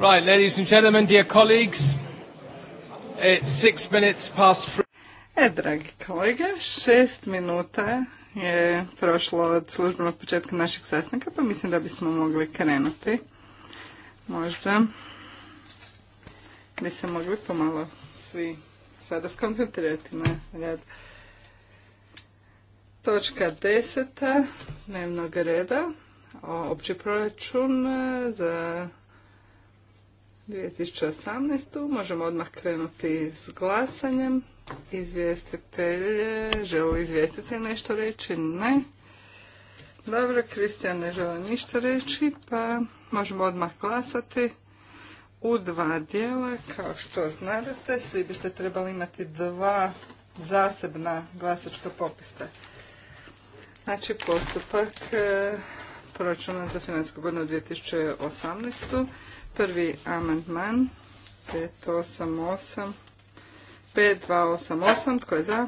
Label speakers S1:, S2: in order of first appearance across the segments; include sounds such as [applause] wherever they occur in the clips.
S1: Right, ladies and gentlemen, dear colleagues, it's six minutes past three. E, dragi kolege, šest minuta je prošlo od službenog početka našeg sastanka, pa mislim da bismo mogli krenuti. Možda bi se mogli pomalo svi sada skoncentrirati na rad. Točka deseta dnevnog reda, opći proračun za 2018. Možemo odmah krenuti s glasanjem. Izvjestitelje, želi izvjestitelj nešto reći? Ne. Dobro, Kristijan ne žele ništa reći, pa možemo odmah glasati u dva dijela. Kao što znate, svi biste trebali imati dva zasebna glasačka popista. Znači, postupak eh, proračuna za financijsku godinu 2018. Prvi amandman 588 5288 tko je za?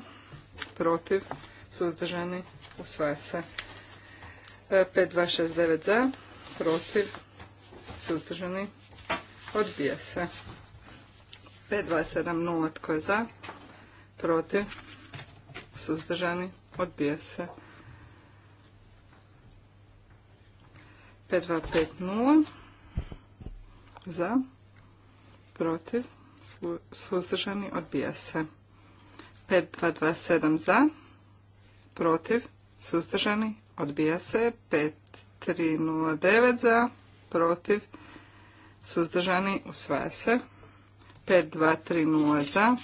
S1: Protiv? Suzdržani? Usvaja se. 5269 e, za? Protiv? Suzdržani? Odbija se. 5270 tko je za? Protiv? Suzdržani? Odbija se. 5250 za, protiv, suzdržani, odbija se. 5227 za, protiv, suzdržani, odbija se. 5309 za, protiv, suzdržani, usvaja se. 5230 za,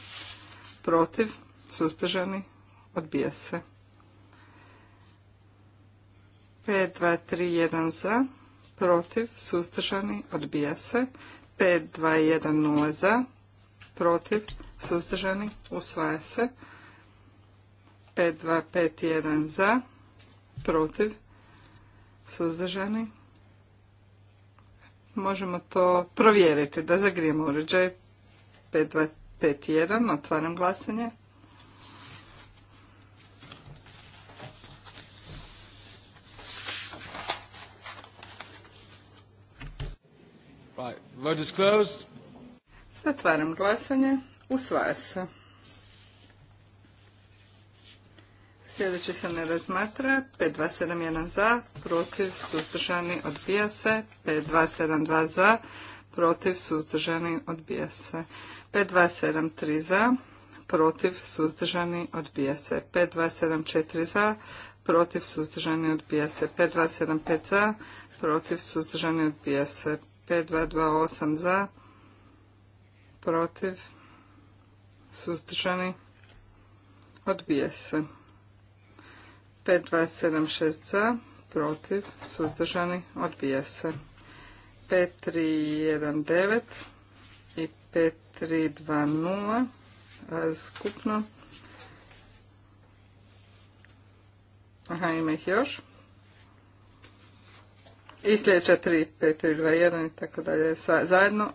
S1: protiv, suzdržani, odbija se. 5231 za, protiv, suzdržani, odbija se. 5210 za, protiv, suzdržani, usvaja se. 5251 za, protiv, suzdržani. Možemo to provjeriti da zagrijemo uređaj 5251. Otvaram glasanje. Vote Zatvaram glasanje. Usvaja se. Sljedeći se ne razmatra. 5271 za, protiv, suzdržani, odbija se. 5272 za, protiv, suzdržani, odbija se. 5273 za, protiv, suzdržani, odbija se. 5274 za, protiv, suzdržani, odbija se. 5275 za, protiv, suzdržani, odbija se. 5228 za, protiv, suzdržani, odbije se. 5276 za, protiv, suzdržani, odbije se. 5319 i 5320 skupno. Aha, ima ih još. I sljedeća 3, 5, 3, 2, 1 i tako dalje. Zajedno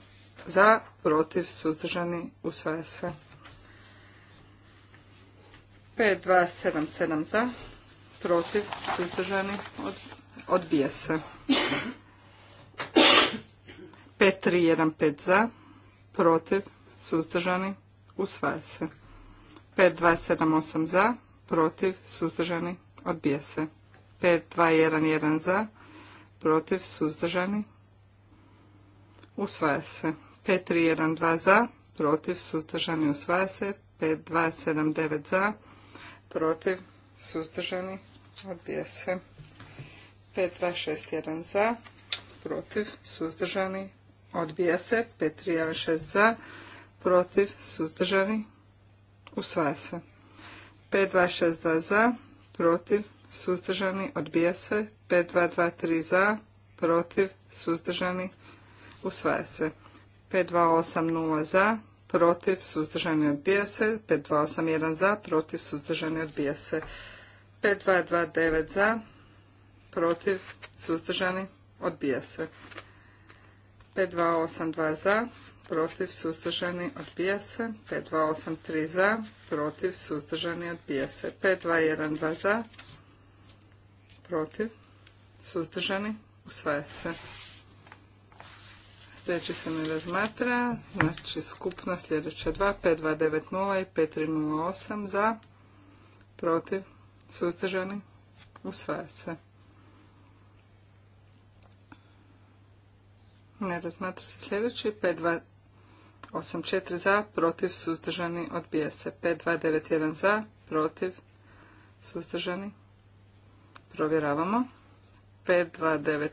S1: za, protiv, suzdržani, usvaja se. 5, 2, 7, 7 za, protiv, suzdržani, od, odbija se. 5, 3, 1, 5 za, protiv, suzdržani, usvaja se. 5, 2, 7, 8 za, protiv, suzdržani, odbija se. 5, 2, 1, 1 za, protiv, protiv, suzdržani. Usvaja se. 5312 za, protiv, suzdržani, usvaja se. 5279 za, protiv, suzdržani, odbija se. 5261 za, protiv, suzdržani, odbija se. 5316 za, protiv, suzdržani, usvaja se. 5262 za, protiv, suzdržani, odbija se. 5223 za, protiv, suzdržani, usvaja se. 5280 za, protiv, suzdržani, odbija se. 5281 za, protiv, suzdržani, odbija se. 5229 za, protiv, suzdržani, odbija se. 5282 za, protiv, suzdržani, odbija se. 5283 za, protiv, suzdržani, odbija se. 5212 za, protiv, suzdržani, usvaja se. Sljedeći se ne razmatra, znači skupna sljedeća 2, 5290 i 5308 za, protiv, suzdržani, usvaja se. Ne razmatra se sljedeći, 5284 za, protiv, suzdržani, odbija se. 5291 za, protiv, suzdržani, Provjeravamo.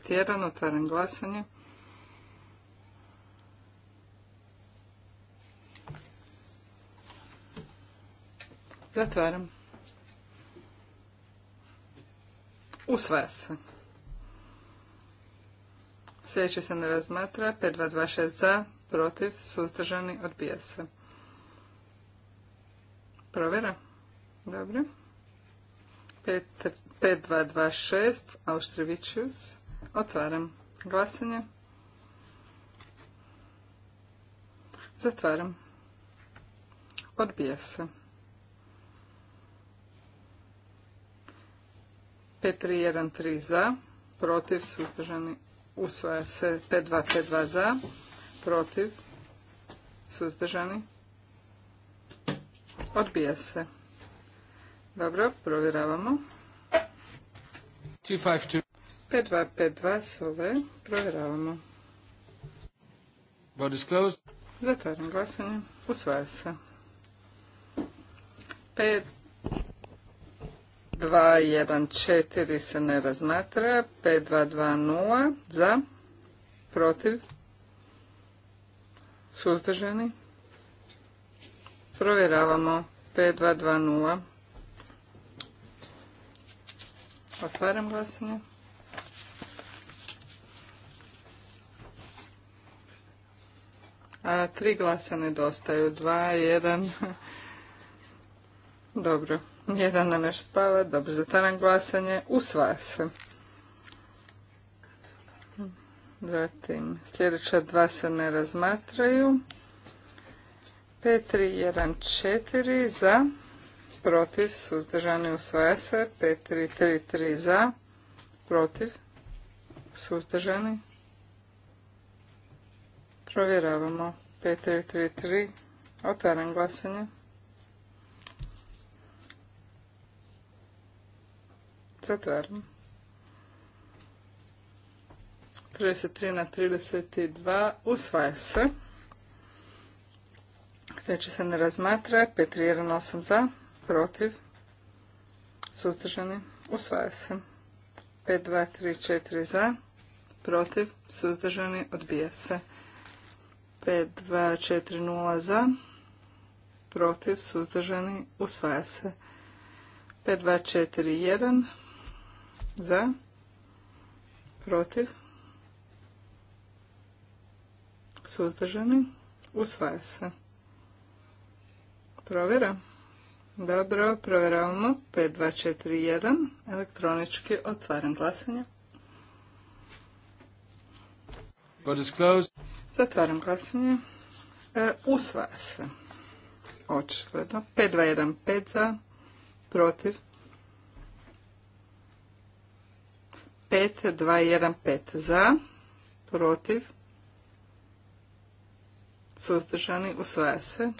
S1: jedan otvaram glasanje. Zatvaram. Usvaja se. Sljedeći se ne razmatra. 5226 za, protiv, suzdržani, odbija se. Provjera. Dobro. 5226 Auštrevićus. Otvaram glasanje. Zatvaram. Odbija se. 5313 za, protiv, suzdržani, usvaja se 5252 za, protiv, suzdržani, odbija se. Dobro, provjeravamo. 5252 Sole, provjeravamo.
S2: Vote is closed.
S1: Zatvaram glasanje. Usvaja se. 5214 se ne razmatra. 5220 za, protiv, suzdržani. Provjeravamo 5220. Otvaram glasanje. A, tri glasa nedostaju. Dva, jedan. [laughs] Dobro. Jedan nam još spava. Dobro, zatvaram glasanje. Usvaja se. Zatim, sljedeća dva se ne razmatraju. Petri, jedan, četiri. za protiv, suzdržani usvaja se, 5333 za, protiv, suzdržani. Provjeravamo 5-3 otvaram glasanje. Zatvaram. 33 na 32 usvaja se. će se ne razmatra. 8, za protiv, suzdržani, usvaja se. 5, 2, 3, 4 za, protiv, suzdržani, odbija se. 5, 2, 4, 0 za, protiv, suzdržani, usvaja se. 5, 2, 4, 1 za, protiv, suzdržani, usvaja se. Provjera. Dobro, provjeravamo. 5241. Elektronički otvaram glasanje. Zatvaram glasanje. E, usvaja se. Očigledno. 5215 za. Protiv. 5215 za. Protiv. Suzdržani. Usvaja se.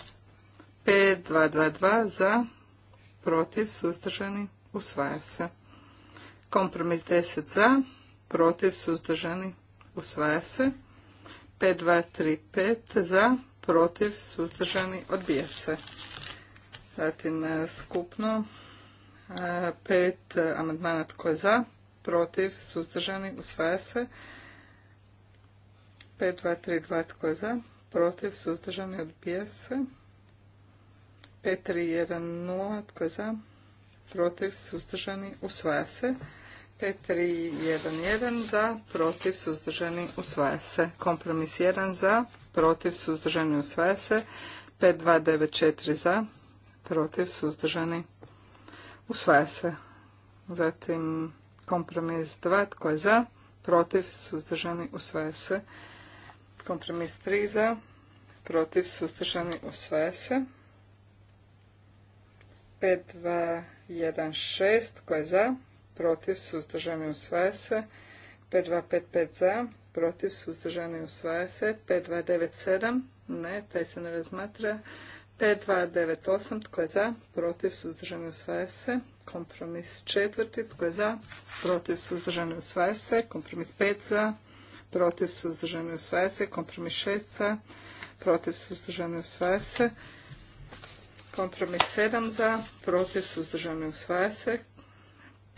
S1: 5222 za, protiv, suzdržani, usvaja se. Kompromis 10 za, protiv, suzdržani, usvaja se. 5235 za, protiv, suzdržani, odbija se. Zatim e, skupno 5 e, amandmana tko je za, protiv, suzdržani, usvaja se. 5232 tko je za, protiv, suzdržani, odbija se. 5310, tko je za? Protiv, suzdržani, usvaja se. 5311 za, protiv, suzdržani, usvaja se. Kompromis 1 za, protiv, suzdržani, usvaja se. 5294 za, protiv, suzdržani, usvaja se. Zatim kompromis 2, tko je za, protiv, suzdržani, usvaja se. Kompromis 3 za, protiv, suzdržani, usvaja se. 5216 koje je za, protiv, suzdržani, usvaja se. 5255 za, protiv, suzdržani, usvaja se. 5297, ne, taj se ne razmatra. 5298, tko je za, protiv, suzdržani, usvaja se. Kompromis četvrti, tko je za, protiv, suzdržani, usvaja se. Kompromis 5 za, protiv, suzdržani, usvaja se. Kompromis 6 za, protiv, suzdržani, usvaja se. Kompromis 7 za, protiv, suzdržani, usvaja se.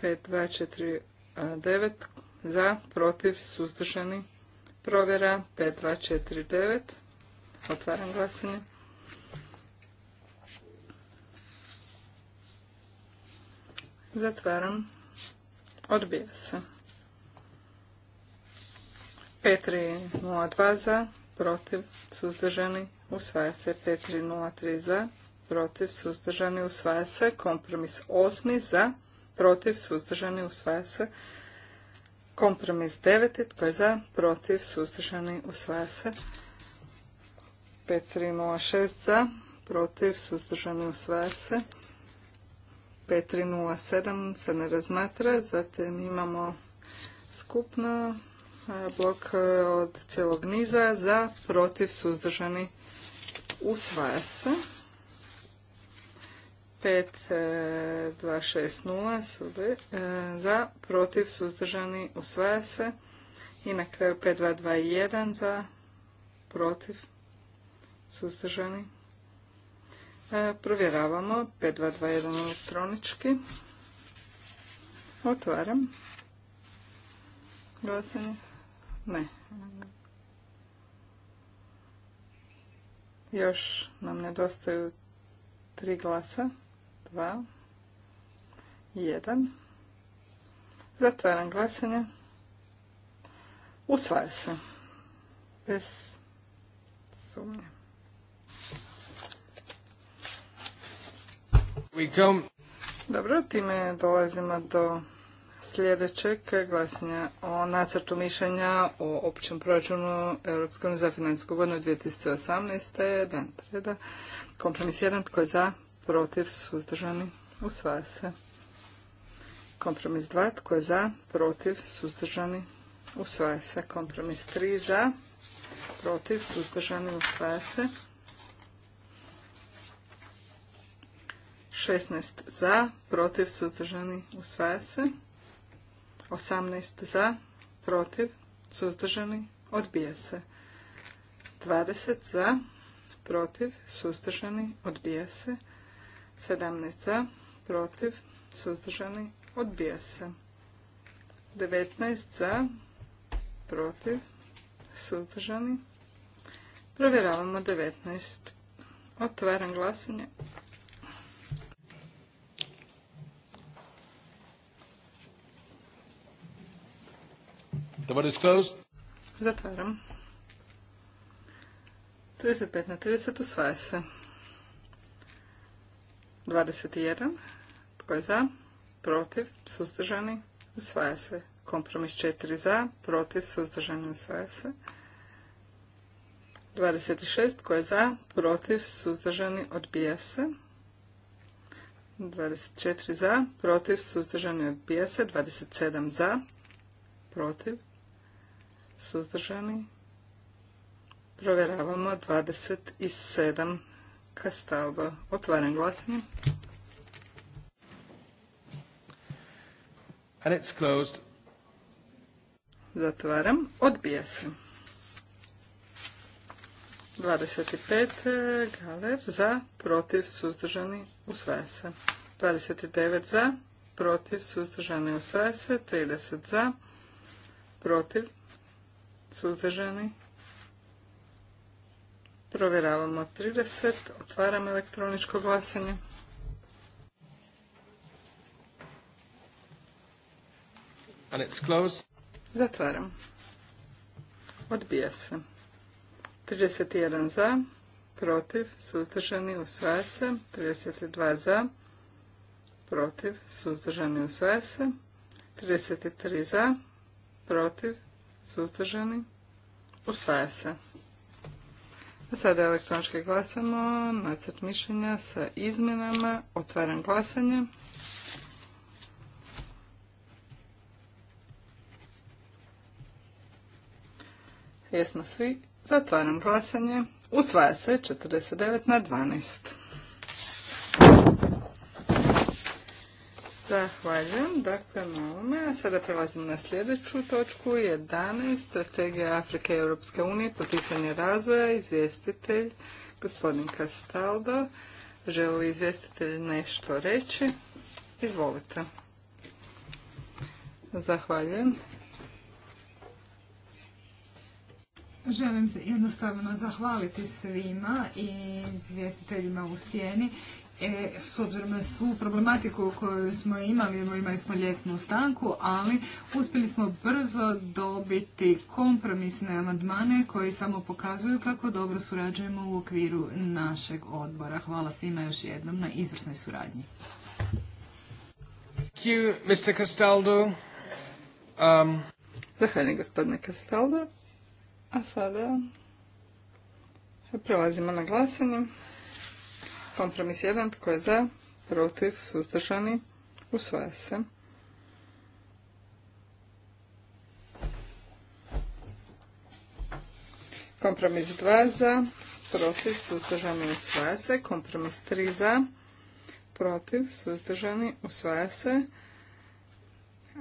S1: 5249 za, protiv, suzdržani, provjera 5249. Otvaram glasanje. Zatvaram. Odbija se. 5302 za, protiv, suzdržani, usvaja se 5303 za, protiv, suzdržani, usvaja se. Kompromis osmi za, protiv, suzdržani, usvaja se. Kompromis deveti, tko je za, protiv, suzdržani, usvaja se. 5306 za, protiv, suzdržani, usvaja se. 5307 se ne razmatra, zatim imamo skupno blok e, od cijelog niza za, protiv, suzdržani, usvaja se. 5260 sube, za, protiv, suzdržani, usvaja se. I na kraju 5221 za, protiv, suzdržani. 2, provjeravamo 5221 elektronički. Otvaram. Glasanje? Ne. Još nam nedostaju tri glasa dva, jedan. Zatvaram glasanje. Usvaja se. Bez sumnje. Dobro, time dolazimo do sljedećeg glasanja o nacrtu mišljenja o općem proračunu Europskom za financijsku godinu 2018. Dan treda. Kompromis 1. Tko je za? protiv, suzdržani, usvaja se. Kompromis 2, tko je za, protiv, suzdržani, usvaja se. Kompromis 3, za, protiv, suzdržani, usvaja se. 16 za, protiv, suzdržani, usvaja se. 18 za, protiv, suzdržani, odbija se. 20 za, protiv, suzdržani, odbija se. 17 za, protiv, suzdržani, odbija se. 19 za, protiv, suzdržani.
S3: Provjeravamo
S1: 19. Otvaram glasanje. Zatvaram. 35 na 30 usvaja se. 21. Tko je za? Protiv? Suzdržani? Usvaja se. Kompromis 4 za, protiv, suzdržani, usvaja se. 26. Tko je za? Protiv, suzdržani, odbija se. 24 za, protiv, suzdržani, odbija se. 27 za, protiv, suzdržani. Provjeravamo 27 Kastalba. Otvaram glasanje.
S2: And it's closed.
S1: Zatvaram. Odbija se. 25. E, Galer za, protiv, suzdržani, usvaja se. 29 za, protiv, suzdržani, usvaja se. 30 za, protiv, suzdržani, Provjeravamo 30. Otvaram elektroničko glasanje.
S2: And it's closed.
S1: Zatvaram. Odbija se. 31 za, protiv, suzdržani, usvaja se. 32 za, protiv, suzdržani, usvaja se. 33 za, protiv, suzdržani, usvaja se. Sada elektronički glasamo, nacrt mišljenja sa izmjenama, otvaram glasanje. Jesmo svi, zatvaram glasanje, usvaja se 49 na 12. Zahvaljujem, dakle, na ovome. sada prelazimo na sljedeću točku, 11. Strategija Afrike i Europske unije, poticanje razvoja, izvjestitelj, gospodin Kastaldo. Želi li izvjestitelj nešto reći? Izvolite. Zahvaljujem.
S3: Želim jednostavno zahvaliti svima i izvjestiteljima u sjeni E, s obzirom na svu problematiku koju smo imali, imali smo ljetnu stanku, ali uspjeli smo brzo dobiti kompromisne amandmane koji samo pokazuju kako dobro surađujemo u okviru našeg odbora. Hvala svima još jednom na izvrsnoj suradnji. Thank Mr. Castaldo. Um, Zahvaljujem
S1: gospodine Castaldo. A sada prelazimo na glasanje. Kompromis 1. Tko je za? Protiv? Suzdržani? Usvaja se. Kompromis 2 za, protiv, suzdržani, usvaja se. Kompromis 3 za, protiv, suzdržani, usvaja se.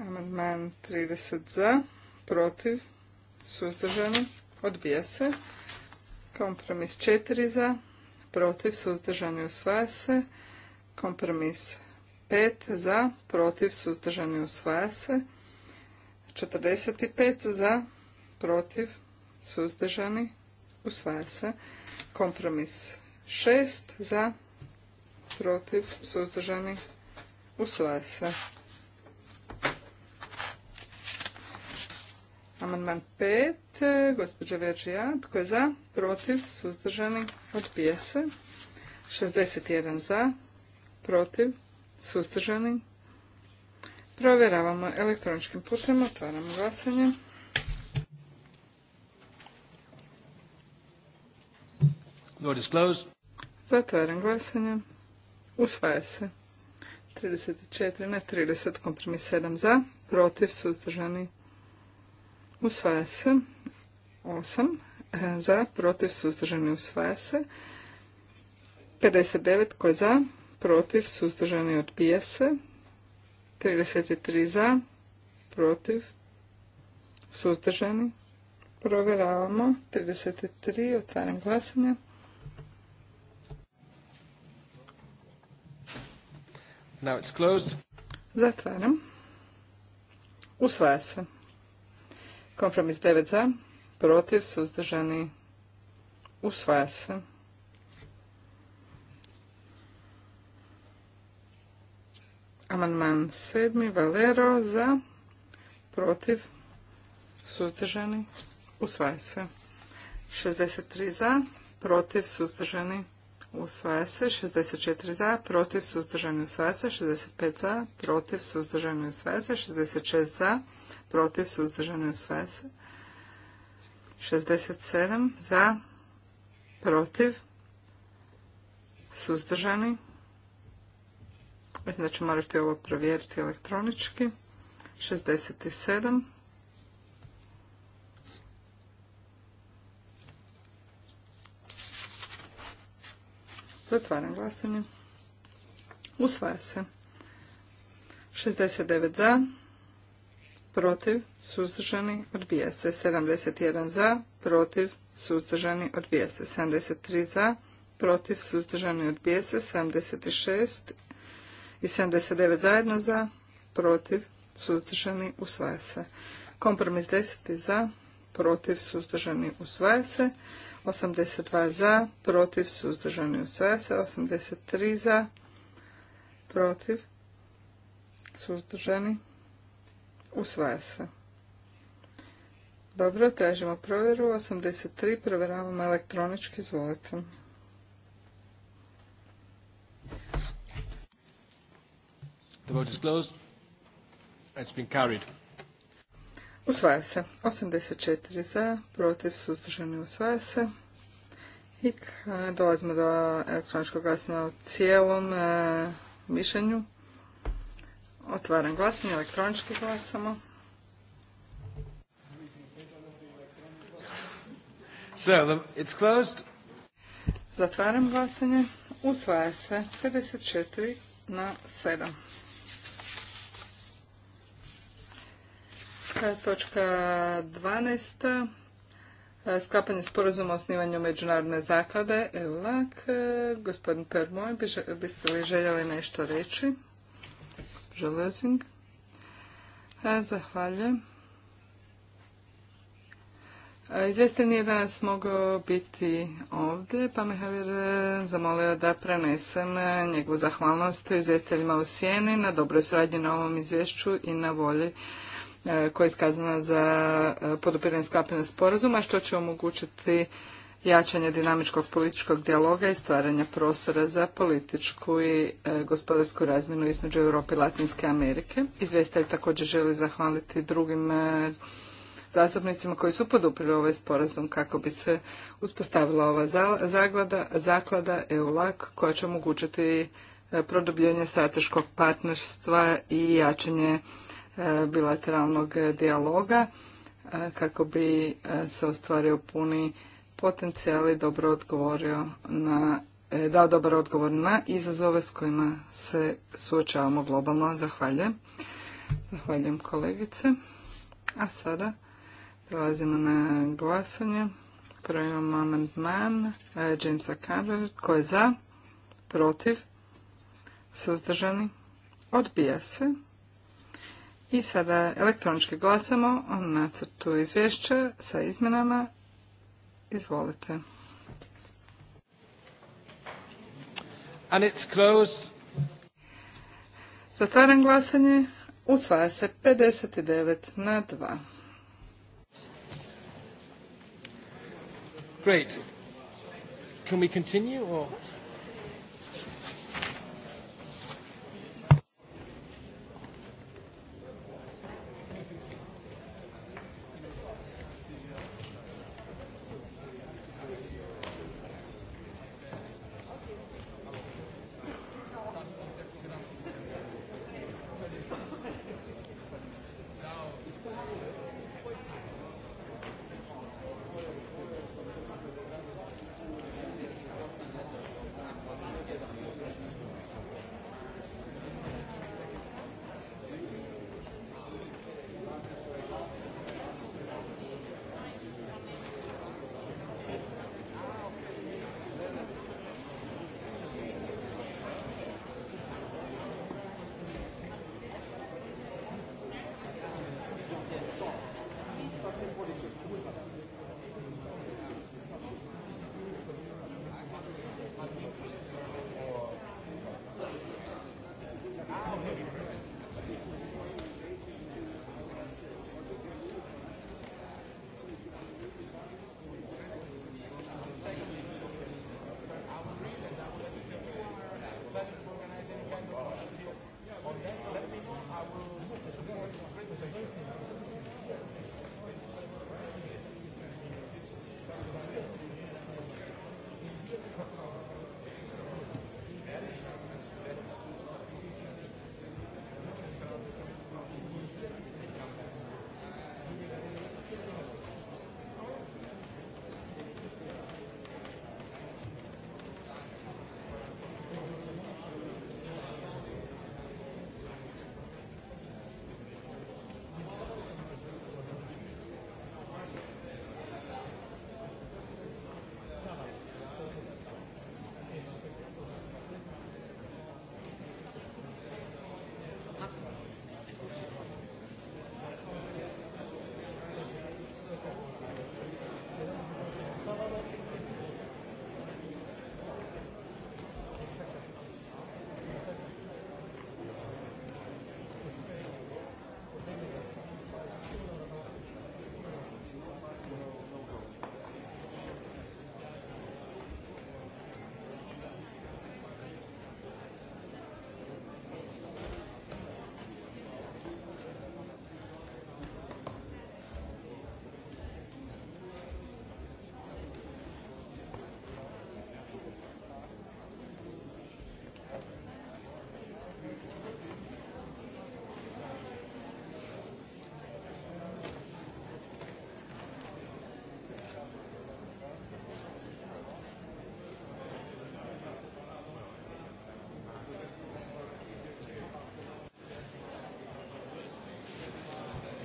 S1: Amandman 30 za, protiv, suzdržani, odbija se. Kompromis 4 za, protiv, suzdržani, usvaja se. Kompromis 5 za, protiv, suzdržani, usvaja se. 45 za, protiv, suzdržani, usvaja se. Kompromis 6 za, protiv, suzdržani, usvaja se. Amandman 5, gospođa Veđija, tko je za, protiv, suzdržani, odbije se. 61 za, protiv, suzdržani. Provjeravamo elektroničkim putem, otvaramo glasanje. Zatvaram glasanje. Usvaja se. 34 na 30, kompromis 7 za, protiv, suzdržani, Usvaja se. 8. E, za, protiv, suzdržani, usvaja se. 59. Tko je za? Protiv, suzdržani, odbija se. 33 za, protiv, suzdržani. Provjeravamo. 33. Otvaram glasanje.
S3: Now
S1: Zatvaram. Usvaja se. Kompromis 9 za, protiv, suzdržani, usvaja se. Amandman 7. Valero za, protiv, suzdržani, usvaja se. 63 za, protiv, suzdržani, usvaja se. 64 za, protiv, suzdržani, usvaja se. 65 za, protiv, suzdržani, usvaja se. 66 za, protiv, protiv, suzdržani, usvaja se. 67 za, protiv, suzdržani. Mislim da ću morati ovo provjeriti elektronički. 67. Zatvaram glasanje. Usvaja se. 69 za, protiv, suzdržani, odbija se. 71 za, protiv, suzdržani, odbija se. 73 za, protiv, suzdržani, odbija se. 76 i 79 zajedno za, protiv, suzdržani, usvaja se. Kompromis 10 za, protiv, suzdržani, usvaja se. 82 za, protiv, suzdržani, usvaja se. 83 za, protiv, suzdržani, usvaja se Usvaja se. Dobro, tražimo provjeru. 83, provjeravamo elektronički, izvolite. Usvaja se. 84 za, protiv, suzdržani, usvaja se. I dolazimo do elektroničkog glasnja o cijelom e, mišljenju. Otvaram glasanje, elektronički glasamo. Zatvaram glasanje. Usvaja se 54 na 7. E, točka 12. E, sklapanje sporazuma o osnivanju međunarodne zaklade e, Gospodin Permoj, biste li željeli nešto reći? gospođa Lezing. E, zahvaljujem. E, Izvjestelj nije danas mogao biti ovdje, pa me Havir e, zamolio da prenesem njegovu zahvalnost izvjestiteljima u Sjeni na dobroj suradnji na ovom izvješću i na volji koja je iskazana za podupiranje sklapanja sporazuma, što će omogućiti jačanje dinamičkog političkog dijaloga i stvaranja prostora za političku i e, gospodarsku razmjenu između Europe i Latinske Amerike. Izvjestitelj također želi zahvaliti drugim e, zastupnicima koji su poduprili ovaj sporazum kako bi se uspostavila ova zaglada, zaklada EULAC koja će omogućiti e, produbljenje strateškog partnerstva i jačanje bilateralnog dijaloga kako bi se ostvario puni potencijali dobro odgovorio na e, dao dobar odgovor na izazove s kojima se suočavamo globalno. Zahvaljujem. Zahvaljujem kolegice. A sada prelazimo na glasanje. Prvo imamo amandman e, Jamesa Carver. Ko je za? Protiv? Suzdržani? Odbija se. I sada elektronički glasamo o nacrtu izvješća sa izmjenama. Izvolite.
S3: And it's closed.
S1: Zatvaram glasanje. Usvaja se 59 na 2.
S3: Great. Can we continue or...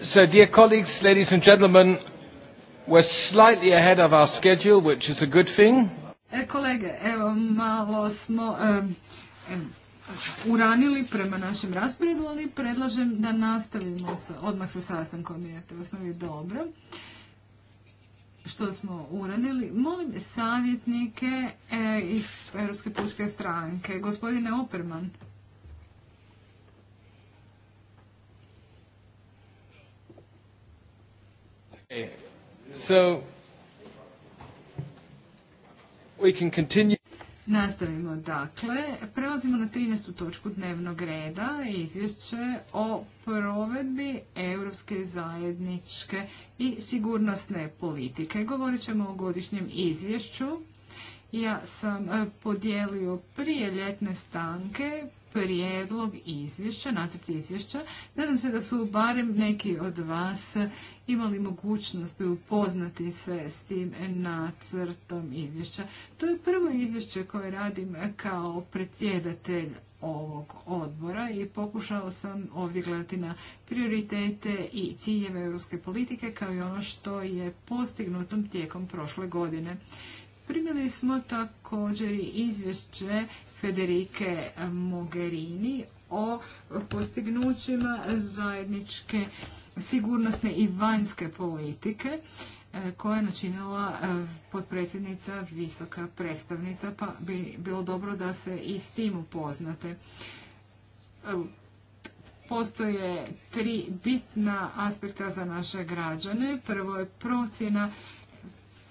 S3: So, dear colleagues, ladies and gentlemen, we're slightly ahead of our schedule, which is a good thing. E, kolege, evo, malo smo uranili prema našem rasporedu, ali predlažem da nastavimo sa, odmah sa sastankom, jer to u osnovi dobro. Što smo uranili, molim savjetnike e, iz Europske pučke stranke, gospodine Operman. so we can continue. Nastavimo dakle. Prelazimo na 13. točku dnevnog reda, izvješće o provedbi Europske zajedničke i sigurnosne politike. Govorit ćemo o godišnjem izvješću. Ja sam eh, podijelio prije ljetne stanke prijedlog izvješća, nacrt izvješća. Nadam se da su barem neki od vas imali mogućnost upoznati se s tim nacrtom izvješća. To je prvo izvješće koje radim kao predsjedatelj ovog odbora i pokušao sam ovdje gledati na prioritete i ciljeve europske politike kao i ono što je postignutom tijekom prošle godine. Primili smo također i izvješće Federike Mogherini o postignućima zajedničke sigurnosne i vanjske politike e, koja je načinila e, potpredsjednica visoka predstavnica, pa bi bilo dobro da se i s tim upoznate. E, postoje tri bitna aspekta za naše građane. Prvo je procjena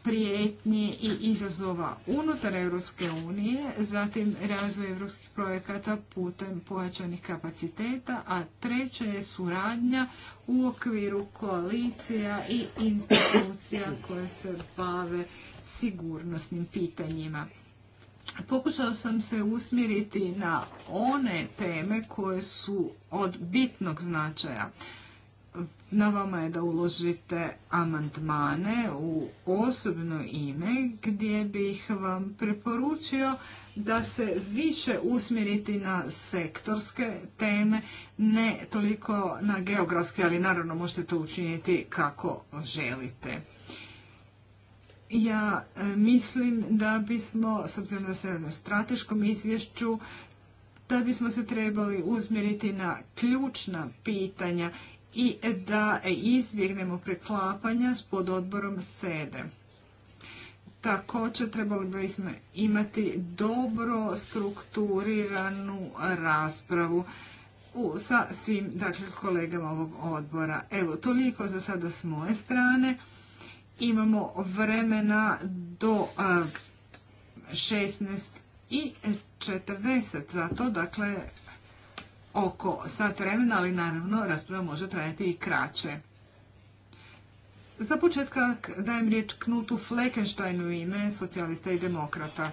S3: prijetnji i izazova unutar Europske unije, zatim razvoj europskih projekata putem pojačanih kapaciteta, a treće je suradnja u okviru koalicija i institucija koje se bave sigurnosnim pitanjima. Pokušao sam se usmjeriti na one teme koje su od bitnog značaja. Na vama je da uložite amandmane u osobno ime gdje bih vam preporučio da se više usmjeriti na sektorske teme, ne toliko na geografske, ali naravno možete to učiniti kako želite. Ja e, mislim da bismo, s obzirom da se na strateškom izvješću, da bismo se trebali usmjeriti na ključna pitanja i da izbjegnemo preklapanja s pododborom sede. Također trebali bismo imati dobro strukturiranu raspravu sa svim dakle, kolegama ovog odbora. Evo, toliko za sada s moje strane. Imamo vremena do a, 16 i 40, zato dakle oko sat vremena, ali naravno rasprava može trajati i kraće. Za početka dajem riječ Knutu Fleckensteinu ime socijalista i demokrata.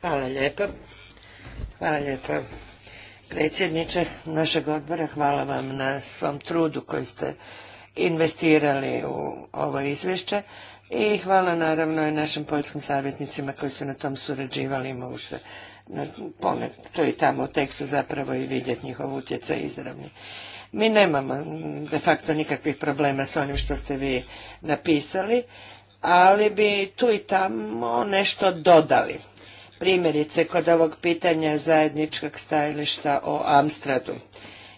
S2: Hvala lijepa. Hvala lijepa. Predsjedniče našeg odbora, hvala vam na svom trudu koji ste investirali u ovo izvješće i hvala naravno i našim poljskim savjetnicima koji su na tom surađivali i to i tamo u tekstu zapravo i vidjeti njihov utjecaj izravni. Mi nemamo de facto nikakvih problema s onim što ste vi napisali, ali bi tu i tamo nešto dodali. Primjerice, kod ovog pitanja zajedničkog stajališta o Amstradu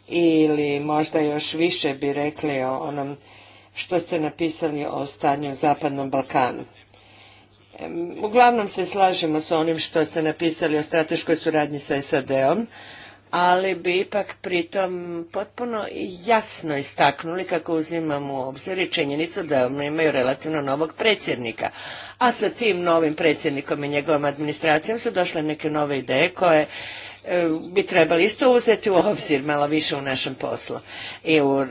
S2: ili možda još više bi rekli o onom što ste napisali o stanju u Zapadnom Balkanu. Uglavnom se slažemo s onim što ste napisali o strateškoj suradnji sa SAD-om, ali bi ipak pritom potpuno jasno istaknuli kako uzimamo u obzir i činjenicu da oni imaju relativno novog predsjednika. A sa tim novim predsjednikom i njegovom administracijom su došle neke nove ideje koje bi trebali isto uzeti u obzir malo više u našem poslu i u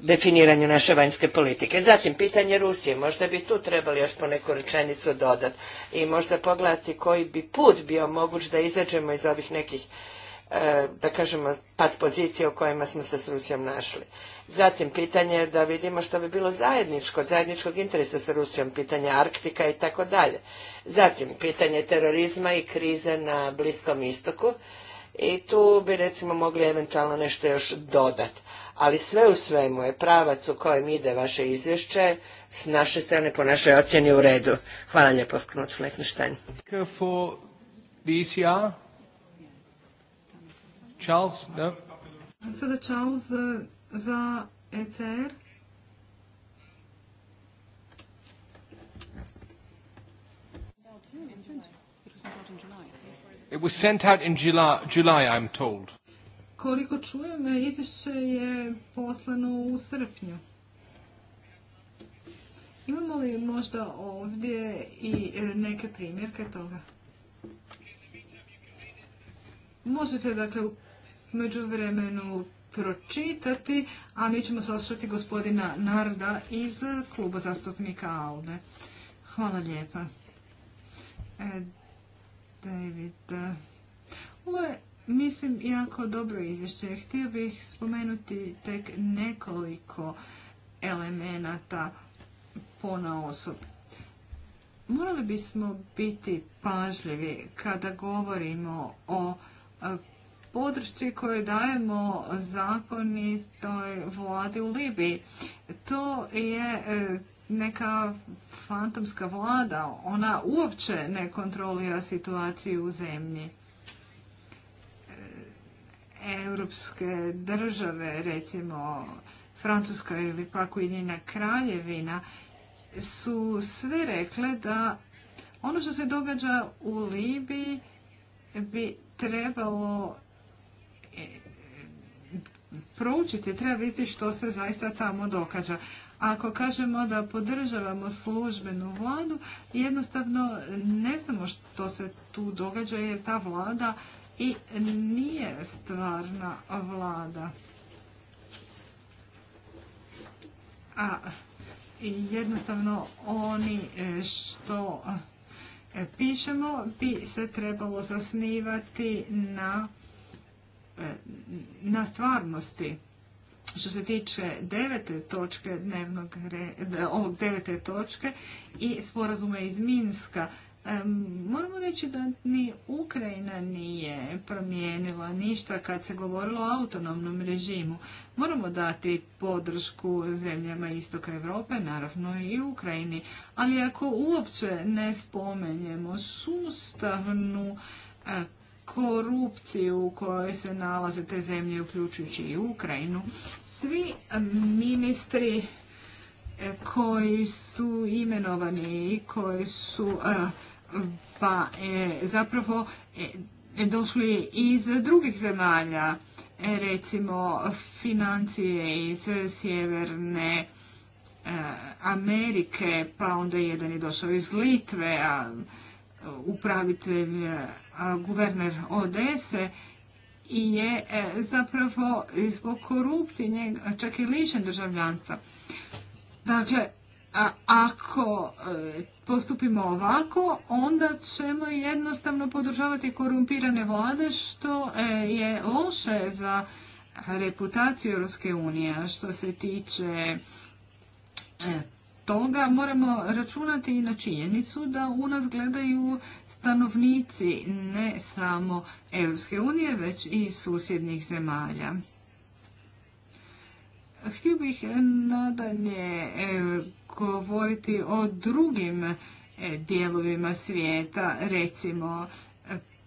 S2: definiranju naše vanjske politike. Zatim, pitanje Rusije. Možda bi tu trebali još po neku rečenicu dodati i možda pogledati koji bi put bio moguć da izađemo iz ovih nekih e, da kažemo, pat pozicije u kojima smo se s Rusijom našli. Zatim, pitanje da vidimo što bi bilo zajedničko, zajedničkog interesa sa Rusijom, pitanje Arktika i tako dalje. Zatim, pitanje terorizma i krize na Bliskom istoku i tu bi recimo mogli eventualno nešto još dodati ali sve u svemu je pravac u kojem ide vaše izvješće s naše strane po našoj ocjeni u redu. Hvala lijepo, Knut Fleckenstein.
S3: E Charles, no? Sada Charles za ECR. It was sent out in July, July I'm told. Koliko čujem, izvješće je poslano u srpnju. Imamo li možda ovdje i e, neke primjerke toga? Možete dakle u međuvremenu pročitati, a mi ćemo saslušati gospodina Narda iz kluba zastupnika ALDE. Hvala lijepa. E, David, e, ovo Mislim, jako dobro izvješće. Htio bih spomenuti tek nekoliko elemenata pona osob. Morali bismo biti pažljivi kada govorimo o e, podršci koju dajemo zakonitoj vladi u Libiji. To je e, neka fantomska vlada. Ona uopće ne kontrolira situaciju u zemlji europske države, recimo Francuska ili pak Ujedinjena kraljevina, su sve rekle da ono što se događa u Libiji bi trebalo e, proučiti, treba vidjeti što se zaista tamo događa. Ako kažemo da podržavamo službenu vladu, jednostavno ne znamo što se tu događa jer ta vlada i nije stvarna vlada. A jednostavno oni e, što e, pišemo bi se trebalo zasnivati na, e, na stvarnosti. Što se tiče devete točke dnevnog ovog devete točke i sporazuma iz Minska, Moramo reći da ni Ukrajina nije promijenila ništa kad se govorilo o autonomnom režimu. Moramo dati podršku zemljama istoka Europe, naravno i Ukrajini, ali ako uopće ne spomenjemo sustavnu e, korupciju u kojoj se nalaze te zemlje, uključujući i Ukrajinu, svi ministri e, koji su imenovani i koji su e, pa e, zapravo e, e, došli iz drugih zemalja, e, recimo financije iz sjeverne e, Amerike, pa onda jedan je došao iz Litve, a upravitelj, e, a, guverner Odese, i je zapravo zbog korupcije čak i lišen državljanstva. Dakle, ako e, postupimo ovako, onda ćemo jednostavno podržavati korumpirane vlade, što e, je loše za reputaciju Europske unije. što se tiče e, toga, moramo računati i na činjenicu da u nas gledaju stanovnici ne samo Europske unije, već i susjednih zemalja. Htio bih nadalje govoriti o drugim e, dijelovima svijeta, recimo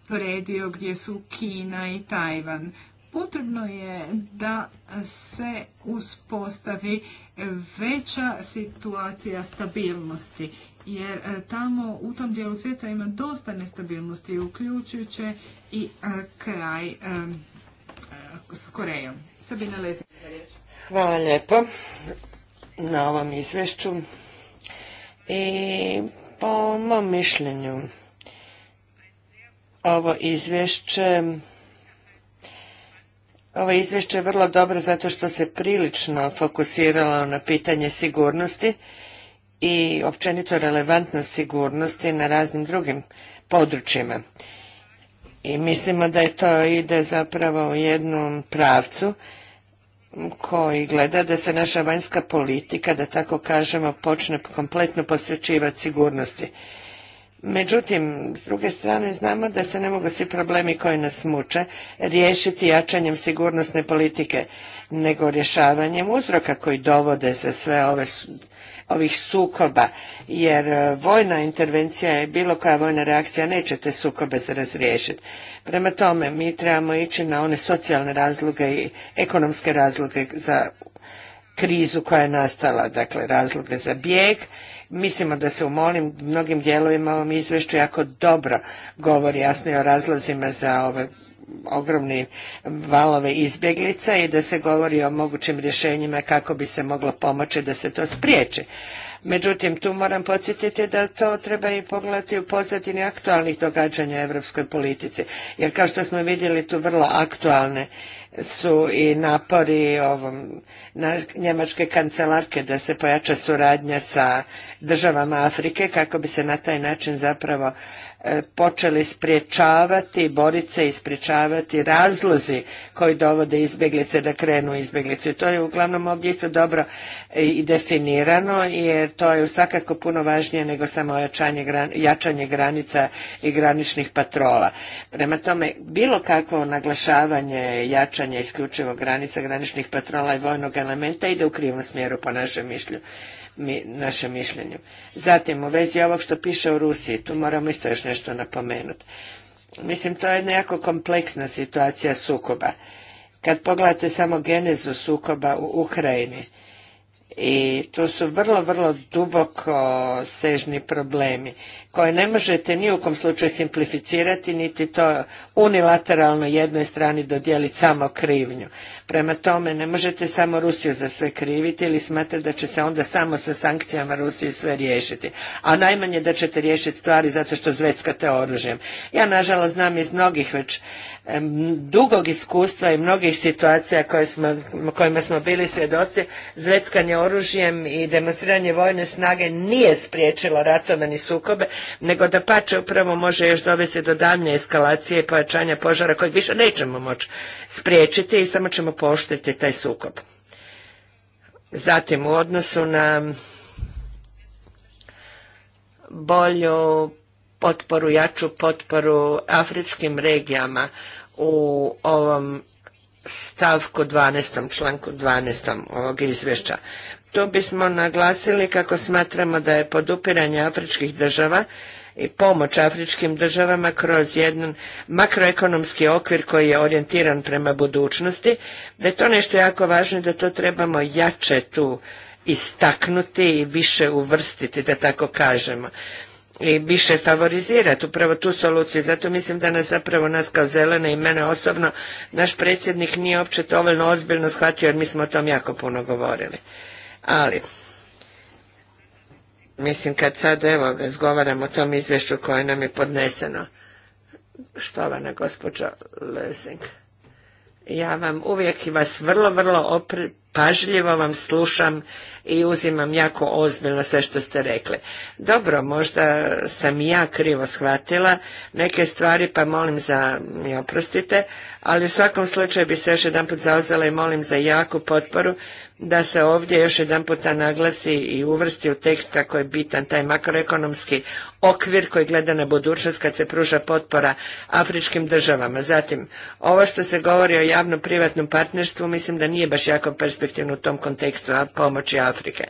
S3: predio gdje su Kina i Tajvan. Potrebno je da se uspostavi veća situacija stabilnosti, jer e, tamo u tom dijelu svijeta ima dosta nestabilnosti, uključujući i e, kraj s Korejom. Sabina Hvala lijepo na ovom izvješću
S2: i po mom mišljenju ovo izvješće ovo izvješće je vrlo dobro zato što se prilično fokusiralo na pitanje sigurnosti i općenito relevantnost sigurnosti na raznim drugim područjima. I mislimo da je to ide zapravo u jednom pravcu koji gleda da se naša vanjska politika, da tako kažemo, počne kompletno posvećivati sigurnosti. Međutim, s druge strane znamo da se ne mogu svi problemi koji nas muče riješiti jačanjem sigurnosne politike, nego rješavanjem uzroka koji dovode za sve ove ovih sukoba, jer e, vojna intervencija je bilo koja vojna reakcija, neće te sukobe se razriješiti. Prema tome, mi trebamo ići na one socijalne razloge i ekonomske razloge za krizu koja je nastala, dakle razloge za bijeg. Mislimo da se u molim mnogim dijelovima ovom izvješću jako dobro govori jasno i o razlozima za ove ogromni valove izbjeglica i da se govori o mogućim rješenjima kako bi se moglo pomoći da se to spriječi. Međutim, tu moram podsjetiti da to treba i pogledati u pozadini aktualnih događanja u europskoj politici. Jer kao što smo vidjeli tu vrlo aktualne su i napori ovom, na, njemačke kancelarke da se pojača suradnja sa državama Afrike kako bi se na taj način zapravo E, počeli spriječavati, boriti se i spriječavati razlozi koji dovode izbjeglice da krenu izbjeglicu. I to je uglavnom ovdje isto dobro e, i definirano jer to je svakako puno važnije nego samo jačanje, granica i graničnih patrola. Prema tome, bilo kakvo naglašavanje jačanja isključivo granica, graničnih patrola i vojnog elementa ide u krivom smjeru po našem mišlju našem mišljenju. Zatim, u vezi ovog što piše u Rusiji, tu moramo isto još nešto napomenuti. Mislim, to je nejako jako kompleksna situacija sukoba. Kad pogledate samo genezu sukoba u Ukrajini, i to su vrlo, vrlo duboko sežni problemi koje ne možete ni u kom slučaju simplificirati, niti to unilateralno jednoj strani dodijeliti samo krivnju. Prema tome, ne možete samo Rusiju za sve kriviti ili smatrati da će se onda samo sa sankcijama Rusije sve riješiti. A najmanje da ćete riješiti stvari zato što zveckate oružjem. Ja nažalost znam iz mnogih već dugog iskustva i mnogih situacija kojima smo bili svjedoci, zveckanje oružjem i demonstriranje vojne snage nije spriječilo ratove ni sukobe, nego da pače upravo može još dovesti do daljnje eskalacije i pojačanja požara kojeg više nećemo moći spriječiti i samo ćemo poštiti taj sukob. Zatim u odnosu na bolju potporu, jaču potporu afričkim regijama u ovom stavku 12. članku 12. ovog izvješća. Tu bismo naglasili kako smatramo da je podupiranje afričkih država i pomoć afričkim državama kroz jedan makroekonomski okvir koji je orijentiran prema budućnosti, da je to nešto jako važno i da to trebamo jače tu istaknuti i više uvrstiti, da tako kažemo i više favorizirati upravo tu soluciju. Zato mislim da nas zapravo nas kao zelene i mene osobno naš predsjednik nije uopće dovoljno ozbiljno shvatio jer mi smo o tom jako puno govorili. Ali, mislim kad sad evo razgovaram o tom izvješću koje nam je podneseno, štovana gospođo Lezing, ja vam uvijek i vas vrlo, vrlo pažljivo vam slušam i uzimam jako ozbiljno sve što ste rekli. Dobro, možda sam ja krivo shvatila neke stvari, pa molim za, mi oprostite, ali u svakom slučaju bi se još jedanput zauzela i molim za jaku potporu da se ovdje još jedanput naglasi i uvrsti u tekst kako je bitan taj makroekonomski okvir koji gleda na budućnost kad se pruža potpora afričkim državama. Zatim, ovo što se govori o javno-privatnom partnerstvu mislim da nije baš jako perspektivno u tom kontekstu pomoći Afrike.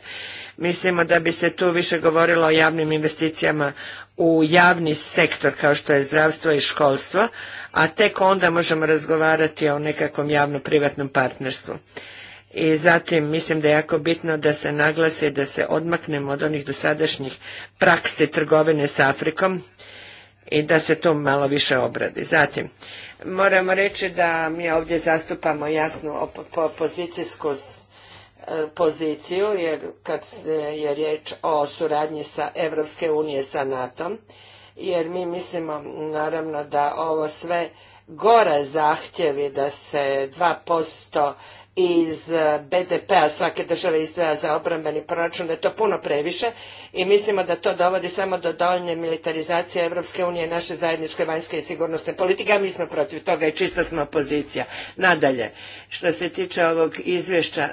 S2: Mislimo da bi se tu više govorilo o javnim investicijama u javni sektor kao što je zdravstvo i školstvo, a tek onda možemo razgovarati o nekakvom javno-privatnom partnerstvu. I zatim mislim da je jako bitno da se naglasi da se odmaknemo od onih dosadašnjih praksi trgovine s Afrikom i da se to malo više obradi. Zatim, moramo reći da mi ovdje zastupamo jasnu opozicijsku e, poziciju jer kad je riječ o suradnji sa Evropske unije sa NATO-om jer mi mislimo naravno da ovo sve gore zahtjevi da se 2% iz e, BDP-a svake države izdvaja za obrambeni proračun, da je to puno previše i mislimo da to dovodi samo do doljnje militarizacije Europske unije i naše zajedničke vanjske i sigurnosne politike, a mi smo protiv toga i čista smo opozicija. Nadalje, što se tiče ovog izvješća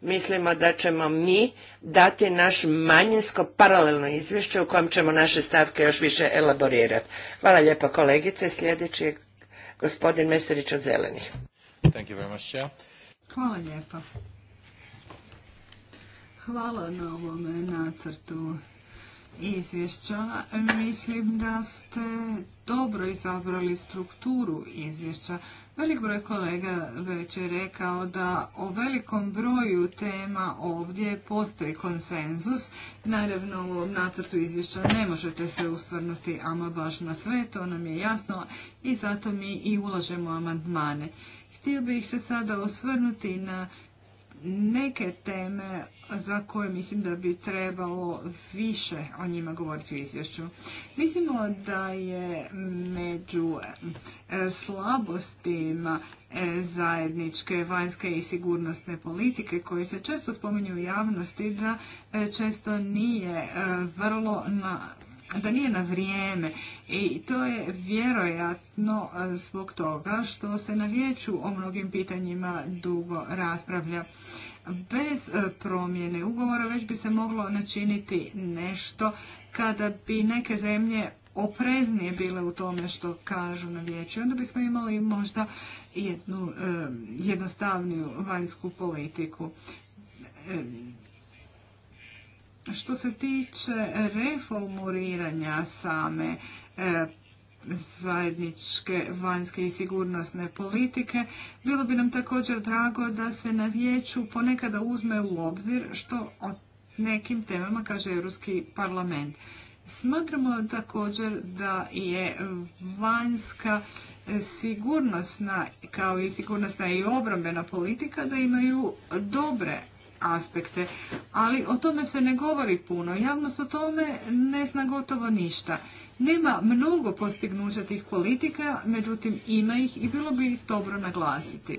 S2: mislimo da ćemo mi dati naš manjinsko paralelno izvješće u kojem ćemo naše stavke još više elaborirati. Hvala lijepa kolegice. Sljedeći je gospodin Meserić od Zelenih.
S3: Hvala lijepa. Hvala na ovom nacrtu izvješća. Mislim da ste dobro izabrali strukturu izvješća. Velik broj kolega već je rekao da o velikom broju tema ovdje postoji konsenzus. Naravno u ovom nacrtu izvješća ne možete se usvrnuti ama baš na sve, to nam je jasno i zato mi i ulažemo amandmane. Htio bih se sada osvrnuti na neke teme za koje mislim da bi trebalo više o njima govoriti u izvješću. Mislimo da je među e, slabostima e, zajedničke vanjske i sigurnosne politike koje se često spominju u javnosti da e, često nije vrlo na da nije na vrijeme i to je vjerojatno zbog toga što se na vijeću o mnogim pitanjima dugo raspravlja bez e, promjene ugovora već bi se moglo načiniti nešto kada bi neke zemlje opreznije bile u tome što kažu na vijeću. Onda bismo imali možda jednu e, jednostavniju vanjsku politiku. E, što se tiče reformuliranja same zajedničke vanjske i sigurnosne politike. Bilo bi nam također drago da se na vijeću ponekada uzme u obzir što o nekim temama kaže Europski parlament. Smatramo također da je vanjska e, sigurnosna kao i sigurnosna i obrambena politika da imaju dobre aspekte, ali o tome se ne govori puno. Javnost o tome ne zna gotovo ništa. Nema mnogo postignuća tih politika, međutim ima ih i bilo bi ih dobro naglasiti.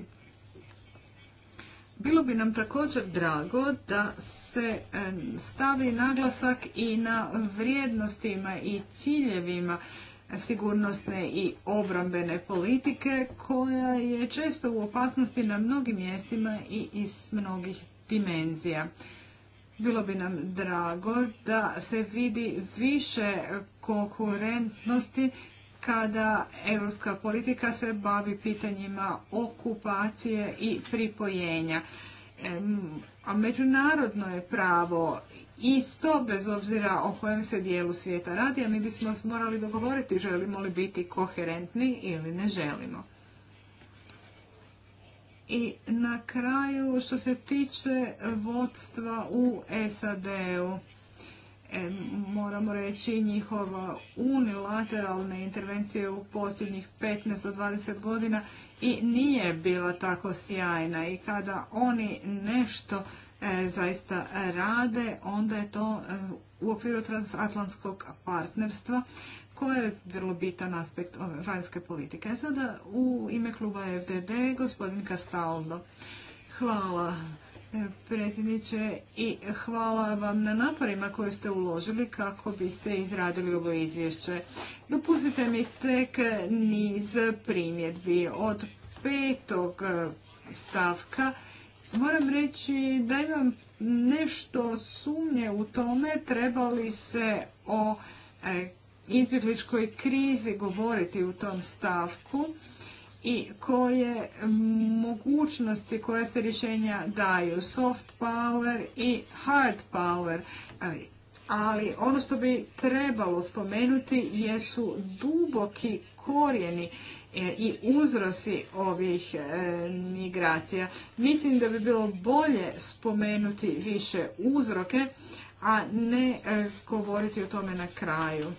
S3: Bilo bi nam također drago da se stavi naglasak i na vrijednostima i ciljevima sigurnosne i obrambene politike koja je često u opasnosti na mnogim mjestima i iz mnogih dimenzija. Bilo bi nam drago da se vidi više konkurentnosti kada europska politika se bavi pitanjima okupacije i pripojenja. A međunarodno je pravo isto, bez obzira o kojem se dijelu svijeta radi, a mi bismo morali dogovoriti želimo li biti koherentni ili ne želimo. I na kraju što se tiče vodstva u SAD-u, e, moramo reći njihova unilateralne intervencije u posljednjih 15 do 20 godina i nije bila tako sjajna i kada oni nešto e, zaista rade, onda je to e, u okviru transatlantskog partnerstva koje je vrlo bitan aspekt vanjske politike. E sada u ime kluba FDD gospodin Kastaldo. Hvala e, predsjedniče i hvala vam na naporima koje ste uložili kako biste izradili ovo izvješće. Dopustite mi tek niz primjedbi od petog e, stavka. Moram reći da imam nešto sumnje u tome treba li se o izbjegličkoj krizi govoriti u tom stavku i koje mogućnosti, koja se rješenja daju, soft power i hard power. Ali ono što bi trebalo spomenuti jesu duboki korijeni e, i uzrosi ovih e, migracija. Mislim da bi bilo bolje spomenuti više uzroke, a ne e, govoriti o tome na kraju.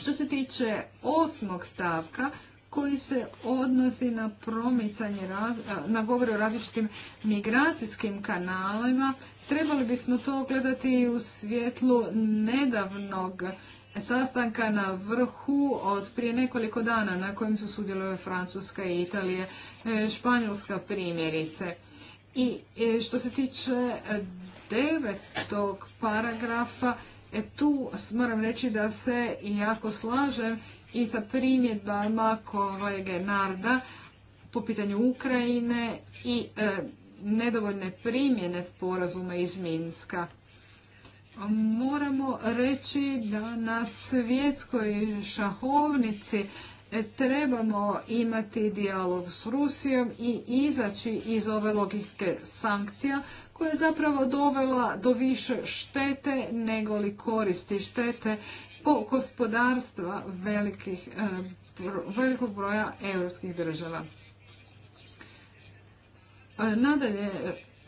S3: Što se tiče osmog stavka koji se odnosi na promicanje, na govore o različitim migracijskim kanalima, trebali bismo to gledati u svjetlu nedavnog sastanka na vrhu od prije nekoliko dana na kojem su sudjelovale Francuska i Italije, Španjolska primjerice. I e, što se tiče devetog paragrafa, E, tu moram reći da se jako slažem i sa primjedbama kolege Narda po pitanju Ukrajine i e, nedovoljne primjene sporazuma iz Minska. Moramo reći da na svjetskoj šahovnici e, trebamo imati dijalog s Rusijom i izaći iz ove logike sankcija koja je zapravo dovela do više štete nego li koristi štete po gospodarstva velikih, eh, velikog broja europskih država. Eh, nadalje,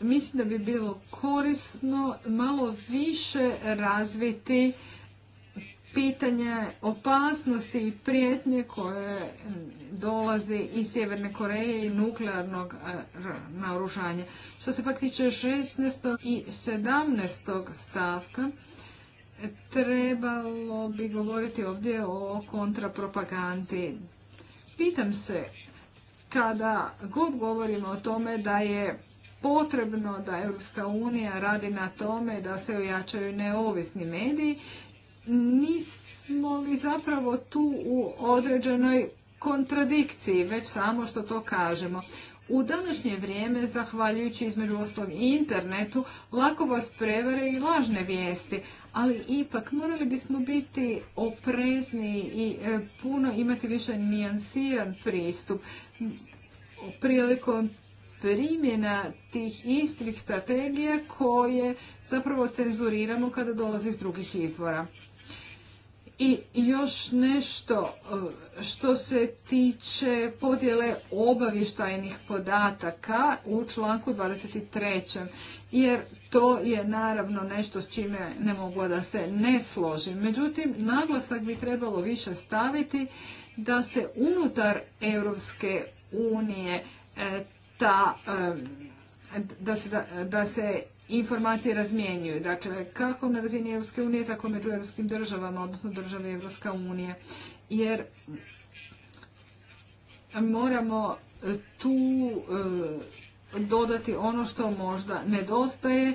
S3: mislim da bi bilo korisno malo više razviti pitanje opasnosti i prijetnje koje dolazi iz Sjeverne Koreje i nuklearnog e, naoružanja. Što se pak tiče 16. i 17. stavka, trebalo bi govoriti ovdje o kontrapropagandi. Pitam se, kada god govorimo o tome da je potrebno da Europska unija radi na tome da se ojačaju neovisni mediji, nismo li zapravo tu u određenoj kontradikciji, već samo što to kažemo. U današnje vrijeme, zahvaljujući između ostalog internetu, lako vas prevare i lažne vijesti, ali ipak morali bismo biti oprezni i e, puno imati više nijansiran pristup prilikom primjena tih istrih strategija koje zapravo cenzuriramo kada dolazi iz drugih izvora. I još nešto e, što se tiče podjele obavještajnih podataka u članku 23. Jer to je naravno nešto s čime ne mogu da se ne složim. Međutim, naglasak bi trebalo više staviti da se unutar Europske unije e, ta e, da se informacije razmjenjuju. Dakle, kako na razini Europske unije, tako među europskim državama, odnosno države EU. unije. Jer moramo tu e, dodati ono što možda nedostaje.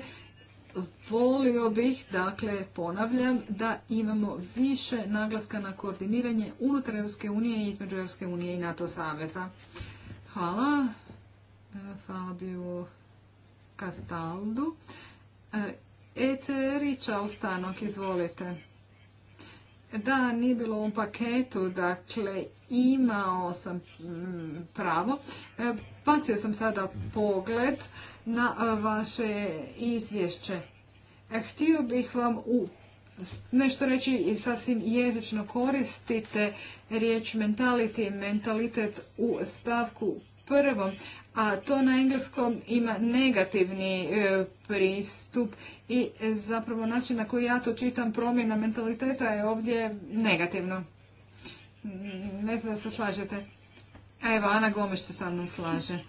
S3: Volio bih, dakle, ponavljam, da imamo više naglaska na koordiniranje unutar EU unije i između Europske unije i NATO saveza. Hvala. E, Fabio Kastaldu. Ete, i Stanok, izvolite. Da, nije bilo u paketu, dakle imao sam mm, pravo. E, bacio sam sada pogled na vaše izvješće. E, htio bih vam u nešto reći i sasvim jezično koristite riječ mentality, mentalitet u stavku prvo, a to na engleskom ima negativni e, pristup i e, zapravo način na koji ja to čitam promjena mentaliteta je ovdje negativno. Ne znam da se slažete. A evo, Ana Gomeš se sa mnom slaže.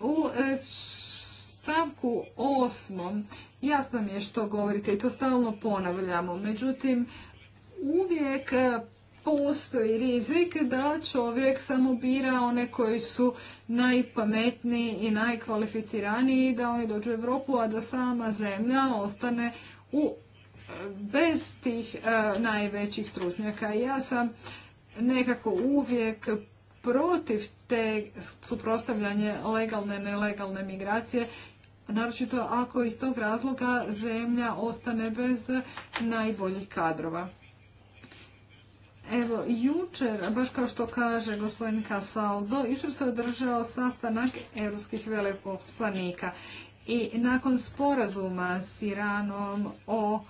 S3: U e, stavku osmom jasno mi je što govorite i to stalno ponavljamo. Međutim, uvijek postoji rizik da čovjek samo bira one koji su najpametniji i najkvalificiraniji da oni dođu u Europu, a da sama zemlja ostane u, bez tih e, najvećih stručnjaka. Ja sam nekako uvijek protiv te suprostavljanje legalne nelegalne migracije naročito ako iz tog razloga zemlja ostane bez najboljih kadrova. Evo, jučer, baš kao što kaže gospodin Casaldo, jučer se održao sastanak europskih veleposlanika i nakon sporazuma s Iranom o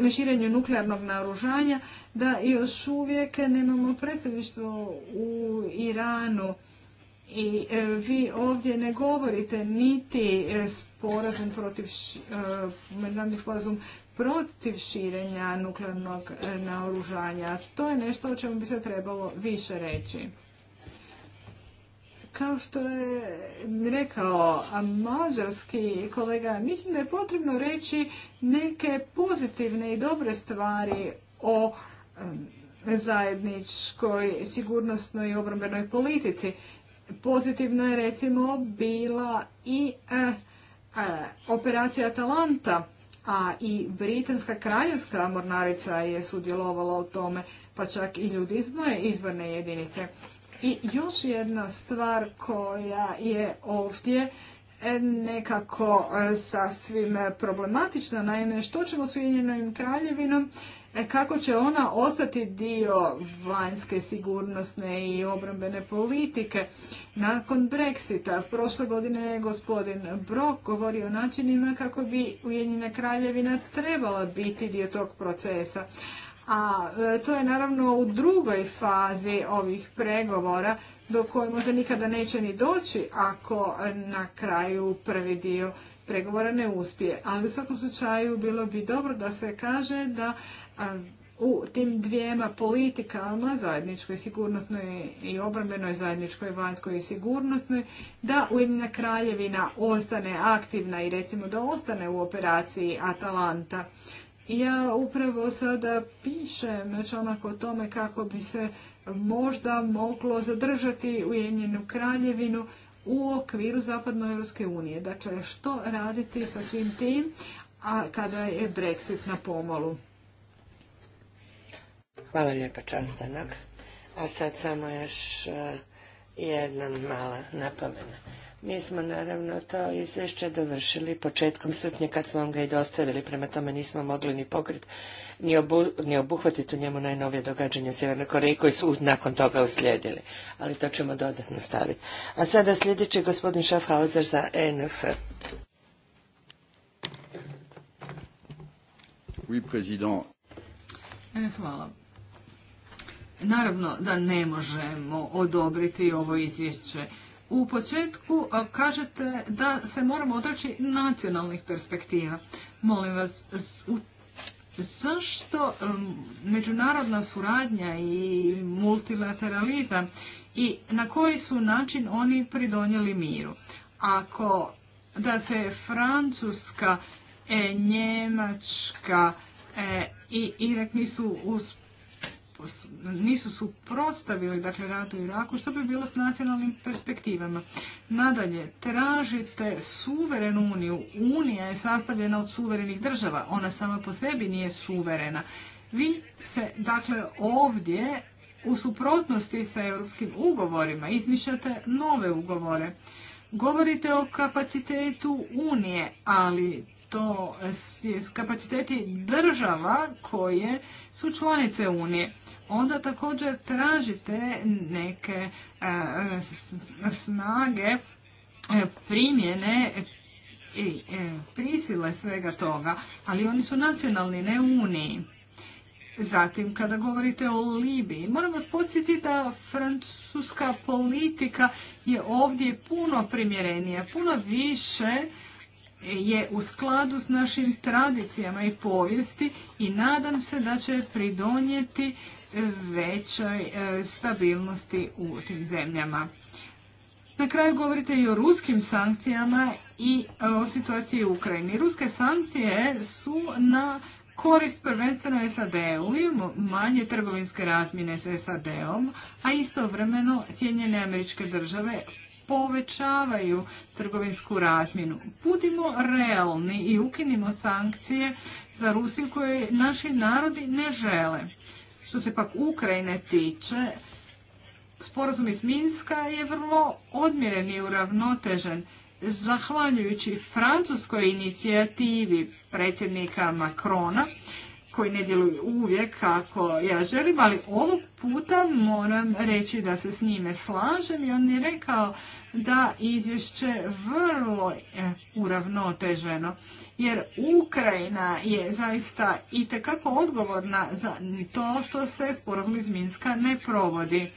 S3: ne širenju nuklearnog naružanja, da još uvijek nemamo predstavništvo u Iranu. I e, vi ovdje ne govorite niti e, sporazum protiv, e, međunarodni sporazum protiv širenja nuklearnog e, naoružanja. To je nešto o čemu bi se trebalo više reći. Kao što je rekao mađarski kolega, mislim da je potrebno reći neke pozitivne i dobre stvari o zajedničkoj sigurnosnoj i obrambenoj politici. Pozitivno je recimo bila i e, e, operacija Atalanta a i britanska kraljevska mornarica je sudjelovala u tome, pa čak i ljudi iz moje izborne jedinice. I još jedna stvar koja je ovdje e, nekako e, sasvim problematična, naime što ćemo s Ujedinjenim kraljevinom E, kako će ona ostati dio vanjske sigurnosne i obrambene politike nakon Brexita. Prošle godine je gospodin Brock govorio o načinima kako bi Ujedinjena kraljevina trebala biti dio tog procesa. A e, to je naravno u drugoj fazi ovih pregovora do koje možda nikada neće ni doći ako na kraju prvi dio pregovora ne uspije. Ali u svakom slučaju bilo bi dobro da se kaže da u tim dvijema politikama, zajedničkoj sigurnosnoj i obrambenoj, zajedničkoj vanjskoj i sigurnosnoj, da Ujedinjena kraljevina ostane aktivna i recimo da ostane u operaciji Atalanta. Ja upravo sada pišem članak o tome kako bi se možda moglo zadržati Ujedinjenu kraljevinu u okviru Zapadnoevropske unije. Dakle, što raditi sa svim tim, a kada je Brexit na pomolu.
S2: Hvala lijepa, Častanak. A sad samo još e, jedna mala napomena. Mi smo naravno to izvješće dovršili početkom srpnja kad smo vam ga i dostavili, prema tome nismo mogli ni pokrit, ni, obuhvatiti u njemu najnovije događanje Sjeverne Koreje koji su nakon toga uslijedili. Ali to ćemo dodatno staviti. A sada sljedeći gospodin Schaffhauser za NF.
S3: Oui, e, Hvala. Naravno da ne možemo odobriti ovo izvješće. U početku e, kažete da se moramo odreći nacionalnih perspektiva. Molim vas, zašto međunarodna suradnja i multilateralizam i na koji su način oni pridonijeli miru? Ako da se Francuska, e, Njemačka e, i Irak nisu uz nisu suprotstavili dakle, ratu u Iraku, što bi bilo s nacionalnim perspektivama. Nadalje, tražite suverenu uniju. Unija je sastavljena od suverenih država. Ona sama po sebi nije suverena. Vi se, dakle, ovdje u suprotnosti sa europskim ugovorima izmišljate nove ugovore. Govorite o kapacitetu Unije, ali to je kapaciteti država koje su članice Unije onda također tražite neke e, snage e, primjene i e, prisile svega toga, ali oni su nacionalni, ne uniji. Zatim, kada govorite o Libiji, moram vas podsjetiti da francuska politika je ovdje puno primjerenija, puno više je u skladu s našim tradicijama i povijesti i nadam se da će pridonijeti većoj e, stabilnosti u tim zemljama. Na kraju govorite i o ruskim sankcijama i e, o situaciji u Ukrajini. Ruske sankcije su na korist prvenstveno SAD-u, manje trgovinske razmjene s SAD-om, a istovremeno Sjedinjene američke države povećavaju trgovinsku razmjenu. Budimo realni i ukinimo sankcije za Rusiju koje naši narodi ne žele. Što se pak Ukrajine tiče, sporazum iz Minska je vrlo odmjeren i uravnotežen. Zahvaljujući francuskoj inicijativi predsjednika Makrona, koji ne djeluju uvijek kako ja želim, ali ovog puta moram reći da se s njime slažem i on je rekao da izvješće vrlo e, uravnoteženo jer Ukrajina je zaista i tekako odgovorna za to što se sporazum iz Minska ne provodi.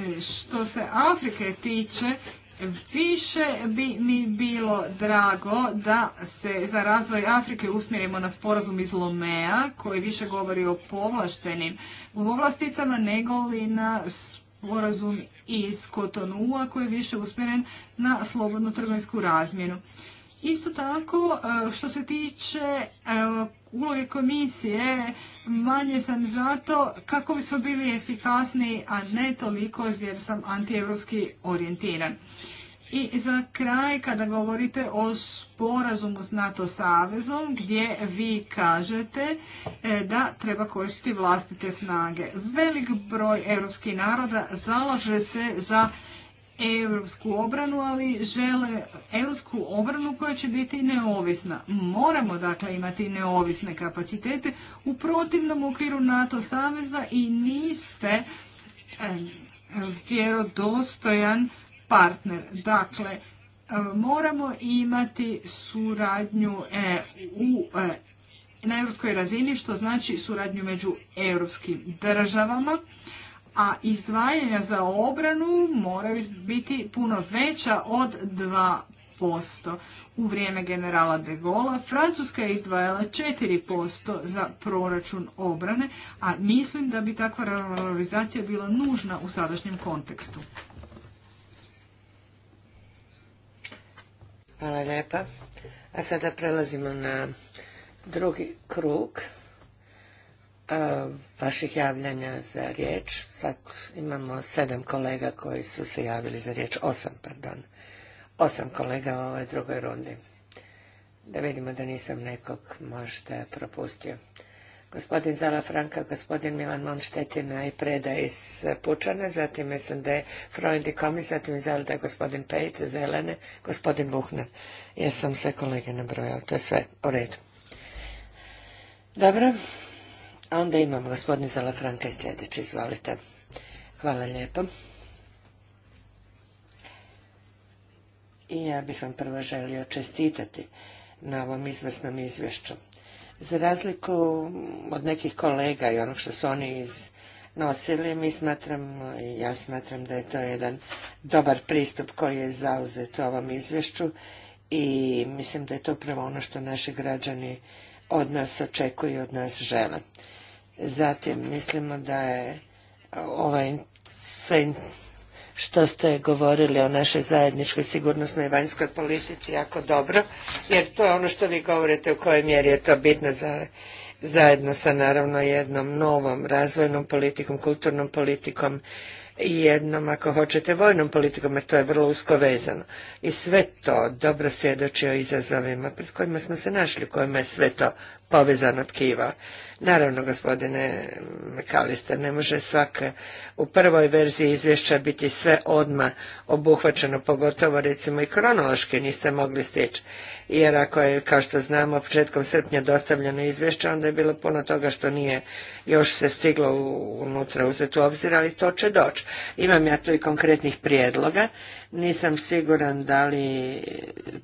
S3: E, što se Afrike tiče, Više bi mi bilo drago da se za razvoj Afrike usmjerimo na sporazum iz Lomea koji više govori o povlaštenim povlasticama nego li na sporazum iz Kotonua koji je više usmjeren na slobodnu trgovinsku razmjenu. Isto tako e, što se tiče e, uloge komisije manje sam zato kako bismo bili efikasniji, a ne toliko jer sam antijevropski orijentiran. I za kraj, kada govorite o sporazumu s NATO savezom, gdje vi kažete e, da treba koristiti vlastite snage. Velik broj europskih naroda zalaže se za europsku obranu, ali žele europsku obranu koja će biti neovisna. Moramo dakle imati neovisne kapacitete u protivnom okviru NATO saveza i niste vjerodostojan partner. Dakle, moramo imati suradnju e, u e, na europskoj razini, što znači suradnju među europskim državama a izdvajanja za obranu moraju biti puno veća od 2%. U vrijeme generala de Gaulle Francuska je izdvajala 4% za proračun obrane, a mislim da bi takva realizacija bila nužna u sadašnjem kontekstu.
S2: Hvala lijepa. A sada prelazimo na drugi krug E, vaših javljanja za riječ. Sad imamo sedam kolega koji su se javili za riječ, osam, pardon. Osam kolega u ovoj drugoj rundi. Da vidimo da nisam nekog možda propustio. Gospodin Zala Franka, gospodin Milan Monštetina i Preda iz Pučana, zatim SND Freund i Komis, zatim iz gospodin Pejt, Zelene, gospodin Buhner. Jesam sve kolege nabrojao, to je sve u redu. Dobro. A onda imamo gospodin Zalafranka sljedeći, izvolite. Hvala lijepo. I ja bih vam prvo želio čestitati na ovom izvrsnom izvješću. Za razliku od nekih kolega i onog što su oni iznosili, mi smatramo i ja smatram da je to jedan dobar pristup koji je zauzet u ovom izvješću i mislim da je to upravo ono što naši građani od nas očekuju, i od nas žele. Zatim mislimo da je ovaj sve što ste govorili o našoj zajedničkoj sigurnosnoj i vanjskoj politici jako dobro, jer to je ono što vi govorite u kojoj mjeri je to bitno za, zajedno sa naravno jednom novom razvojnom politikom, kulturnom politikom i jednom, ako hoćete, vojnom politikom, jer to je vrlo usko vezano. I sve to dobro svjedoči o izazovima pred kojima smo se našli, kojima je sve to povezano tkivo. Naravno, gospodine Mekalister, ne može svaka u prvoj verziji izvješća biti sve odma obuhvaćeno, pogotovo recimo i kronološki niste mogli stići. Jer ako je, kao što znamo, početkom srpnja dostavljeno izvješće, onda je bilo puno toga što nije još se stiglo unutra uzeti u obzir, ali to će doći. Imam ja tu i konkretnih prijedloga nisam siguran da li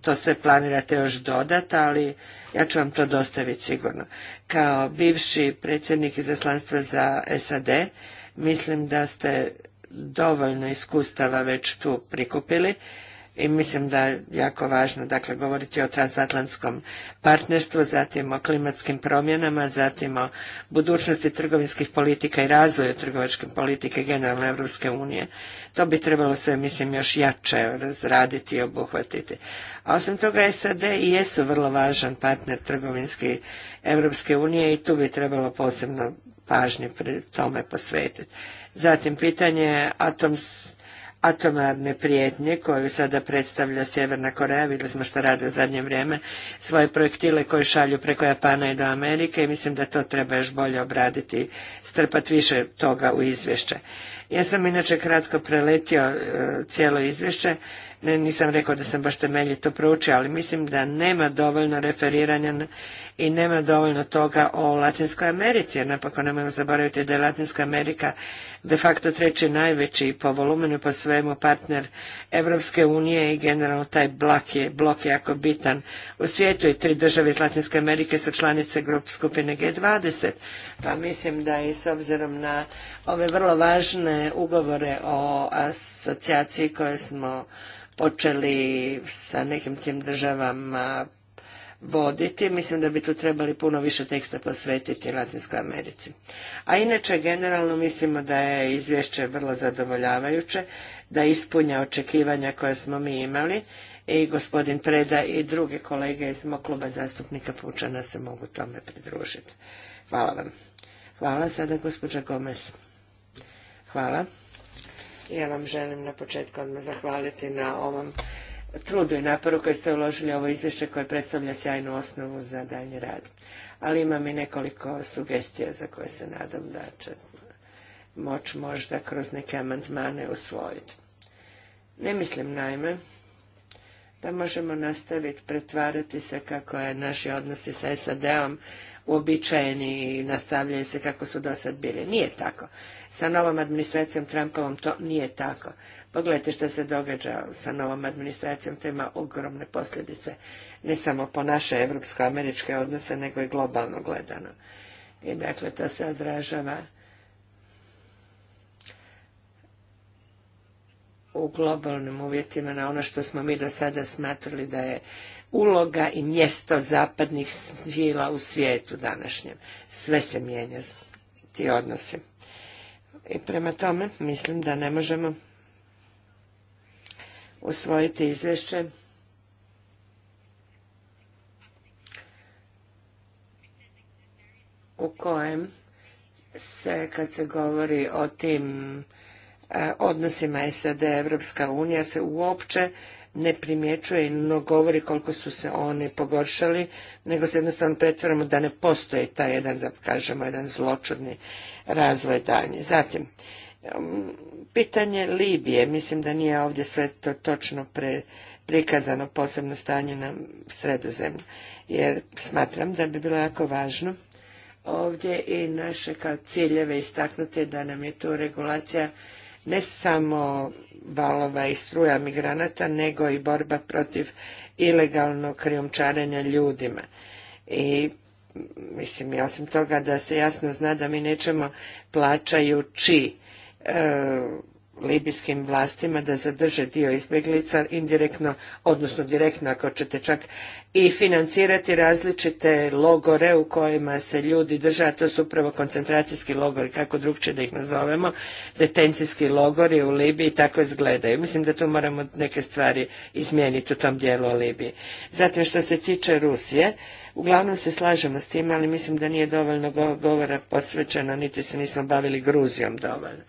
S2: to sve planirate još dodati, ali ja ću vam to dostaviti sigurno. Kao bivši predsjednik izaslanstva za SAD, mislim da ste dovoljno iskustava već tu prikupili i mislim da je jako važno dakle govoriti o transatlantskom partnerstvu, zatim o klimatskim promjenama, zatim o budućnosti trgovinskih politika i razvoju trgovačke politike generalne Europske unije. To bi trebalo sve, mislim, još jače razraditi i obuhvatiti. A osim toga SAD i jesu vrlo važan partner trgovinski Europske unije i tu bi trebalo posebno pažnje pri tome posvetiti. Zatim pitanje atoms, atomarne prijetnje koju sada predstavlja Sjeverna Koreja, vidjeli smo što rade u zadnje vrijeme, svoje projektile koje šalju preko Japana i do Amerike i mislim da to treba još bolje obraditi, strpati više toga u izvješće. Ja sam inače kratko preletio e, cijelo izvješće, nisam rekao da sam baš temeljito proučio, ali mislim da nema dovoljno referiranja i nema dovoljno toga o Latinskoj Americi, jer napokon nemojmo zaboraviti da je Latinska Amerika de facto treći najveći po volumenu po svemu partner Evropske unije i generalno taj blok je, blok jako bitan u svijetu i tri države iz Latinske Amerike su članice grup skupine G20 pa mislim da i s obzirom na ove vrlo važne ugovore o asocijaciji koje smo počeli sa nekim tim državama voditi. Mislim da bi tu trebali puno više teksta posvetiti Latinskoj Americi. A inače, generalno mislimo da je izvješće vrlo zadovoljavajuće, da ispunja očekivanja koje smo mi imali i gospodin Preda i druge kolege iz mog kluba zastupnika Pučana se mogu tome pridružiti. Hvala vam. Hvala sada gospođa Gomez. Hvala. Ja vam želim na početku odmah zahvaliti na ovom trudu i naporu koje ste uložili u ovo izvješće koje predstavlja sjajnu osnovu za daljnji rad. Ali imam i nekoliko sugestija za koje se nadam da će moć možda kroz neke amandmane usvojiti. Ne mislim naime da možemo nastaviti pretvarati se kako je naši odnosi sa SAD-om uobičajeni i nastavljaju se kako su do sad bili. Nije tako. Sa novom administracijom Trumpovom to nije tako. Pogledajte pa što se događa sa novom administracijom, to ima ogromne posljedice, ne samo po naše evropsko-američke odnose, nego i globalno gledano. I dakle, to se odražava u globalnim uvjetima na ono što smo mi do sada smatrali da je uloga i mjesto zapadnih sila u svijetu današnjem. Sve se mijenja ti odnosi. I prema tome mislim da ne možemo usvojiti izvješće u kojem se, kad se govori o tim e, odnosima SAD Evropska unija, se uopće ne primjećuje i ne govori koliko su se oni pogoršali, nego se jednostavno pretvaramo da ne postoji taj jedan, da kažemo, jedan zločudni razvoj dalje. Zatim, Pitanje Libije, mislim da nije ovdje sve to točno pre, prikazano posebno stanje na sredozemlju, jer smatram da bi bilo jako važno ovdje i naše kao ciljeve istaknuti da nam je tu regulacija ne samo valova i struja migranata, nego i borba protiv ilegalnog krijumčarenja ljudima. I mislim, i osim toga da se jasno zna da mi nećemo plaćajući E, libijskim vlastima da zadrže dio izbjeglica indirektno, odnosno direktno ako ćete čak i financirati različite logore u kojima se ljudi drže, a to su upravo koncentracijski logori, kako drugčije da ih nazovemo, detencijski logori u Libiji, tako izgledaju. Mislim da tu moramo neke stvari izmijeniti u tom dijelu o Libiji. Zatim što se tiče Rusije, Uglavnom se slažemo s tim, ali mislim da nije dovoljno govora posvećeno, niti se nismo bavili Gruzijom dovoljno.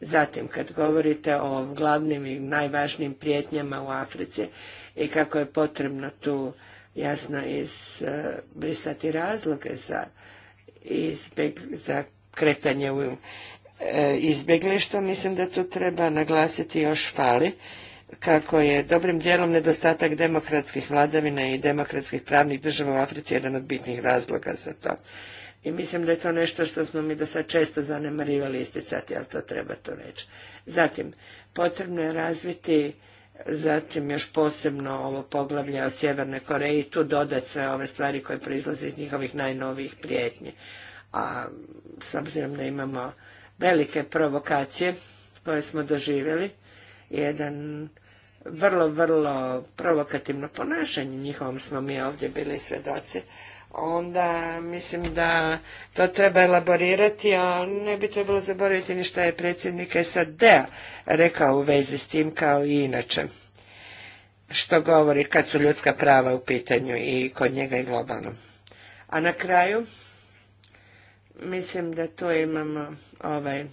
S2: Zatim, kad govorite o glavnim i najvažnijim prijetnjama u Africi i kako je potrebno tu jasno izbrisati razloge za, kretanje u e, izbjeglištvo, mislim da tu treba naglasiti još fali kako je dobrim dijelom nedostatak demokratskih vladavina i demokratskih pravnih država u Africi jedan od bitnih razloga za to. I mislim da je to nešto što smo mi do sad često zanemarivali isticati, ali to treba to reći. Zatim, potrebno je razviti zatim još posebno ovo poglavlje o Sjevernoj Koreji, tu dodati sve ove stvari koje proizlaze iz njihovih najnovijih prijetnje. A s obzirom da imamo velike provokacije koje smo doživjeli, jedan vrlo, vrlo provokativno ponašanje, njihovom smo mi ovdje bili svjedoci, onda mislim da to treba elaborirati, a ne bi trebalo zaboraviti ni je predsjednik sad rekao u vezi s tim kao i inače što govori kad su ljudska prava u pitanju i kod njega i globalno. A na kraju, mislim da tu imamo ovaj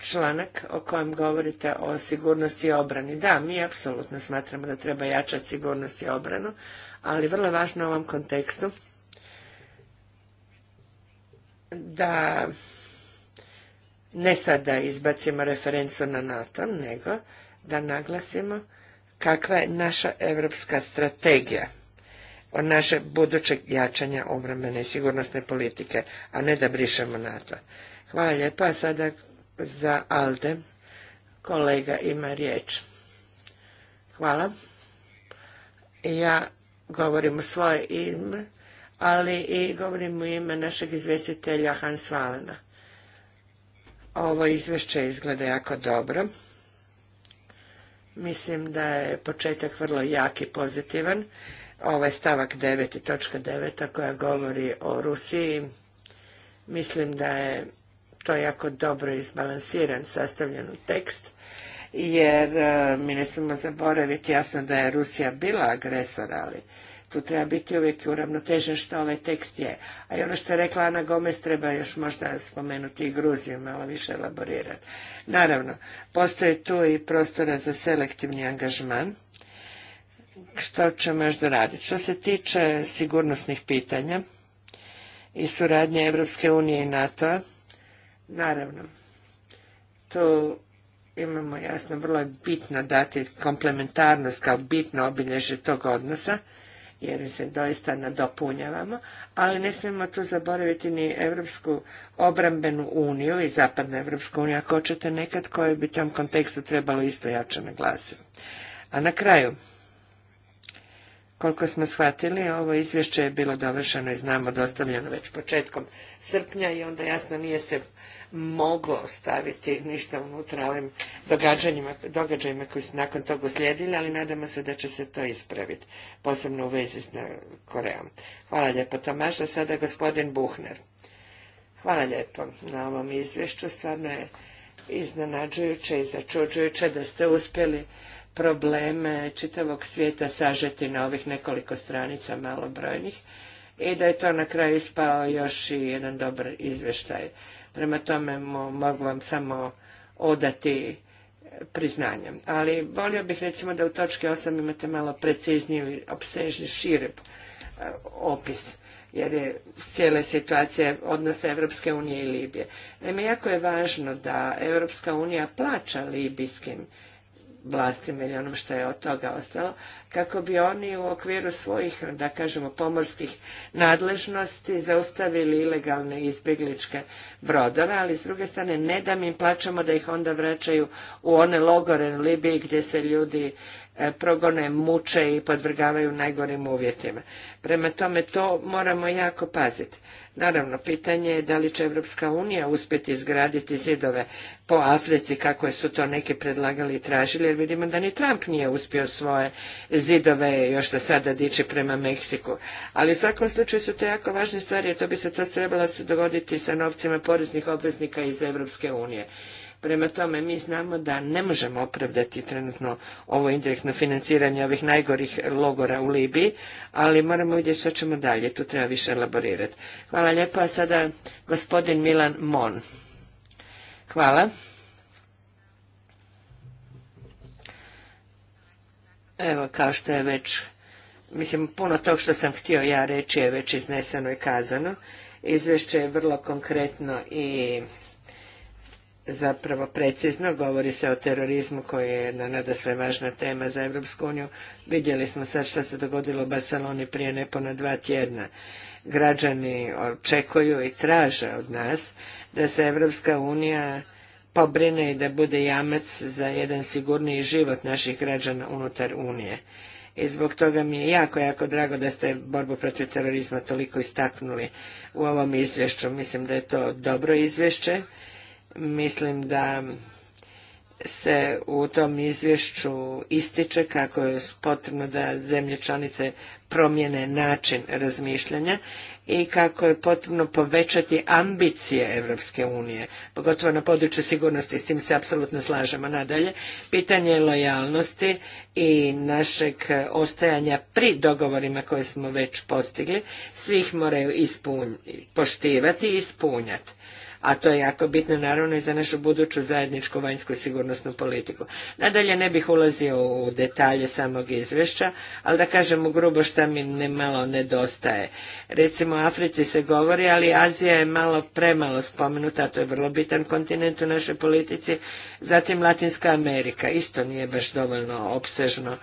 S2: članak o kojem govorite o sigurnosti i obrani. Da, mi apsolutno smatramo da treba jačati sigurnost i obranu, ali vrlo važno u ovom kontekstu da ne sada izbacimo referencu na NATO, nego da naglasimo kakva je naša evropska strategija o naše budućeg jačanja obrambene i sigurnosne politike, a ne da brišemo NATO. Hvala lijepa. Sada za ALDE. Kolega ima riječ. Hvala. Ja govorim u svoje ime, ali i govorim u ime našeg izvjestitelja Hans Valena. Ovo izvješće izgleda jako dobro. Mislim da je početak vrlo jak i pozitivan. Ovaj stavak 9.9. točka koja govori o Rusiji, mislim da je to jako dobro izbalansiran, sastavljen u tekst, jer e, mi ne smijemo zaboraviti jasno da je Rusija bila agresor, ali tu treba biti uvijek uravnotežen što ovaj tekst je. A i ono što je rekla Ana Gomez treba još možda spomenuti i Gruziju, malo više elaborirati. Naravno, postoji tu i prostora za selektivni angažman, što ćemo još doraditi. Što se tiče sigurnosnih pitanja i suradnje Evropske unije i NATO-a, Naravno, tu imamo jasno vrlo bitno dati komplementarnost kao bitno obilježje tog odnosa, jer se doista nadopunjavamo, ali ne smijemo tu zaboraviti ni Evropsku obrambenu uniju i Zapadnu Evropsku uniju, ako hoćete nekad koje bi tom kontekstu trebalo isto jače naglasiti. A na kraju, koliko smo shvatili, ovo izvješće je bilo dovršeno i znamo dostavljeno već početkom srpnja i onda jasno nije se moglo staviti ništa unutra ovim događajima koji su nakon toga uslijedili, ali nadamo se da će se to ispraviti, posebno u vezi s eh, Koreom. Hvala lijepo Tomaša, sada gospodin Buhner. Hvala lijepo na ovom izvješću, stvarno je iznenađujuće i začuđujuće da ste uspjeli probleme čitavog svijeta sažeti na ovih nekoliko stranica malobrojnih i da je to na kraju ispao još i jedan dobar izvještaj. Prema tome mogu vam samo odati priznanjem. Ali volio bih recimo da u točki 8 imate malo precizniju, obsežni, širi e, opis jer je cijela situacija odnosa Evropske unije i Libije. Naime, jako je važno da Evropska unija plaća libijskim vlastima ili onom što je od toga ostalo, kako bi oni u okviru svojih, da kažemo, pomorskih nadležnosti zaustavili ilegalne izbjegličke brodove, ali s druge strane ne da mi im plaćamo da ih onda vraćaju u one logore u Libiji gdje se ljudi e, progone, muče i podvrgavaju najgorim uvjetima. Prema tome, to moramo jako paziti. Naravno, pitanje je da li će Evropska unija uspjeti izgraditi zidove po Africi kako su to neki predlagali i tražili, jer vidimo da ni Trump nije uspio svoje zidove još da sada dići prema Meksiku. Ali u svakom slučaju su to jako važne stvari, jer to bi se to trebalo dogoditi sa novcima poreznih obveznika iz Evropske unije. Prema tome, mi znamo da ne možemo opravdati trenutno ovo indirektno financiranje ovih najgorih logora u Libiji, ali moramo vidjeti što ćemo dalje, tu treba više elaborirati. Hvala lijepo, a sada gospodin Milan Mon. Hvala. Evo, kao što je već, mislim, puno tog što sam htio ja reći je već izneseno i kazano. Izvješće je vrlo konkretno i zapravo precizno, govori se o terorizmu koji je jedna nada sve važna tema za Europsku uniju. Vidjeli smo sad što se dogodilo u Barceloni prije nepona dva tjedna. Građani očekuju i traže od nas da se Europska unija pobrine i da bude jamac za jedan sigurniji život naših građana unutar Unije. I zbog toga mi je jako, jako drago da ste borbu protiv terorizma toliko istaknuli u ovom izvješću. Mislim da je to dobro izvješće Mislim da se u tom izvješću ističe kako je potrebno da zemlje članice promijene način razmišljanja i kako je potrebno povećati ambicije Europske unije, pogotovo na području sigurnosti, s tim se apsolutno slažemo nadalje. Pitanje lojalnosti i našeg ostajanja pri dogovorima koje smo već postigli, svih moraju poštivati i ispunjati a to je jako bitno naravno i za našu buduću zajedničku vanjsku sigurnosnu politiku. Nadalje ne bih ulazio u detalje samog izvješća, ali da kažem u grubo šta mi ne malo nedostaje. Recimo o Africi se govori, ali Azija je malo premalo spomenuta, to je vrlo bitan kontinent u našoj politici. Zatim Latinska Amerika, isto nije baš dovoljno opsežno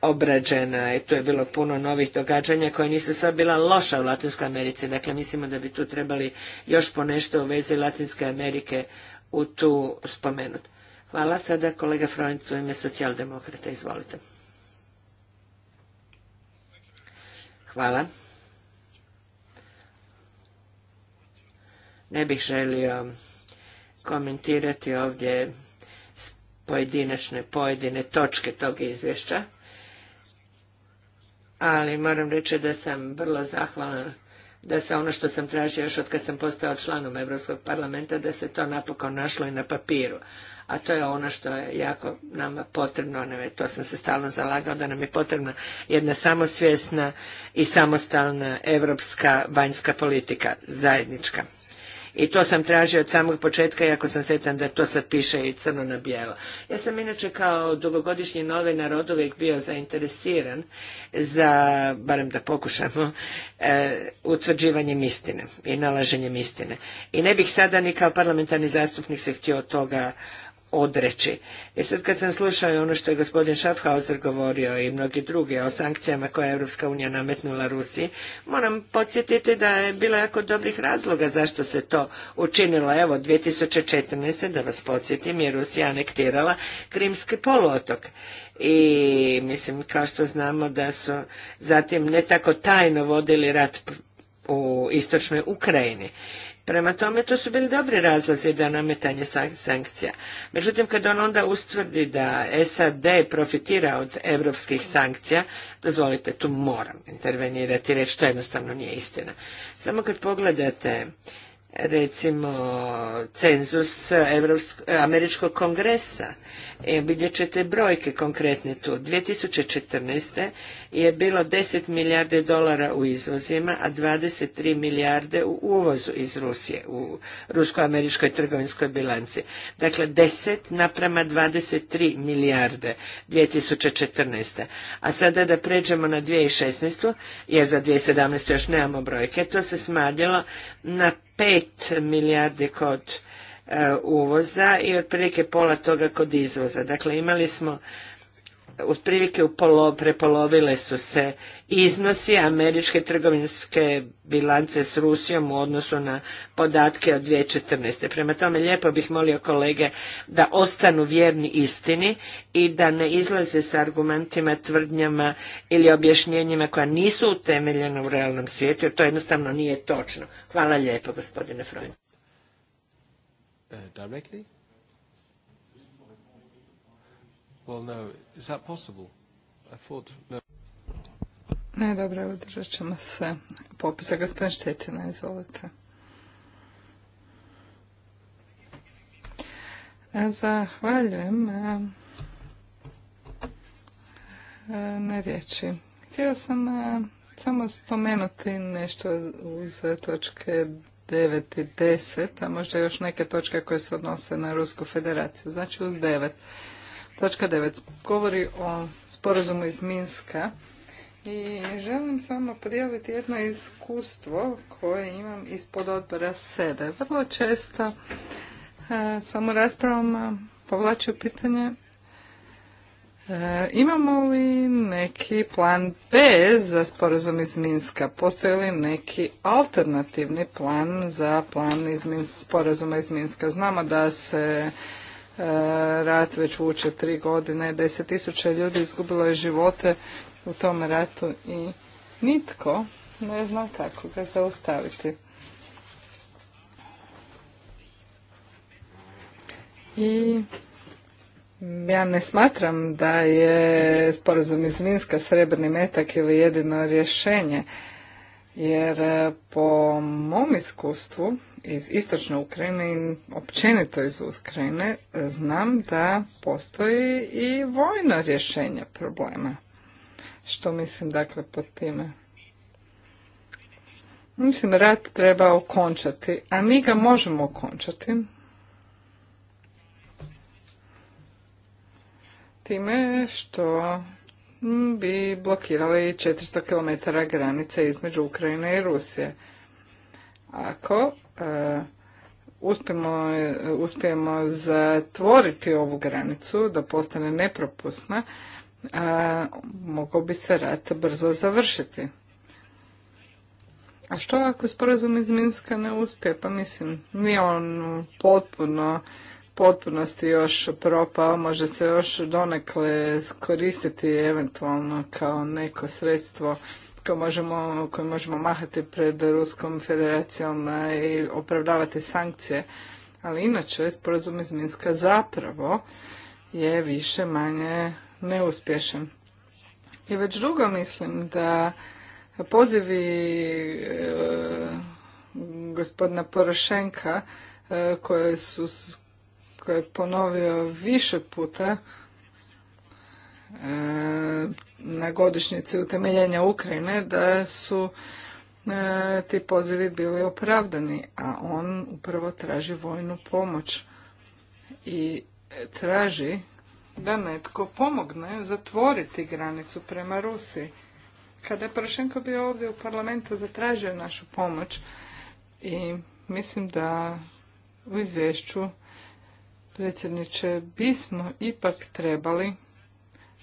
S2: obrađena i tu je bilo puno novih događanja koje nisu sad bila loša u Latinskoj Americi. Dakle, mislimo da bi tu trebali još ponešto u vezi Latinske Amerike u tu spomenuti. Hvala. Sada kolega Frojnic u ime socijaldemokrata. Izvolite. Hvala. Ne bih želio komentirati ovdje pojedinačne pojedine točke tog izvješća ali moram reći da sam vrlo zahvalna da se ono što sam tražio još od kad sam postao članom Europskog parlamenta, da se to napokon našlo i na papiru. A to je ono što je jako nama potrebno, ono to sam se stalno zalagao, da nam je potrebna jedna samosvjesna i samostalna europska vanjska politika, zajednička. I to sam tražio od samog početka, iako sam sretan da to sad piše i crno na bijelo. Ja sam inače kao dugogodišnji novinar od uvijek bio zainteresiran za, barem da pokušamo, utvrđivanje utvrđivanjem istine i nalaženjem istine. I ne bih sada ni kao parlamentarni zastupnik se htio od toga odreći. I e sad kad sam slušao ono što je gospodin Schaffhauser govorio i mnogi drugi o sankcijama koje je Europska unija nametnula Rusiji, moram podsjetiti da je bilo jako dobrih razloga zašto se to učinilo. Evo, 2014. da vas podsjetim je Rusija anektirala Krimski poluotok. I mislim, kao što znamo da su zatim ne tako tajno vodili rat u istočnoj Ukrajini. Prema tome, to su bili dobri razlazi da nametanje sankcija. Međutim, kad on onda ustvrdi da SAD profitira od europskih sankcija, dozvolite, tu moram intervenirati i reći, to jednostavno nije istina. Samo kad pogledate recimo cenzus Američkog kongresa. E, vidjet ćete brojke konkretne tu. 2014. je bilo 10 milijarde dolara u izvozima, a 23 milijarde u uvozu iz Rusije, u rusko-američkoj trgovinskoj bilanci. Dakle, 10 naprama 23 milijarde 2014. A sada da pređemo na 2016. jer za 2017. još nemamo brojke, to se smanjilo na 5 milijardi kod e, uvoza i otprilike pola toga kod izvoza. Dakle, imali smo otprilike prepolovile su se iznosi američke trgovinske bilance s Rusijom u odnosu na podatke od 2014. Prema tome lijepo bih molio kolege da ostanu vjerni istini i da ne izlaze sa argumentima, tvrdnjama ili objašnjenjima koja nisu utemeljena u realnom svijetu jer to jednostavno nije točno. Hvala lijepo gospodine Freund.
S3: Uh, Well, no. Is that possible? I thought, no.
S1: Ne, dobro, održat ćemo se. Popisa gospodin Štetina, izvolite. E, zahvaljujem e, e, na riječi. Htio sam samo spomenuti nešto uz točke 9 i 10, a možda još neke točke koje se odnose na Rusku federaciju. Znači uz 9. Točka 9 govori o sporazumu iz Minska i želim s vama podijeliti jedno iskustvo koje imam ispod odbora sede. Vrlo često e, samo raspravama povlačio pitanje e, imamo li neki plan B za sporazum iz Minska? Postoji li neki alternativni plan za plan iz sporazuma iz Minska? Znamo da se E, rat već vuče tri godine, deset tisuća ljudi izgubilo je živote u tom ratu i nitko ne zna kako ga zaustaviti. I ja ne smatram da je sporazum iz Minska srebrni metak ili jedino rješenje, jer e, po mom iskustvu iz istočne Ukrajine i općenito iz Ukrajine, znam da postoji i vojno rješenje problema. Što mislim dakle pod time? Mislim, rat treba okončati, a mi ga možemo okončati. Time što bi blokirali 400 km granice između Ukrajine i Rusije. Ako E, uspijemo, e, uspijemo zatvoriti ovu granicu, da postane nepropusna, e, mogao bi se rat brzo završiti. A što ako sporazum iz Minska ne uspije? Pa mislim, nije on potpuno potpunosti još propao, može se još donekle koristiti eventualno kao neko sredstvo koju možemo, mahati pred Ruskom federacijom i opravdavati sankcije. Ali inače, sporazum iz Minska zapravo je više manje neuspješan. I već drugo mislim da pozivi e, gospodina Porošenka e, koje su koje je ponovio više puta e, na godišnjici utemeljenja Ukrajine da su e, ti pozivi bili opravdani, a on upravo traži vojnu pomoć i traži da netko pomogne zatvoriti granicu prema Rusiji. Kada je Porošenko bio ovdje u parlamentu, zatražio našu pomoć i mislim da u izvješću predsjedniče bismo ipak trebali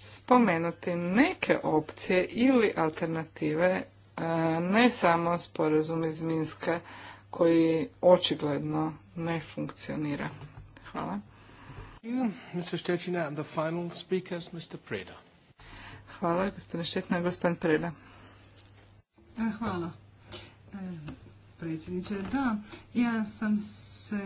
S1: spomenuti neke opcije ili alternative, e, ne samo sporazum iz Minska koji očigledno ne funkcionira. Hvala. speaker the final Hvala, gospodine gospodin Preda.
S3: E, hvala, e, predsjedniče. Da, ja sam se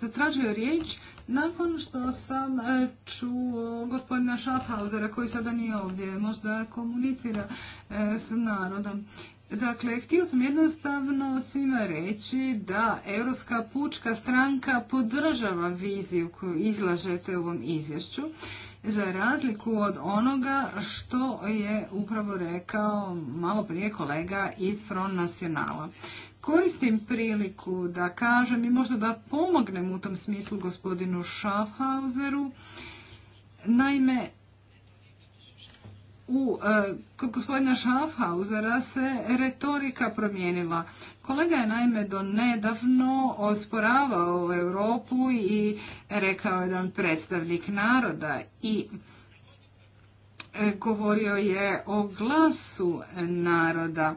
S3: zatražio riječ nakon što sam e, čuo gospodina Schaffhausera koji sada nije ovdje, možda komunicira e, s narodom. Dakle, htio sam jednostavno svima reći da Europska pučka stranka podržava viziju koju izlažete u ovom izvješću, za razliku od onoga što je upravo rekao malo prije kolega iz Front Nacionala. Koristim priliku da kažem i možda da pomognem u tom smislu gospodinu Schaffhauseru. Naime, u, e, kod gospodina Schaffhausera se retorika promijenila. Kolega je naime do nedavno osporavao Europu i rekao je jedan predstavnik naroda i e, govorio je o glasu naroda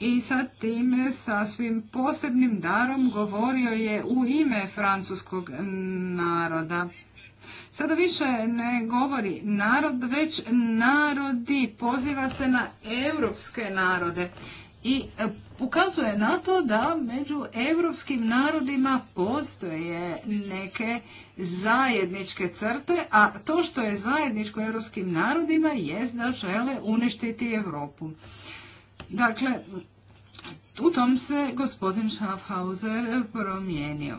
S3: i sa time svim posebnim darom govorio je u ime francuskog naroda. Sada više ne govori narod, već narodi, poziva se na evropske narode i e, ukazuje na to da među evropskim narodima postoje neke zajedničke crte, a to što je zajedničko evropskim narodima je da žele uništiti Europu. Dakle, u tom se gospodin Schaffhauser promijenio.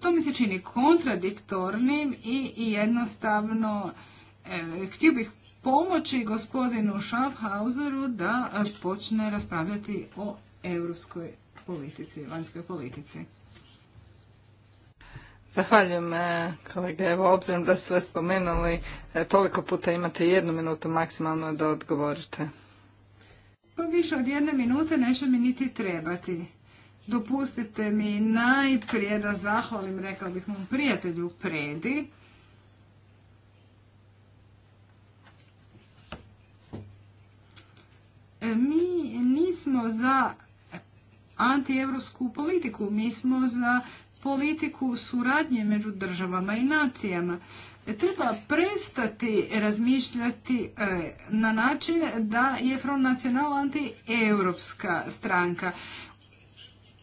S3: To mi se čini kontradiktornim i jednostavno e, htio bih pomoći gospodinu Schaffhauseru da počne raspravljati o europskoj politici, vanjskoj politici.
S1: Zahvaljujem e, kolega. Evo, obzirom da su sve spomenuli, e, toliko puta imate jednu minutu maksimalno da odgovorite.
S3: Pa više od jedne minute neće mi niti trebati. Dopustite mi najprije da zahvalim, rekao bih mom prijatelju Predi. E, mi nismo za antievropsku politiku, mi smo za politiku suradnje među državama i nacijama. E, treba prestati razmišljati e, na način da je Front National anti-europska stranka.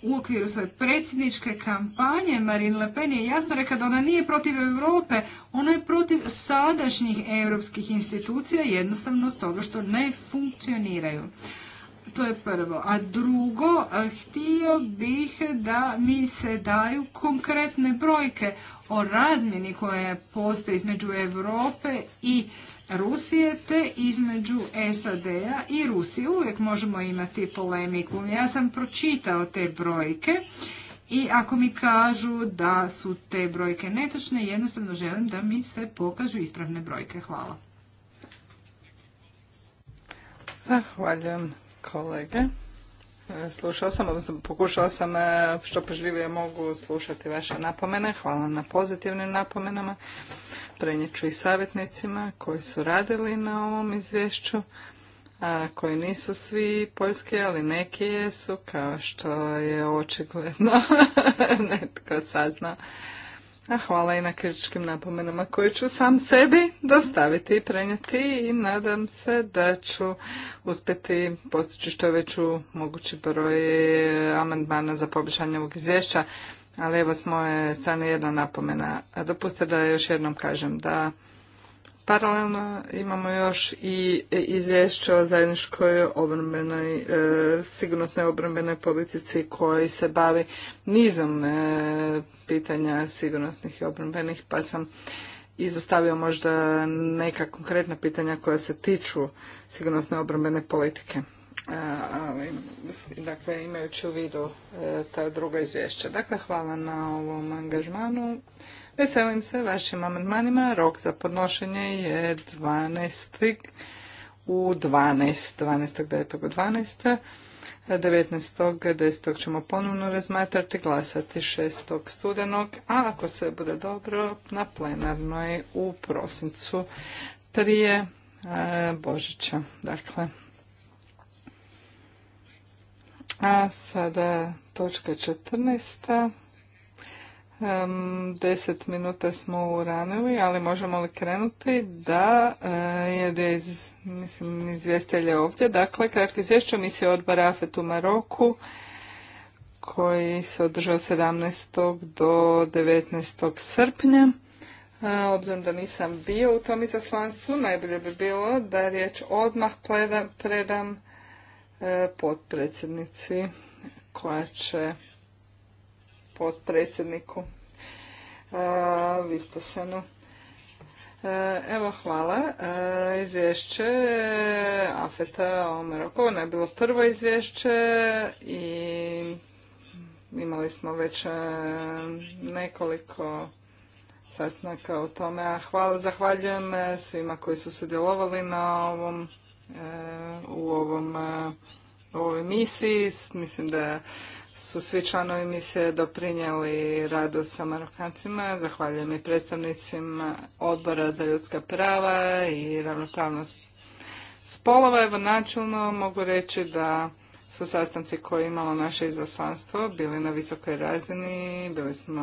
S3: U okviru svoje predsjedničke kampanje Marine Le Pen je jasno rekla da ona nije protiv Europe, ona je protiv sadašnjih europskih institucija jednostavno toga što ne funkcioniraju to je prvo. A drugo, htio bih da mi se daju konkretne brojke o razmjeni koja postoje između Europe i Rusije te između SAD-a i Rusije. Uvijek možemo imati polemiku. Ja sam pročitao te brojke i ako mi kažu da su te brojke netočne, jednostavno želim da mi se pokažu ispravne brojke. Hvala
S1: kolege. Slušao sam, odnosno pokušao sam e, što pažljivije mogu slušati vaše napomene. Hvala na pozitivnim napomenama. Prenjeću i savjetnicima koji su radili na ovom izvješću, a koji nisu svi poljski, ali neki jesu, kao što je očigledno [laughs] netko saznao. A hvala i na kritičkim napomenama koje ću sam sebi dostaviti i prenijeti i nadam se da ću uspjeti postići što je veću mogući broj amandmana za poboljšanje ovog izvješća. Ali evo s moje strane jedna napomena. Dopustite da još jednom kažem da Paralelno imamo još i izvješće o zajedničkoj obrambenoj, e, sigurnosnoj obrambenoj politici koji se bavi nizom e, pitanja sigurnosnih i obrambenih, pa sam izostavio možda neka konkretna pitanja koja se tiču sigurnosne obrambene politike. E, ali, dakle, imajući u vidu ta druga izvješća. Dakle, hvala na ovom angažmanu. Veselim se vašim amandmanima. Rok za podnošenje je 12. u 12. 12. u 12. 19. 10. ćemo ponovno razmatrati, glasati 6. studenog, a ako se bude dobro, na plenarnoj u prosincu prije e, Božića. Dakle, a sada točka 14. Deset minuta smo uranili, ali možemo li krenuti da, eh, je da mislim, izvjestelje ovdje. Dakle, kratko izvješće misije odbora AFET u Maroku koji se održao 17. do 19. srpnja. Eh, obzirom da nisam bio u tom izaslanstvu, najbolje bi bilo da riječ odmah predam, predam eh, potpredsjednici koja će potpredsjedniku e, Vistasenu. E, evo, hvala. E, izvješće Afeta o To ono je bilo prvo izvješće i imali smo već nekoliko sastanaka o tome. hvala, zahvaljujem svima koji su sudjelovali na ovom, u ovom u ovoj misiji. Mislim da je su svi članovi misije doprinijeli radu sa Marokancima. Zahvaljujem i predstavnicima odbora za ljudska prava i ravnopravnost spolova. Evo načelno mogu reći da su sastanci koje imalo naše izaslanstvo bili na visokoj razini, bili smo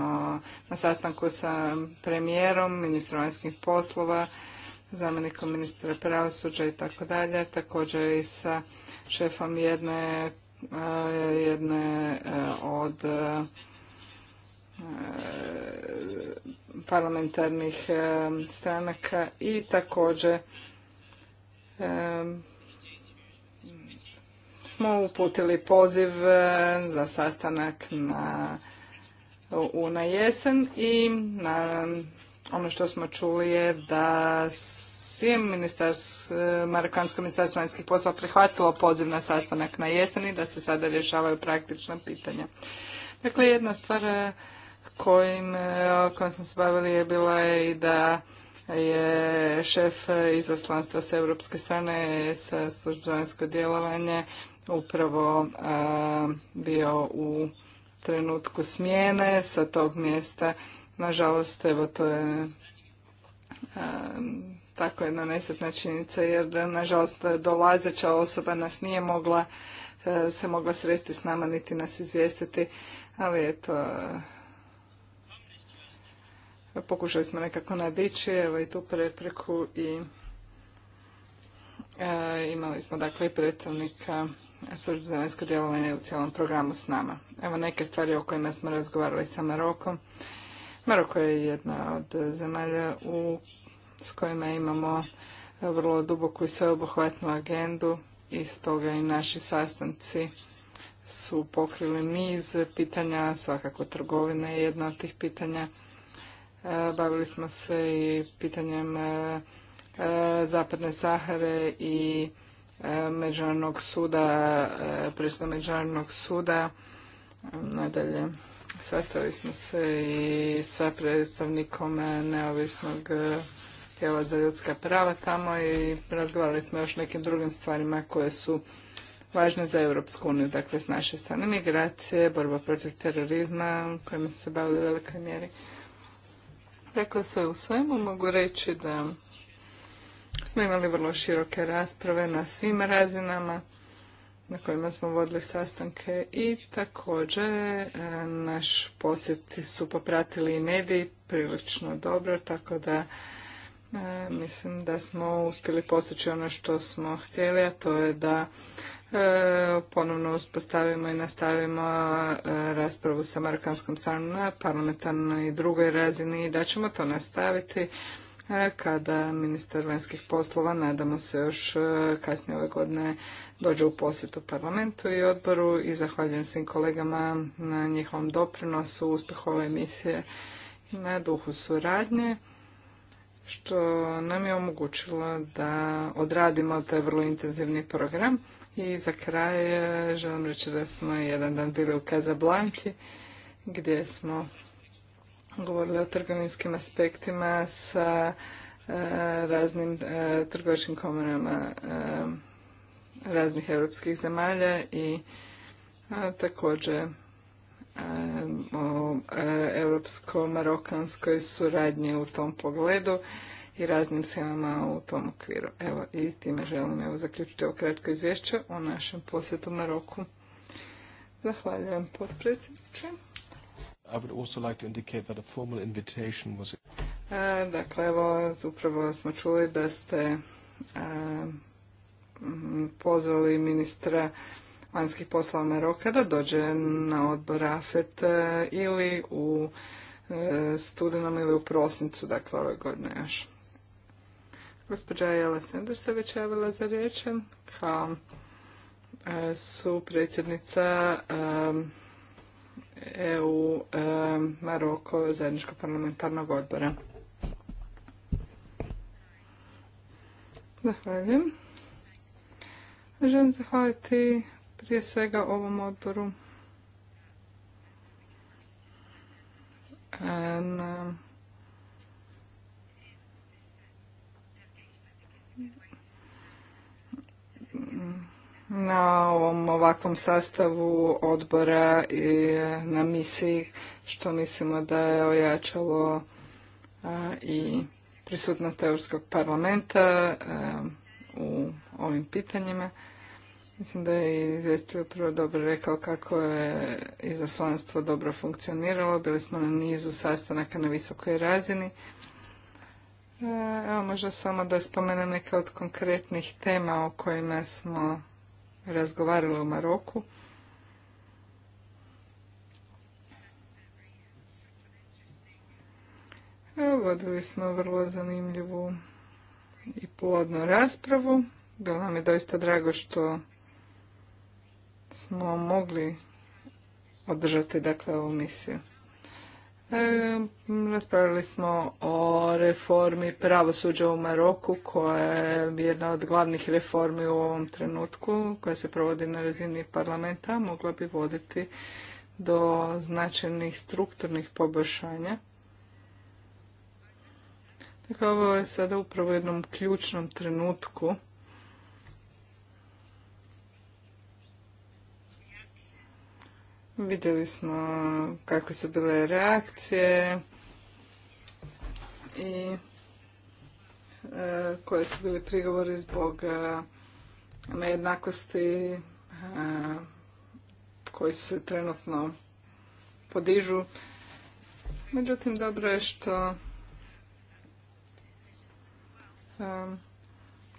S1: na sastanku sa premijerom, ministrom vanjskih poslova, zamjenikom ministra pravosuđa i tako dalje, također i sa šefom jedne Eh, jedne eh, od eh, parlamentarnih stranaka i također smo uputili poziv za sastanak na, jesen i ono što smo čuli je da svim Marokansko ministarstvo vanjskih poslova prihvatilo poziv na sastanak na jeseni da se sada rješavaju praktična pitanja. Dakle, jedna stvar e, kojim, e, kojom se bavili je bila i da je šef izaslanstva s europske strane sa službovanjsko djelovanje upravo e, bio u trenutku smjene sa tog mjesta. Nažalost, evo to je tako jedna nesretna činjenica jer nažalost dolazeća osoba nas nije mogla e, se mogla sresti s nama niti nas izvijestiti, ali eto e, pokušali smo nekako nadići evo i tu prepreku i e, imali smo dakle i predstavnika službe za vanjsko djelovanje u cijelom programu s nama. Evo neke stvari o kojima smo razgovarali sa Marokom. Maroko je jedna od zemalja u s kojima imamo e, vrlo duboku i sveobuhvatnu agendu i stoga i naši sastanci su pokrili niz pitanja, svakako trgovina je jedna od tih pitanja. E, bavili smo se i pitanjem e, Zapadne Sahare i Međunarodnog suda, presuda Međunarodnog suda. Nadalje, sastavili smo se i sa predstavnikom neovisnog tijela za ljudska prava tamo i razgovarali smo još nekim drugim stvarima koje su važne za Europsku uniju, dakle s naše strane migracije, borba protiv terorizma kojima se bavili u velikoj mjeri. Dakle, sve u svemu mogu reći da smo imali vrlo široke rasprave na svim razinama na kojima smo vodili sastanke i također e, naš posjet su popratili i mediji prilično dobro, tako da E, mislim da smo uspjeli postići ono što smo htjeli, a to je da e, ponovno uspostavimo i nastavimo e, raspravu sa Amerikanskom stranom na parlamentarnoj i drugoj razini i da ćemo to nastaviti kada ministar vanjskih poslova, nadamo se još kasnije ove godine, dođe u posjetu parlamentu i odboru i zahvaljujem svim kolegama na njihovom doprinosu, uspjehu ove emisije i na duhu suradnje što nam je omogućilo da odradimo taj vrlo intenzivni program. I za kraj e, želim reći da smo jedan dan bili u Kazablanki gdje smo govorili o trgovinskim aspektima sa e, raznim e, trgovačkim komorama raznih europskih zemalja i također o e, europsko-marokanskoj suradnji u tom pogledu i raznim schemama u tom okviru. Evo, i time želim evo, zaključiti ovo kratko izvješće o našem posjetu Maroku. Zahvaljujem potpredsjedniče.
S3: I would also like to indicate that a formal invitation was...
S1: E, dakle, evo, upravo smo čuli da ste e, pozvali ministra vanjskih poslova maroka da dođe na odbor AFET e, ili u e, studenom ili u prosincu, dakle ove godine još. Gospođa Jela Sender se već javila za riječ kao e, su predsjednica EU Maroko zajedničkog parlamentarnog odbora. Zahvaljujem. Želim zahvaliti prije svega ovom odboru e, na na ovom ovakvom sastavu odbora i na misiji što mislimo da je ojačalo e, i prisutnost Europskog parlamenta e, u ovim pitanjima. Mislim da je izvestio prvo dobro rekao kako je izaslanstvo dobro funkcioniralo. Bili smo na nizu sastanaka na visokoj razini. E, evo možda samo da spomenem neke od konkretnih tema o kojima smo razgovarali u Maroku. Evo, vodili smo vrlo zanimljivu i plodnu raspravu. Bilo nam je doista drago što smo mogli održati dakle ovu misiju. E, raspravili smo o reformi pravosuđa u Maroku koja je jedna od glavnih reformi u ovom trenutku koja se provodi na razini parlamenta mogla bi voditi do značajnih strukturnih poboljšanja. Dakle, ovo je sada upravo u jednom ključnom trenutku Vidjeli smo kakve su bile reakcije i e, koje su bili prigovori zbog e, nejednakosti e, koji se trenutno podižu. Međutim, dobro je što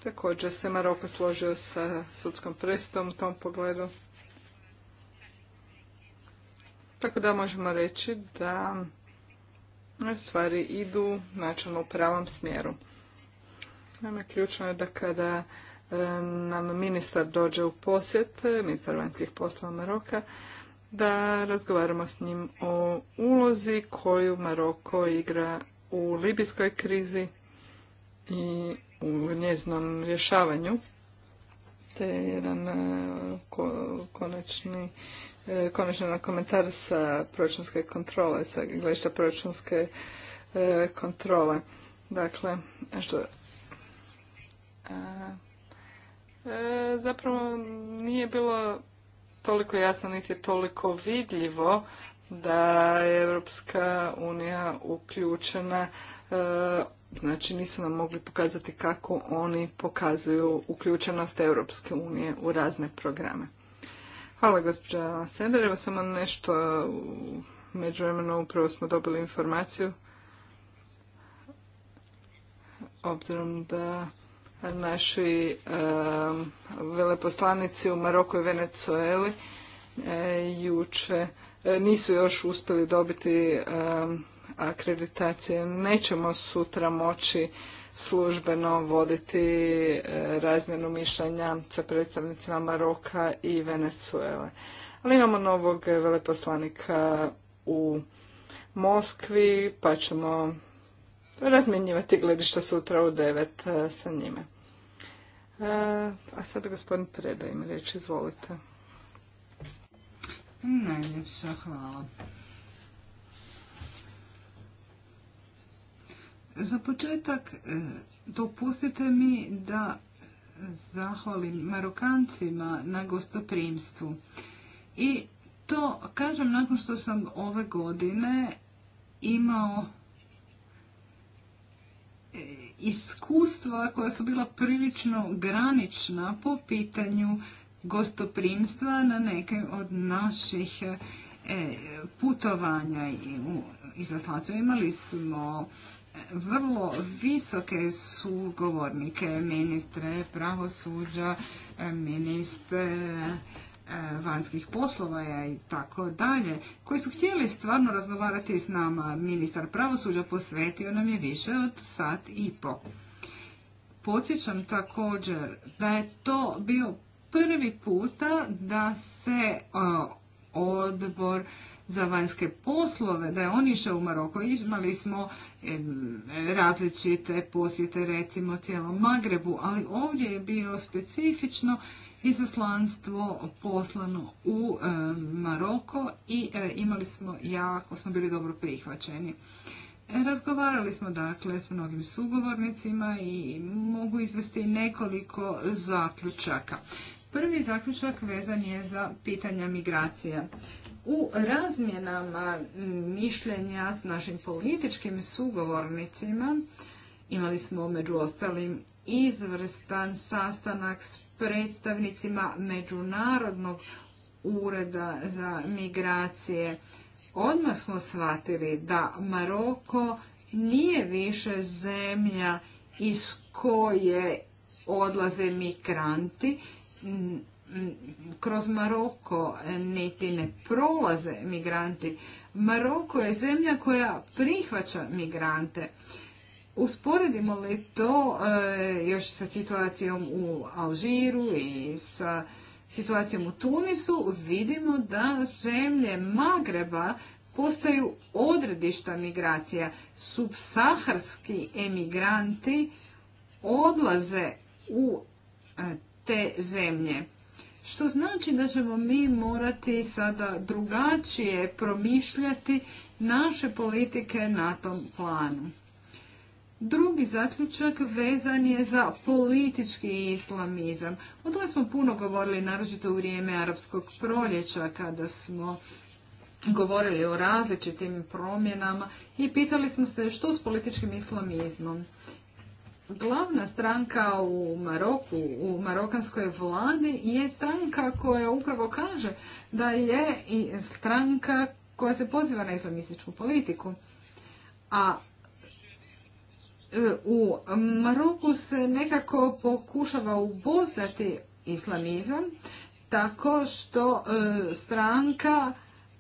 S1: također se Maroko složio sa sudskom prestom u tom pogledu. Tako da možemo reći da stvari idu načelno u pravom smjeru. Nama ključno je da kada e, nam ministar dođe u posjet, ministar vanjskih poslova Maroka, da razgovaramo s njim o ulozi koju Maroko igra u libijskoj krizi i u njeznom rješavanju, te jedan e, konačni E, konačno na komentar sa proračunske kontrole, sa gledišta proračunske e, kontrole. Dakle, što... E, zapravo nije bilo toliko jasno niti toliko vidljivo da je Europska unija uključena, znači nisu nam mogli pokazati kako oni pokazuju uključenost Europske unije u razne programe. Hvala gospođa Sender. Evo samo nešto, međuvremeno upravo smo dobili informaciju obzirom da naši veleposlanici u Maroku i Venezueli e, juče e, nisu još uspjeli dobiti akreditacije. Nećemo sutra moći službeno voditi e, razmjenu mišljenja sa predstavnicima Maroka i Venezuele. Ali imamo novog veleposlanika u Moskvi, pa ćemo razmjenjivati gledišta sutra u devet e, sa njime. E, a sad gospodin Preda ima riječ, izvolite.
S3: Najljepša hvala. Za početak e, dopustite mi da zahvalim Marokancima na gostoprimstvu. I to kažem nakon što sam ove godine imao e, iskustva koja su bila prilično granična po pitanju gostoprimstva na nekim od naših e, putovanja i izaslanstva. Imali smo vrlo visoke sugovornike, ministre pravosuđa, ministre eh, vanjskih poslova i tako dalje, koji su htjeli stvarno razgovarati s nama. Ministar pravosuđa posvetio nam je više od sat i po. Podsjećam također da je to bio prvi puta da se eh, odbor za vanjske poslove, da je on išao u Maroko. Imali smo različite posjete recimo cijelom Magrebu, ali ovdje je bio specifično izaslanstvo poslano u Maroko i e, imali smo jako, smo bili dobro prihvaćeni. Razgovarali smo dakle s mnogim sugovornicima i mogu izvesti nekoliko zaključaka. Prvi zaključak vezan je za pitanja migracija u razmjenama mišljenja s našim političkim sugovornicima imali smo među ostalim izvrstan sastanak s predstavnicima Međunarodnog ureda za migracije. Odmah smo shvatili da Maroko nije više zemlja iz koje odlaze migranti, kroz Maroko niti ne prolaze migranti. Maroko je zemlja koja prihvaća migrante. Usporedimo li to e, još sa situacijom u Alžiru i sa situacijom u Tunisu, vidimo da zemlje Magreba postaju odredišta migracija. Subsaharski emigranti odlaze u e, te zemlje što znači da ćemo mi morati sada drugačije promišljati naše politike na tom planu. Drugi zaključak vezan je za politički islamizam. O tome smo puno govorili, naročito u vrijeme arapskog proljeća, kada smo govorili o različitim promjenama i pitali smo se što s političkim islamizmom. Glavna stranka u Maroku, u marokanskoj vladi, je stranka koja upravo kaže da je i stranka koja se poziva na islamističku politiku. A e, u Maroku se nekako pokušava upoznati islamizam tako što e, stranka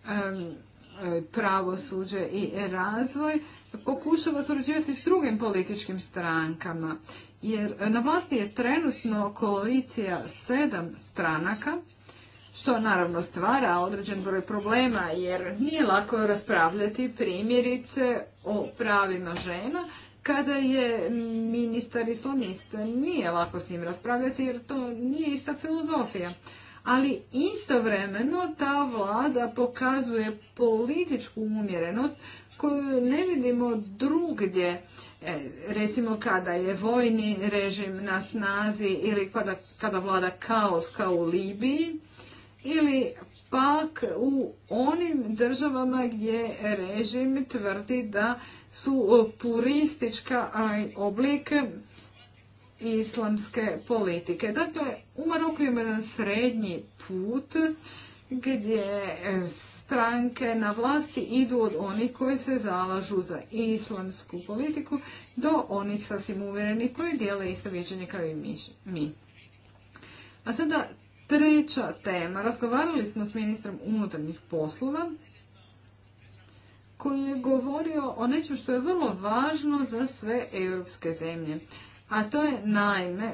S3: e, pravosuđe i razvoj pokušava surađivati s drugim političkim strankama. Jer na vlasti je trenutno koalicija sedam stranaka, što naravno stvara određen broj problema jer nije lako raspravljati primjerice o pravima žena kada je ministar islamist. Nije lako s njim raspravljati jer to nije ista filozofija. Ali istovremeno ta vlada pokazuje političku umjerenost koju ne vidimo drugdje, e, recimo kada je vojni režim na snazi ili kada, vlada kaos kao u Libiji ili pak u onim državama gdje režim tvrdi da su puristička oblike islamske politike. Dakle, u Maroku ima jedan srednji put gdje e, stranke na vlasti idu od onih koji se zalažu za islamsku politiku do onih sasvim uvjerenih koji dijele isto viđenje kao i mi. A sada treća tema. Razgovarali smo s ministrom unutarnjih poslova koji je govorio o nečem što je vrlo važno za sve europske zemlje. A to je naime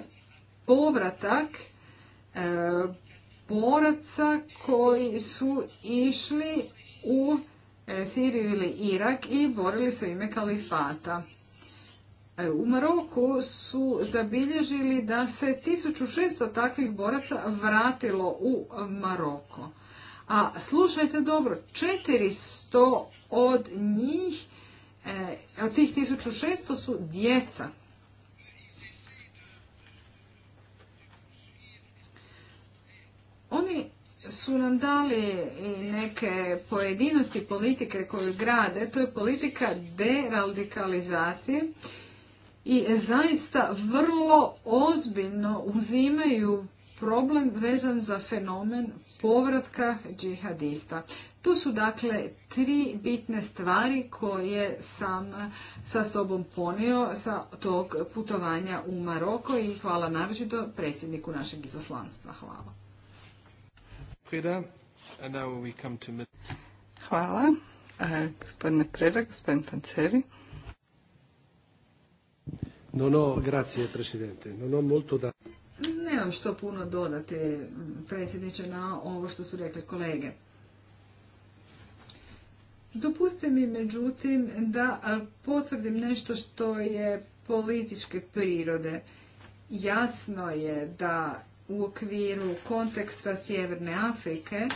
S3: povratak e, boraca koji su išli u e, Siriju ili Irak i borili se ime kalifata. E, u Maroku su zabilježili da se 1600 takvih boraca vratilo u Maroko. A slušajte dobro, 400 od njih, e, od tih 1600 su djeca. su nam dali i neke pojedinosti politike koju grade, to je politika deradikalizacije i zaista vrlo ozbiljno uzimaju problem vezan za fenomen povratka džihadista. Tu su dakle tri bitne stvari koje sam sa sobom ponio sa tog putovanja u Maroko i hvala naročito predsjedniku našeg izaslanstva. Hvala
S1: sada now we come to... Hvala. E, gospodine Preda, gospodin Panceri. No, no, grazie, presidente. Non ho molto da...
S3: Nemam što puno dodati, predsjedniče, na ovo što su rekli kolege. Dopustite mi, međutim, da potvrdim nešto što je političke prirode. Jasno je da u okviru konteksta Sjeverne Afrike,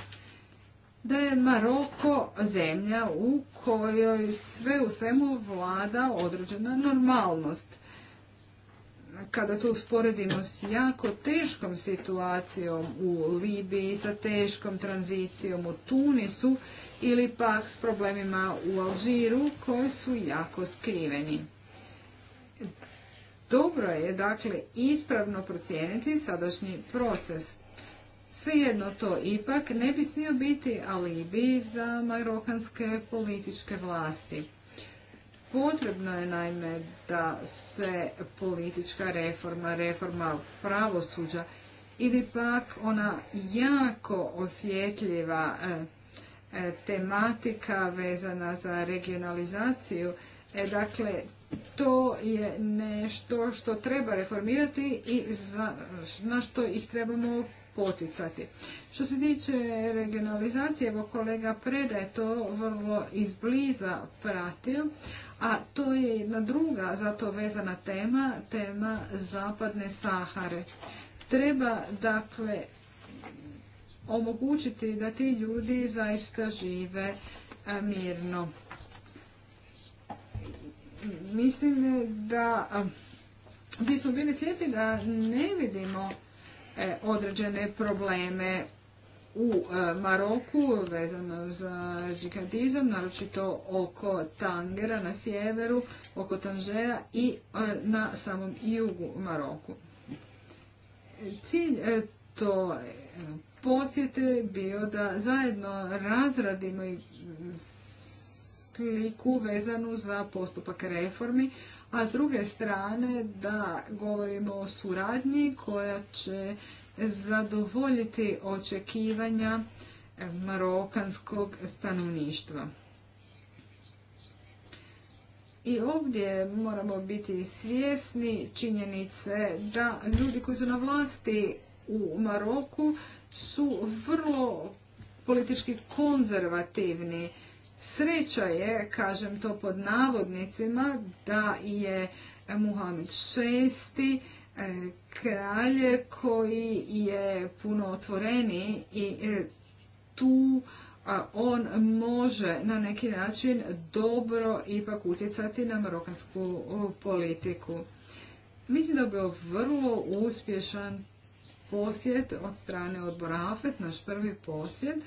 S3: da je Maroko zemlja u kojoj sve u svemu vlada određena normalnost. Kada to usporedimo s jako teškom situacijom u Libiji, sa teškom tranzicijom u Tunisu ili pak s problemima u Alžiru koji su jako skriveni. Dobro je, dakle, ispravno procijeniti sadašnji proces. Svejedno to ipak ne bi smio biti alibi za marokanske političke vlasti. Potrebno je naime da se politička reforma, reforma pravosuđa ili pak ona jako osjetljiva e, e, tematika vezana za regionalizaciju. E, dakle, to je nešto što treba reformirati i na što ih trebamo poticati. Što se tiče regionalizacije, evo kolega Preda je to vrlo izbliza pratio, a to je jedna druga zato vezana tema, tema zapadne Sahare. Treba dakle omogućiti da ti ljudi zaista žive e, mirno mislim da bismo bili slijepi da ne vidimo e, određene probleme u e, Maroku vezano za džihadizam, naročito oko Tangera na sjeveru, oko Tanžeja i e, na samom jugu Maroku. Cilj to posjete bio da zajedno razradimo i kliku vezanu za postupak reformi, a s druge strane da govorimo o suradnji koja će zadovoljiti očekivanja marokanskog stanovništva. I ovdje moramo biti svjesni činjenice da ljudi koji su na vlasti u Maroku su vrlo politički konzervativni Sreća je, kažem to pod navodnicima, da je Muhammed VI e, kralje koji je puno otvoreni i e, tu on može na neki način dobro ipak utjecati na marokansku politiku. Mislim da je bio vrlo uspješan posjet od strane odbora AFET, naš prvi posjet,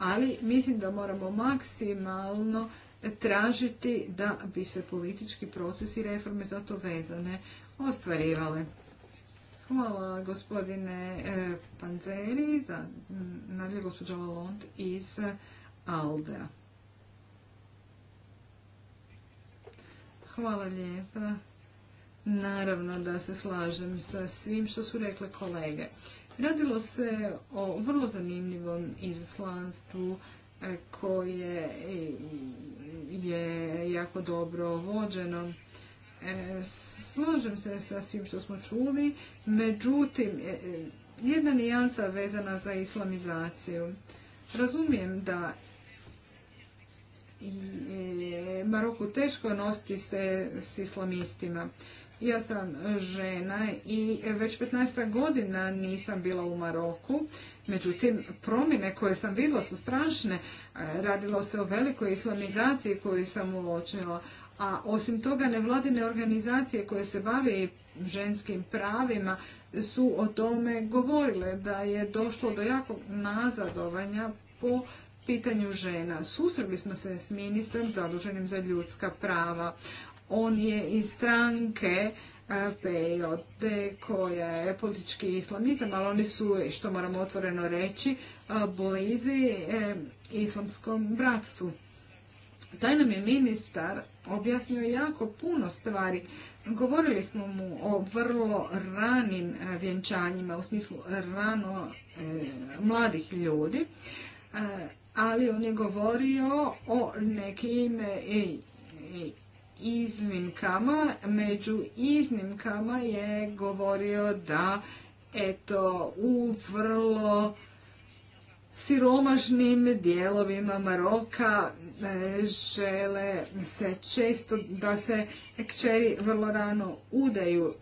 S3: ali mislim da moramo maksimalno tražiti da bi se politički proces i reforme za to vezane ostvarivale. Hvala gospodine e, Panzeri, za nadalje gospođa iz e, Aldea. Hvala lijepa. Naravno da se slažem sa svim što su rekle kolege. Radilo se o vrlo zanimljivom izaslanstvu e, koje je jako dobro vođeno. E, slažem se sa svim što smo čuli, međutim, e, jedna nijansa vezana za islamizaciju. Razumijem da Maroku teško nositi se s islamistima. Ja sam e, žena i već 15 godina nisam bila u Maroku. Međutim, promjene koje sam vidjela su strašne. E, radilo se o velikoj islamizaciji koju sam uočila. A osim toga, nevladine organizacije koje se bave ženskim pravima su o tome govorile da je došlo do jakog nazadovanja po pitanju žena. Susreli smo se s ministrom zaduženim za ljudska prava. On je iz stranke PJT koja je politički islamizam, ali oni su, što moramo otvoreno reći, blizi e, islamskom bratstvu. Taj nam je ministar objasnio jako puno stvari. Govorili smo mu o vrlo ranim e, vjenčanjima, u smislu rano e, mladih ljudi, ali on je govorio o nekim iznimkama. Među iznimkama je govorio da eto u vrlo siromažnim dijelovima Maroka e, žele se često da se kćeri vrlo rano udaju.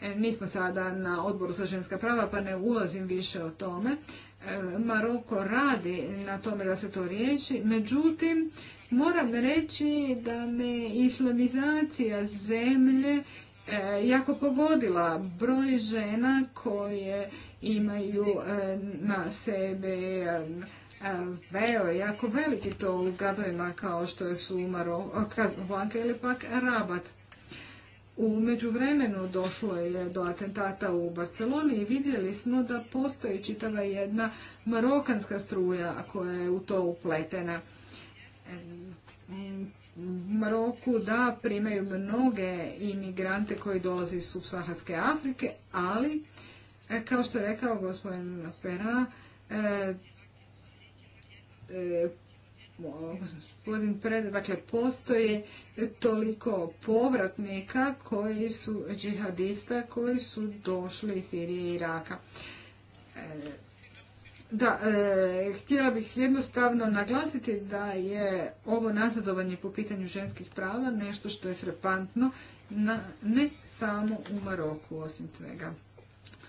S3: E, nismo sada na odboru za ženska prava pa ne ulazim više o tome. E, Maroko radi na tome da se to riješi, međutim Moram reći da me islamizacija zemlje e, jako pogodila broj žena koje imaju e, na sebe e, veo jako veliki to u gradovima kao što su Sumaro, Blanka ili pak Rabat. U međuvremenu došlo je do atentata u Barceloni i vidjeli smo da postoji čitava jedna marokanska struja koja je u to upletena. Maroku da primaju mnoge imigrante koji dolaze iz subsaharske Afrike, ali e, kao što je rekao gospodin Pera, e, e dakle postoje toliko povratnika koji su džihadista, koji su došli iz Sirije i Iraka. E, da, e, htjela bih jednostavno naglasiti da je ovo nazadovanje po pitanju ženskih prava nešto što je frepantno, na, ne samo u Maroku osim svega.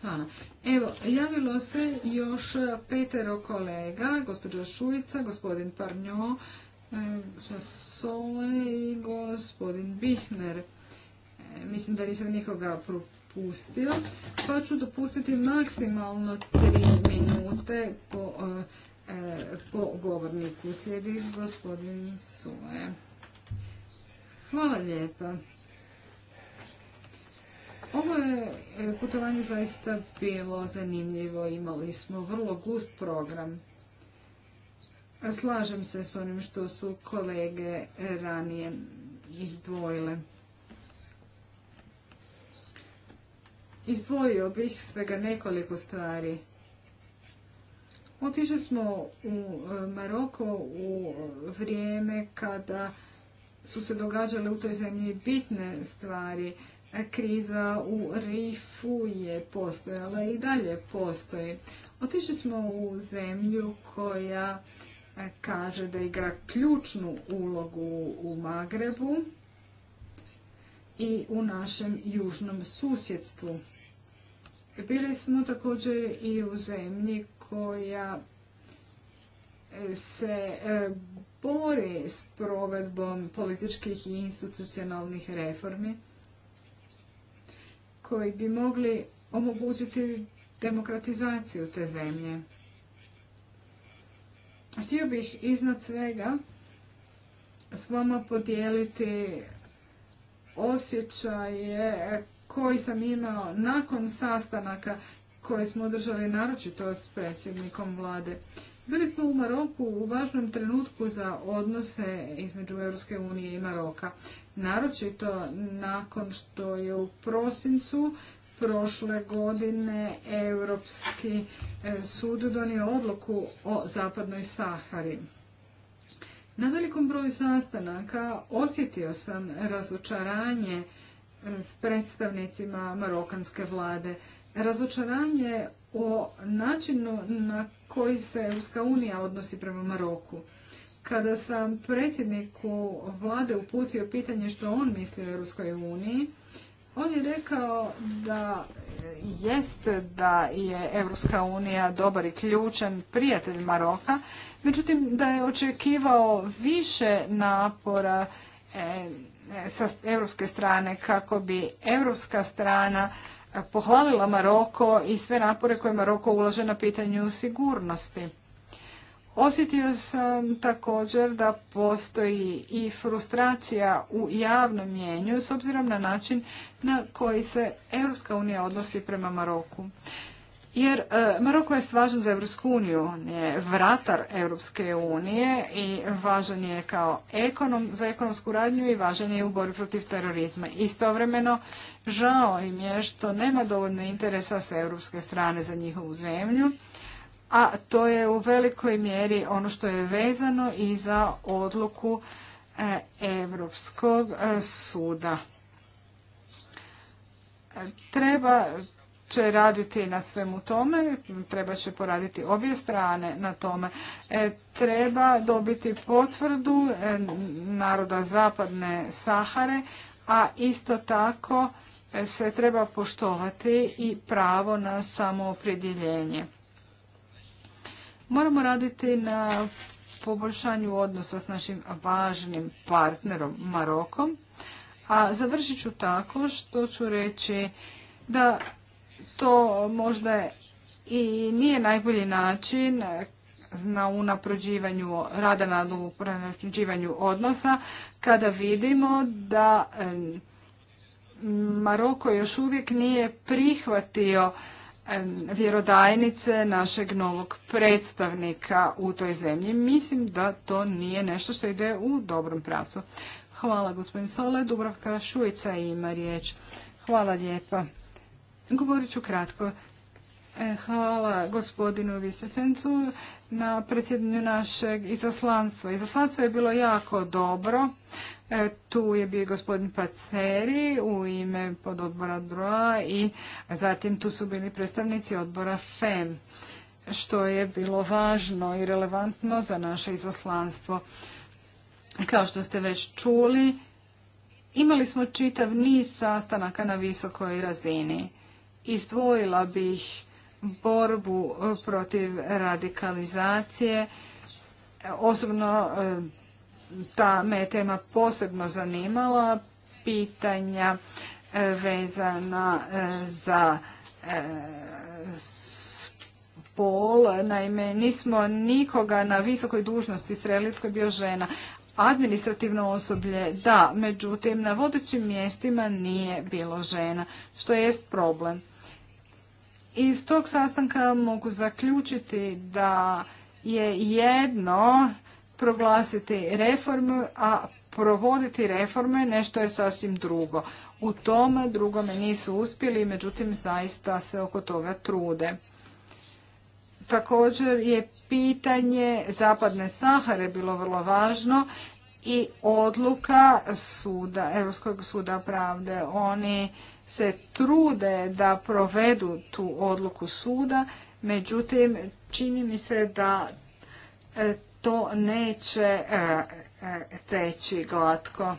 S3: Hvala. Evo, javilo se još petero kolega, gospođa Šujica, gospodin Parnjo, e, i gospodin Bihner. E, mislim da nisam nikoga propustio, pa ću dopustiti maksimalno tri minute e, e, po, govorniku. Slijedi gospodin Sule. Hvala lijepa. Ovo je e, putovanje zaista bilo zanimljivo. Imali smo vrlo gust program. Slažem se s onim što su kolege ranije izdvojile. Izdvojio bih svega nekoliko stvari. Otišli smo u e, Maroko u e, vrijeme kada su se događale u toj zemlji bitne stvari. E, kriza u Rifu je postojala i dalje postoji. Otišli smo u zemlju koja kaže da igra ključnu ulogu u Magrebu i u našem južnom susjedstvu. Bili smo također i u zemlji koja e, se e, bori s provedbom političkih i institucionalnih reformi koji bi mogli omogućiti demokratizaciju te zemlje. Htio bih iznad svega s vama podijeliti osjećaje koji sam imao nakon sastanaka koje smo održali naročito s predsjednikom vlade. Bili smo u Maroku u važnom trenutku za odnose između Europske unije i Maroka. Naročito nakon što je u prosincu prošle godine Europski e, sud donio odluku o zapadnoj Sahari. Na velikom broju sastanaka osjetio sam razočaranje e, s predstavnicima marokanske vlade razočaranje o načinu na koji se Europska unija odnosi prema Maroku. Kada sam predsjedniku vlade uputio pitanje što on misli o Europskoj uniji, on je rekao da jeste da je Europska unija dobar i ključan prijatelj Maroka, međutim da je očekivao više napora eh, sa europske strane kako bi europska strana pohvalila Maroko i sve napore koje Maroko ulaže na pitanju sigurnosti. Osjetio sam također da postoji i frustracija u javnom mjenju s obzirom na način na koji se Europska unija odnosi prema Maroku jer e, Maroko je važan za Europsku uniju, on je vratar Europske unije i važan je kao ekonom, za ekonomsku radnju i važan je u borbi protiv terorizma. Istovremeno, žao im je što nema dovoljno interesa s europske strane za njihovu zemlju, a to je u velikoj mjeri ono što je vezano i za odluku Europskog e, suda treba će raditi na svemu tome, treba će poraditi obje strane na tome. E, treba dobiti potvrdu e, naroda zapadne Sahare, a isto tako e, se treba poštovati i pravo na samoopredjeljenje. Moramo raditi na poboljšanju odnosa s našim važnim partnerom Marokom, a završit ću tako što ću reći da to možda i nije najbolji način na unapređivanju rada na unapređivanju odnosa kada vidimo da Maroko još uvijek nije prihvatio vjerodajnice našeg novog predstavnika u toj zemlji. Mislim da to nije nešto što ide u dobrom pravcu. Hvala gospodin Sole. Dubravka Šujica ima riječ. Hvala lijepa. Govorit ću kratko. E, hvala gospodinu Visecencu na predsjedanju našeg izaslanstva. Izaslanstvo je bilo jako dobro. E, tu je bio gospodin Paceri u ime odbora DROA i zatim tu su bili predstavnici odbora FEM, što je bilo važno i relevantno za naše izaslanstvo. Kao što ste već čuli, imali smo čitav niz sastanaka na visokoj razini izdvojila bih borbu e, protiv radikalizacije. Osobno e, ta me je tema posebno zanimala, pitanja e, vezana za spol. Naime, nismo nikoga na visokoj dužnosti sreli je bio žena. Administrativno osoblje, da, međutim, na vodećim mjestima nije bilo žena, što jest problem. Iz tog sastanka mogu zaključiti da je jedno proglasiti reformu, a provoditi reforme nešto je sasvim drugo. U tome drugome nisu uspjeli, međutim zaista se oko toga trude. Također je pitanje Zapadne Sahare bilo vrlo važno i odluka suda, Europskog suda pravde. Oni se trude da provedu tu odluku suda, međutim čini mi se da e, to neće e, e, teći glatko.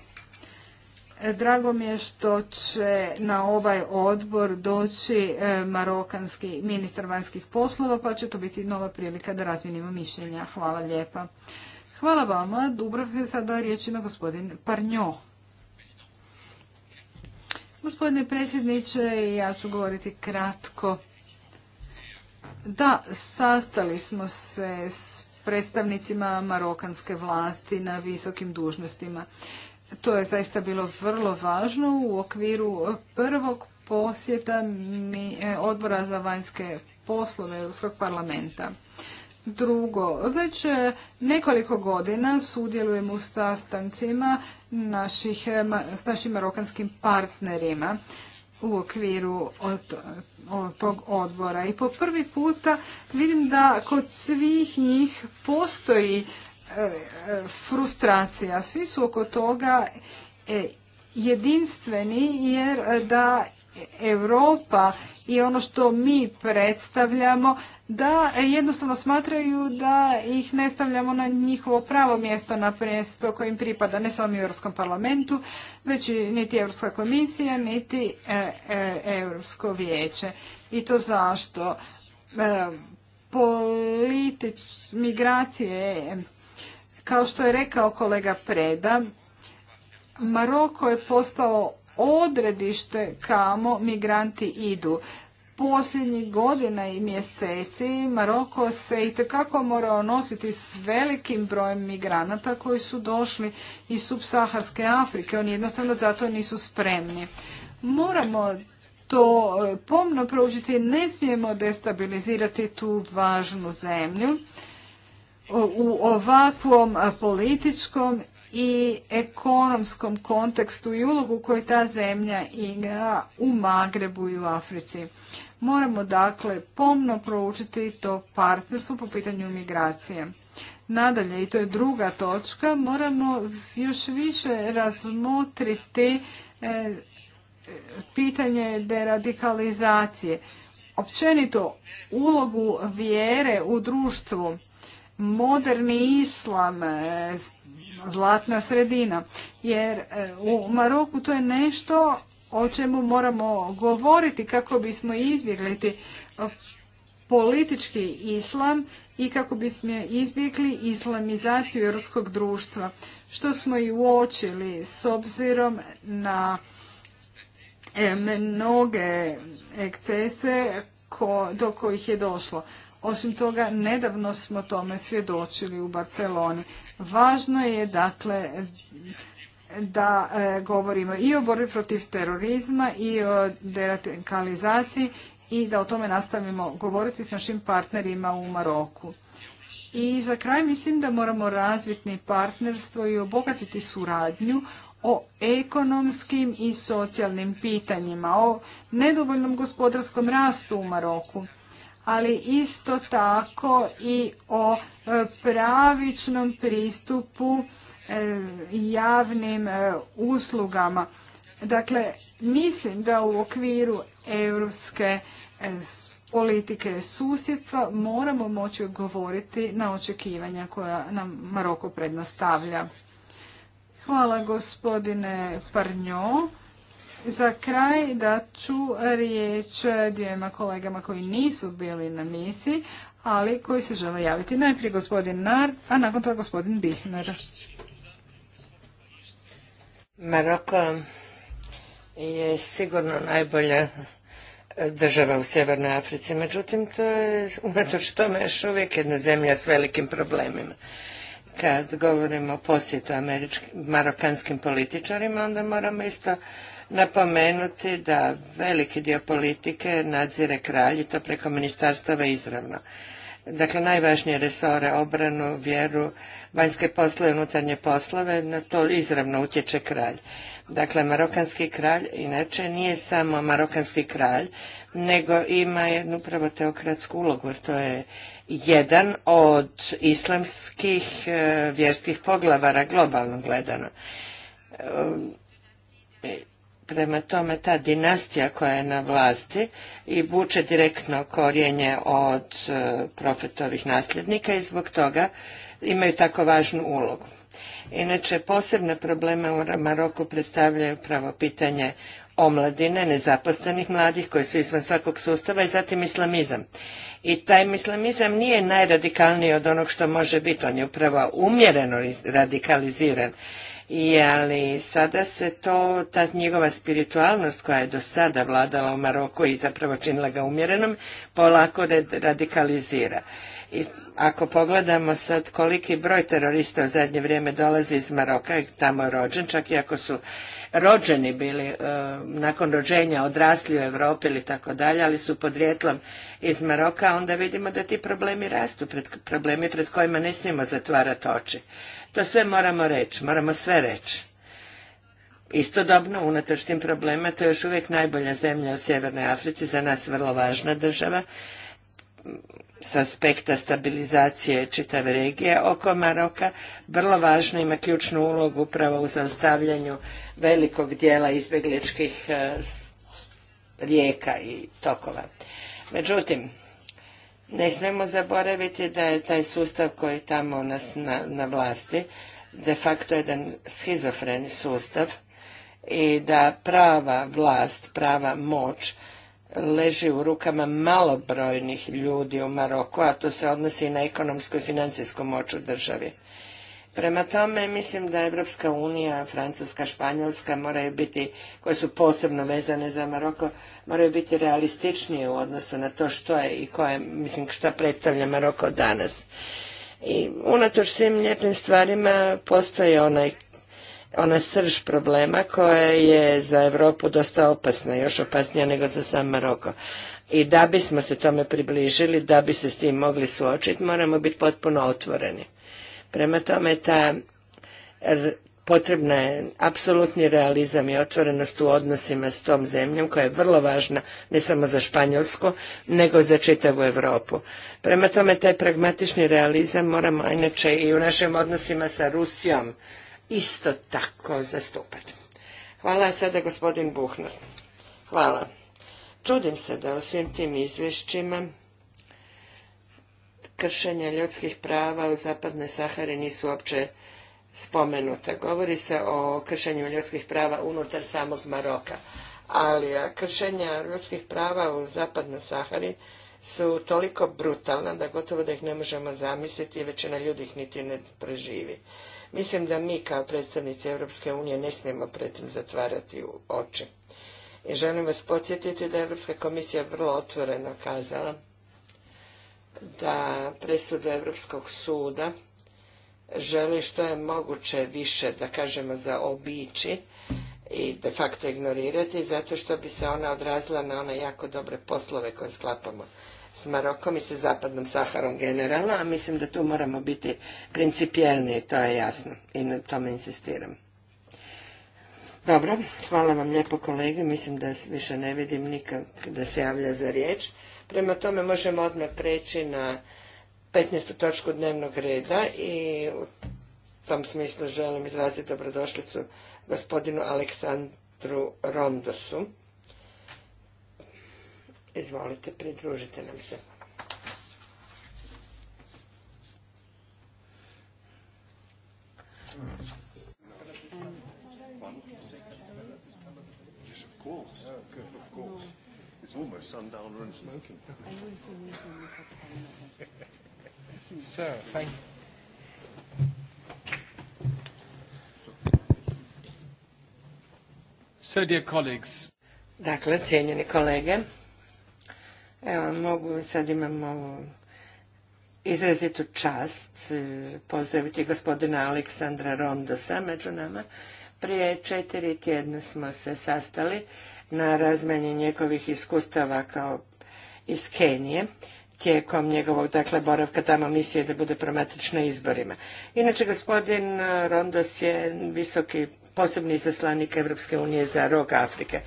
S3: Drago mi je što će na ovaj odbor doći marokanski ministar vanjskih poslova, pa će to biti nova prilika da razminimo mišljenja. Hvala lijepa. Hvala vama. Dubrav je sada riječ na gospodin Parnjo. Gospodine predsjedniče, ja ću govoriti kratko. Da, sastali smo se s predstavnicima marokanske vlasti na visokim dužnostima. To je zaista bilo vrlo važno u okviru prvog posjeta e, odbora za vanjske poslove Europskog parlamenta. Drugo, već e, nekoliko godina sudjelujem u sastancima naših, eh, s našim marokanskim partnerima u okviru tog odbora. I po prvi puta vidim da kod svih njih postoji eh, frustracija. Svi su oko toga eh, jedinstveni jer da Europa i ono što mi predstavljamo da jednostavno smatraju da ih ne stavljamo na njihovo pravo mjesto na mjesto kojim pripada ne samo u Europskom parlamentu, već i niti Europska komisija, niti e, e, Europsko vijeće. I to zašto? E, politič, migracije, kao što je rekao kolega Preda, Maroko je postao odredište kamo migranti idu. Posljednjih godina i mjeseci Maroko se i tekako morao nositi s velikim brojem migranata koji su došli iz subsaharske Afrike. Oni jednostavno zato nisu spremni. Moramo to e, pomno proučiti, ne smijemo destabilizirati tu važnu zemlju u ovakvom političkom i ekonomskom kontekstu i ulogu koju ta zemlja igra u Magrebu i u Africi. Moramo dakle pomno proučiti to partnerstvo po pitanju migracije. Nadalje, i to je druga točka, moramo još više razmotriti e, pitanje deradikalizacije. Općenito, ulogu vjere u društvu, moderni islam, e, zlatna sredina. Jer e, u Maroku to je nešto o čemu moramo govoriti kako bismo izbjegli e, politički islam i kako bismo izbjegli islamizaciju europskog društva. Što smo i uočili s obzirom na e, mnoge ekcese do kojih je došlo. Osim toga, nedavno smo tome svjedočili u Barceloni. Važno je dakle da e, govorimo i o borbi protiv terorizma i o deratikalizaciji i da o tome nastavimo govoriti s našim partnerima u Maroku. I za kraj mislim da moramo razvitni partnerstvo i obogatiti suradnju o ekonomskim i socijalnim pitanjima, o nedovoljnom gospodarskom rastu u Maroku, ali isto tako i o pravičnom pristupu e, javnim e, uslugama. Dakle, mislim da u okviru europske e, politike susjedstva moramo moći odgovoriti na očekivanja koja nam Maroko prednostavlja. Hvala gospodine Parnjo. Za kraj da ću riječ dvijema kolegama koji nisu bili na misiji, ali koji se žele javiti. Najprije gospodin Nar, a nakon toga gospodin Bihner.
S2: Maroko je sigurno najbolja država u Sjevernoj Africi, međutim to je unatoč tome još uvijek jedna zemlja s velikim problemima. Kad govorimo o posjetu američkim, marokanskim političarima, onda moramo isto napomenuti da veliki dio politike nadzire kralj i to preko ministarstava izravno. Dakle, najvažnije resore, obranu, vjeru, vanjske poslove, unutarnje poslove, na to izravno utječe kralj. Dakle, marokanski kralj inače nije samo marokanski kralj, nego ima jednu upravo teokratsku ulogu, jer to je jedan od islamskih e, vjerskih poglavara globalno gledano. E, Prema tome, ta dinastija koja je na vlasti i vuče direktno korijenje od e, profetovih nasljednika i zbog toga imaju tako važnu ulogu. Inače, posebne probleme u Maroku predstavljaju pravo pitanje omladine, nezaposlenih mladih koji su izvan svakog sustava i zatim islamizam. I taj islamizam nije najradikalniji od onog što može biti, on je upravo umjereno radikaliziran i ali sada se to, ta njegova spiritualnost koja je do sada vladala u Maroku i zapravo činila ga umjerenom, polako radikalizira. I ako pogledamo sad koliki broj terorista u zadnje vrijeme dolazi iz Maroka i tamo je rođen, čak i ako su rođeni bili e, nakon rođenja odrasli u Europi ili tako dalje, ali su podrijetlom iz Maroka, onda vidimo da ti problemi rastu, problemi pred kojima ne smijemo zatvarati oči. To sve moramo reći, moramo sve reći. Istodobno, unatoč tim problema, to je još uvijek najbolja zemlja u Sjevernoj Africi, za nas vrlo važna država s aspekta stabilizacije čitave regije oko Maroka vrlo važno ima ključnu ulogu upravo u zaustavljanju velikog dijela izbjegličkih e, rijeka i tokova. Međutim, ne smemo zaboraviti da je taj sustav koji je tamo nas na, na vlasti de facto jedan schizofreni sustav i da prava vlast, prava moć leži u rukama malobrojnih ljudi u Maroku, a to se odnosi i na ekonomsku i financijsku moć u državi. Prema tome, mislim da Evropska unija, Francuska, Španjolska moraju biti, koje su posebno vezane za Maroko, moraju biti realističnije u odnosu na to što je i koje, mislim, što predstavlja Maroko danas. I unatoč svim lijepim stvarima postoji onaj ona srž problema koja je za Europu dosta opasna, još opasnija nego za sam Maroko. I da bismo se tome približili, da bi se s tim mogli suočiti, moramo biti potpuno otvoreni. Prema tome, ta potrebna je apsolutni realizam i otvorenost u odnosima s tom zemljom koja je vrlo važna ne samo za Španjolsku nego za čitavu Europu. Prema tome taj pragmatični realizam moramo inače i u našim odnosima sa Rusijom isto tako zastupati. Hvala sada gospodin Buhner. Hvala. Čudim se da u svim tim izvješćima kršenja ljudskih prava u zapadne Sahari nisu uopće spomenuta. Govori se o kršenju ljudskih prava unutar samog Maroka, ali kršenja ljudskih prava u zapadnoj Sahari su toliko brutalna da gotovo da ih ne možemo zamisliti i većina ljudi ih niti ne preživi. Mislim da mi kao predstavnici Europske unije ne smijemo pretim zatvarati oči. I želim vas podsjetiti da je Europska komisija vrlo otvoreno kazala da presudu Europskog suda želi što je moguće više, da kažemo, zaobići i de facto ignorirati, zato što bi se ona odrazila na one jako dobre poslove koje sklapamo s Marokom i sa zapadnom Saharom generalno, a mislim da tu moramo biti principijelniji, to je jasno i na tome insistiram. Dobro, hvala vam lijepo kolege, mislim da više ne vidim nikak da se javlja za riječ. Prema tome možemo odmah preći na 15. točku dnevnog reda i u tom smislu želim izraziti dobrodošlicu gospodinu Aleksandru Rondosu Izvolite, pridružite nam se. Dakle, cijenjeni kolege, Evo, mogu, sad imamo izrazitu čast e, pozdraviti gospodina Aleksandra Rondosa među nama. Prije četiri tjedna smo se sastali na razmjeni njegovih iskustava kao iz Kenije tijekom njegovog dakle boravka tamo misije da bude promatrač izborima. Inače gospodin Rondos je visoki posebni zaslanik Europske unije za rog Afrike.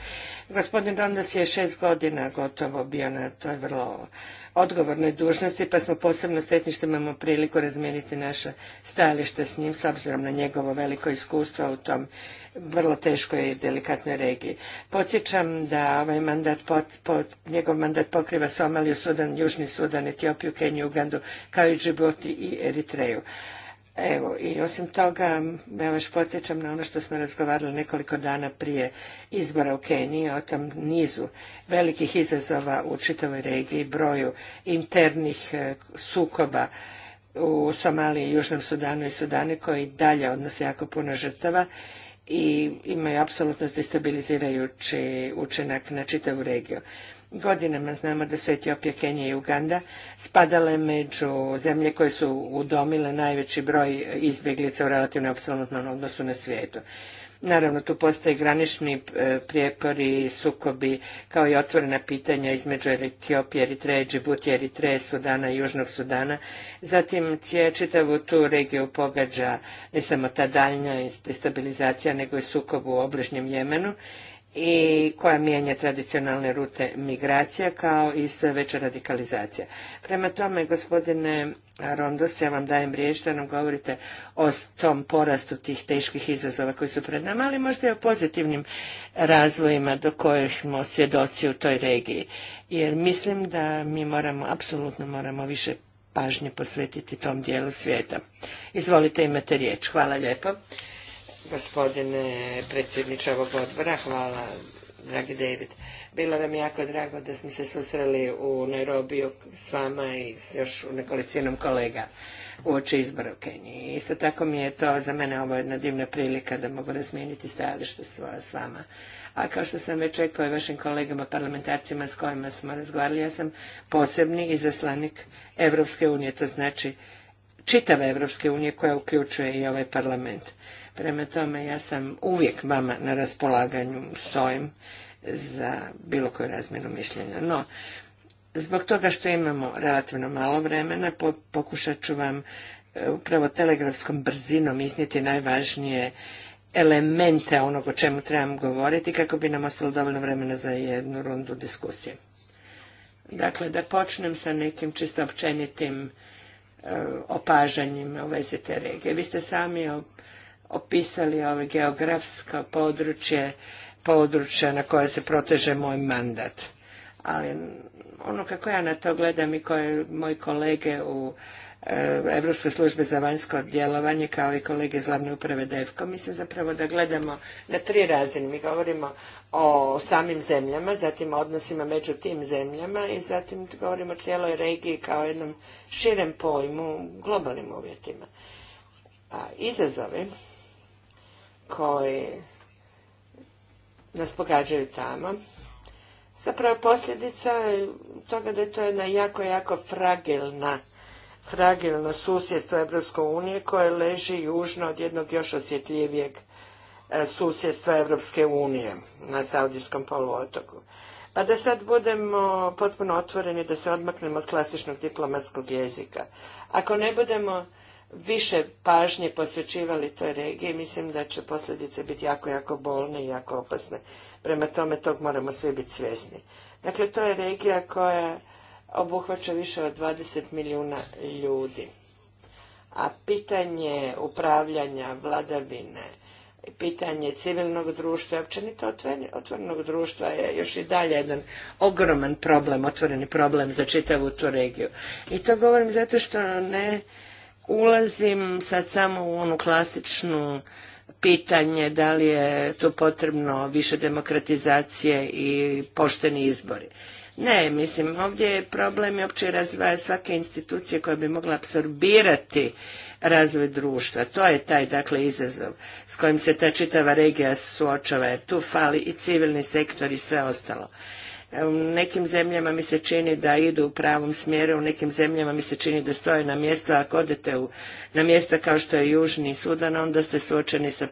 S2: Gospodin Rondas je šest godina gotovo bio na toj vrlo odgovornoj dužnosti, pa smo posebno sretni što imamo priliku razmijeniti naše stajalište s njim, s obzirom na njegovo veliko iskustvo u tom vrlo teškoj i delikatnoj regiji. Podsjećam da ovaj mandat pot, njegov mandat pokriva Somaliju, Sudan, Južni Sudan, Etiopiju, Keniju, Ugandu, kao i Džibuti i Eritreju. Evo, i osim toga, ja vas podsjećam na ono što smo razgovarali nekoliko dana prije izbora u Keniji, o tom nizu velikih izazova u čitavoj regiji, broju internih e, sukoba u Somaliji, Južnom Sudanu i Sudanu koji dalje odnose jako puno žrtava i imaju apsolutno destabilizirajući učinak na čitavu regiju. Godinama znamo da su Etiopija, Kenija i Uganda spadale među zemlje koje su udomile najveći broj izbjeglica u relativno apsolutnom odnosu na svijetu. Naravno, tu postoje granični e, prijepori sukobi, kao i otvorena pitanja između Etiopije, Eritreje, Džibutije, Eritreje, Sudana i Južnog Sudana. Zatim, čitavu tu regiju pogađa ne samo ta daljnja destabilizacija, nego i sukob u obližnjem Jemenu i koja mijenja tradicionalne rute migracija kao i sve veća radikalizacija. Prema tome, gospodine Rondos, ja vam dajem riječ da nam govorite o tom porastu tih teških izazova koji su pred nama, ali možda i o pozitivnim razvojima do kojih smo svjedoci u toj regiji. Jer mislim da mi moramo, apsolutno moramo više pažnje posvetiti tom dijelu svijeta. Izvolite, imate riječ. Hvala lijepo gospodine predsjedniče ovog odbora. Hvala, dragi David. Bilo nam jako drago da smo se susreli u Nairobiju s vama i s još nekolicinom kolega uoči izbora u Keniji. Isto tako mi je to, za mene ovo jedna divna prilika da mogu razmijeniti stajalište s vama. A kao što sam već rekao i vašim kolegama parlamentarcima s kojima smo razgovarali, ja sam posebni izaslanik Evropske unije, to znači čitave Evropske unije koja uključuje i ovaj parlament. Prema tome, ja sam uvijek vama na raspolaganju stojim za bilo koju razmjenu mišljenja. No, zbog toga što imamo relativno malo vremena, pokušat ću vam e, upravo telegrafskom brzinom iznijeti najvažnije elemente onog o čemu trebam govoriti kako bi nam ostalo dovoljno vremena za jednu rundu diskusije. Dakle, da počnem sa nekim čisto općenitim e, opažanjima u vezi te regije. Vi ste sami opisali ove geografsko područje, područja na koje se proteže moj mandat. Ali ono kako ja na to gledam i koje moji kolege u e, Evropskoj službi za vanjsko djelovanje kao i kolege iz glavne uprave DEFCO. Mislim zapravo da gledamo na tri razine. Mi govorimo o samim zemljama, zatim o odnosima među tim zemljama i zatim govorimo o cijeloj regiji kao jednom širem pojmu, globalnim uvjetima. izazovi koji nas pogađaju tamo. Zapravo posljedica toga da je to jedna jako, jako fragilna fragilno susjedstvo Evropske unije koje leži južno od jednog još osjetljivijeg e, susjedstva Evropske unije na Saudijskom poluotoku. Pa da sad budemo potpuno otvoreni, da se odmaknemo od klasičnog diplomatskog jezika. Ako ne budemo više pažnje posvećivali toj regiji, mislim da će posljedice biti jako, jako bolne i jako opasne. Prema tome, tog moramo svi biti svjesni. Dakle, to je regija koja obuhvaća više od 20 milijuna ljudi. A pitanje upravljanja vladavine, pitanje civilnog društva, općenito otvorenog društva je još i dalje jedan ogroman problem, otvoreni problem za čitavu tu regiju. I to govorim zato što ne ulazim sad samo u onu klasičnu pitanje da li je tu potrebno više demokratizacije i pošteni izbori. Ne, mislim, ovdje je problem i opće razvoja svake institucije koja bi mogla apsorbirati razvoj društva. To je taj, dakle, izazov s kojim se ta čitava regija suočava, tu fali i civilni sektor i sve ostalo. U nekim zemljama mi se čini da idu u pravom smjeru, u nekim zemljama mi se čini da stoje na mjestu, a ako odete na mjesta kao što je Južni Sudan, onda ste suočeni sa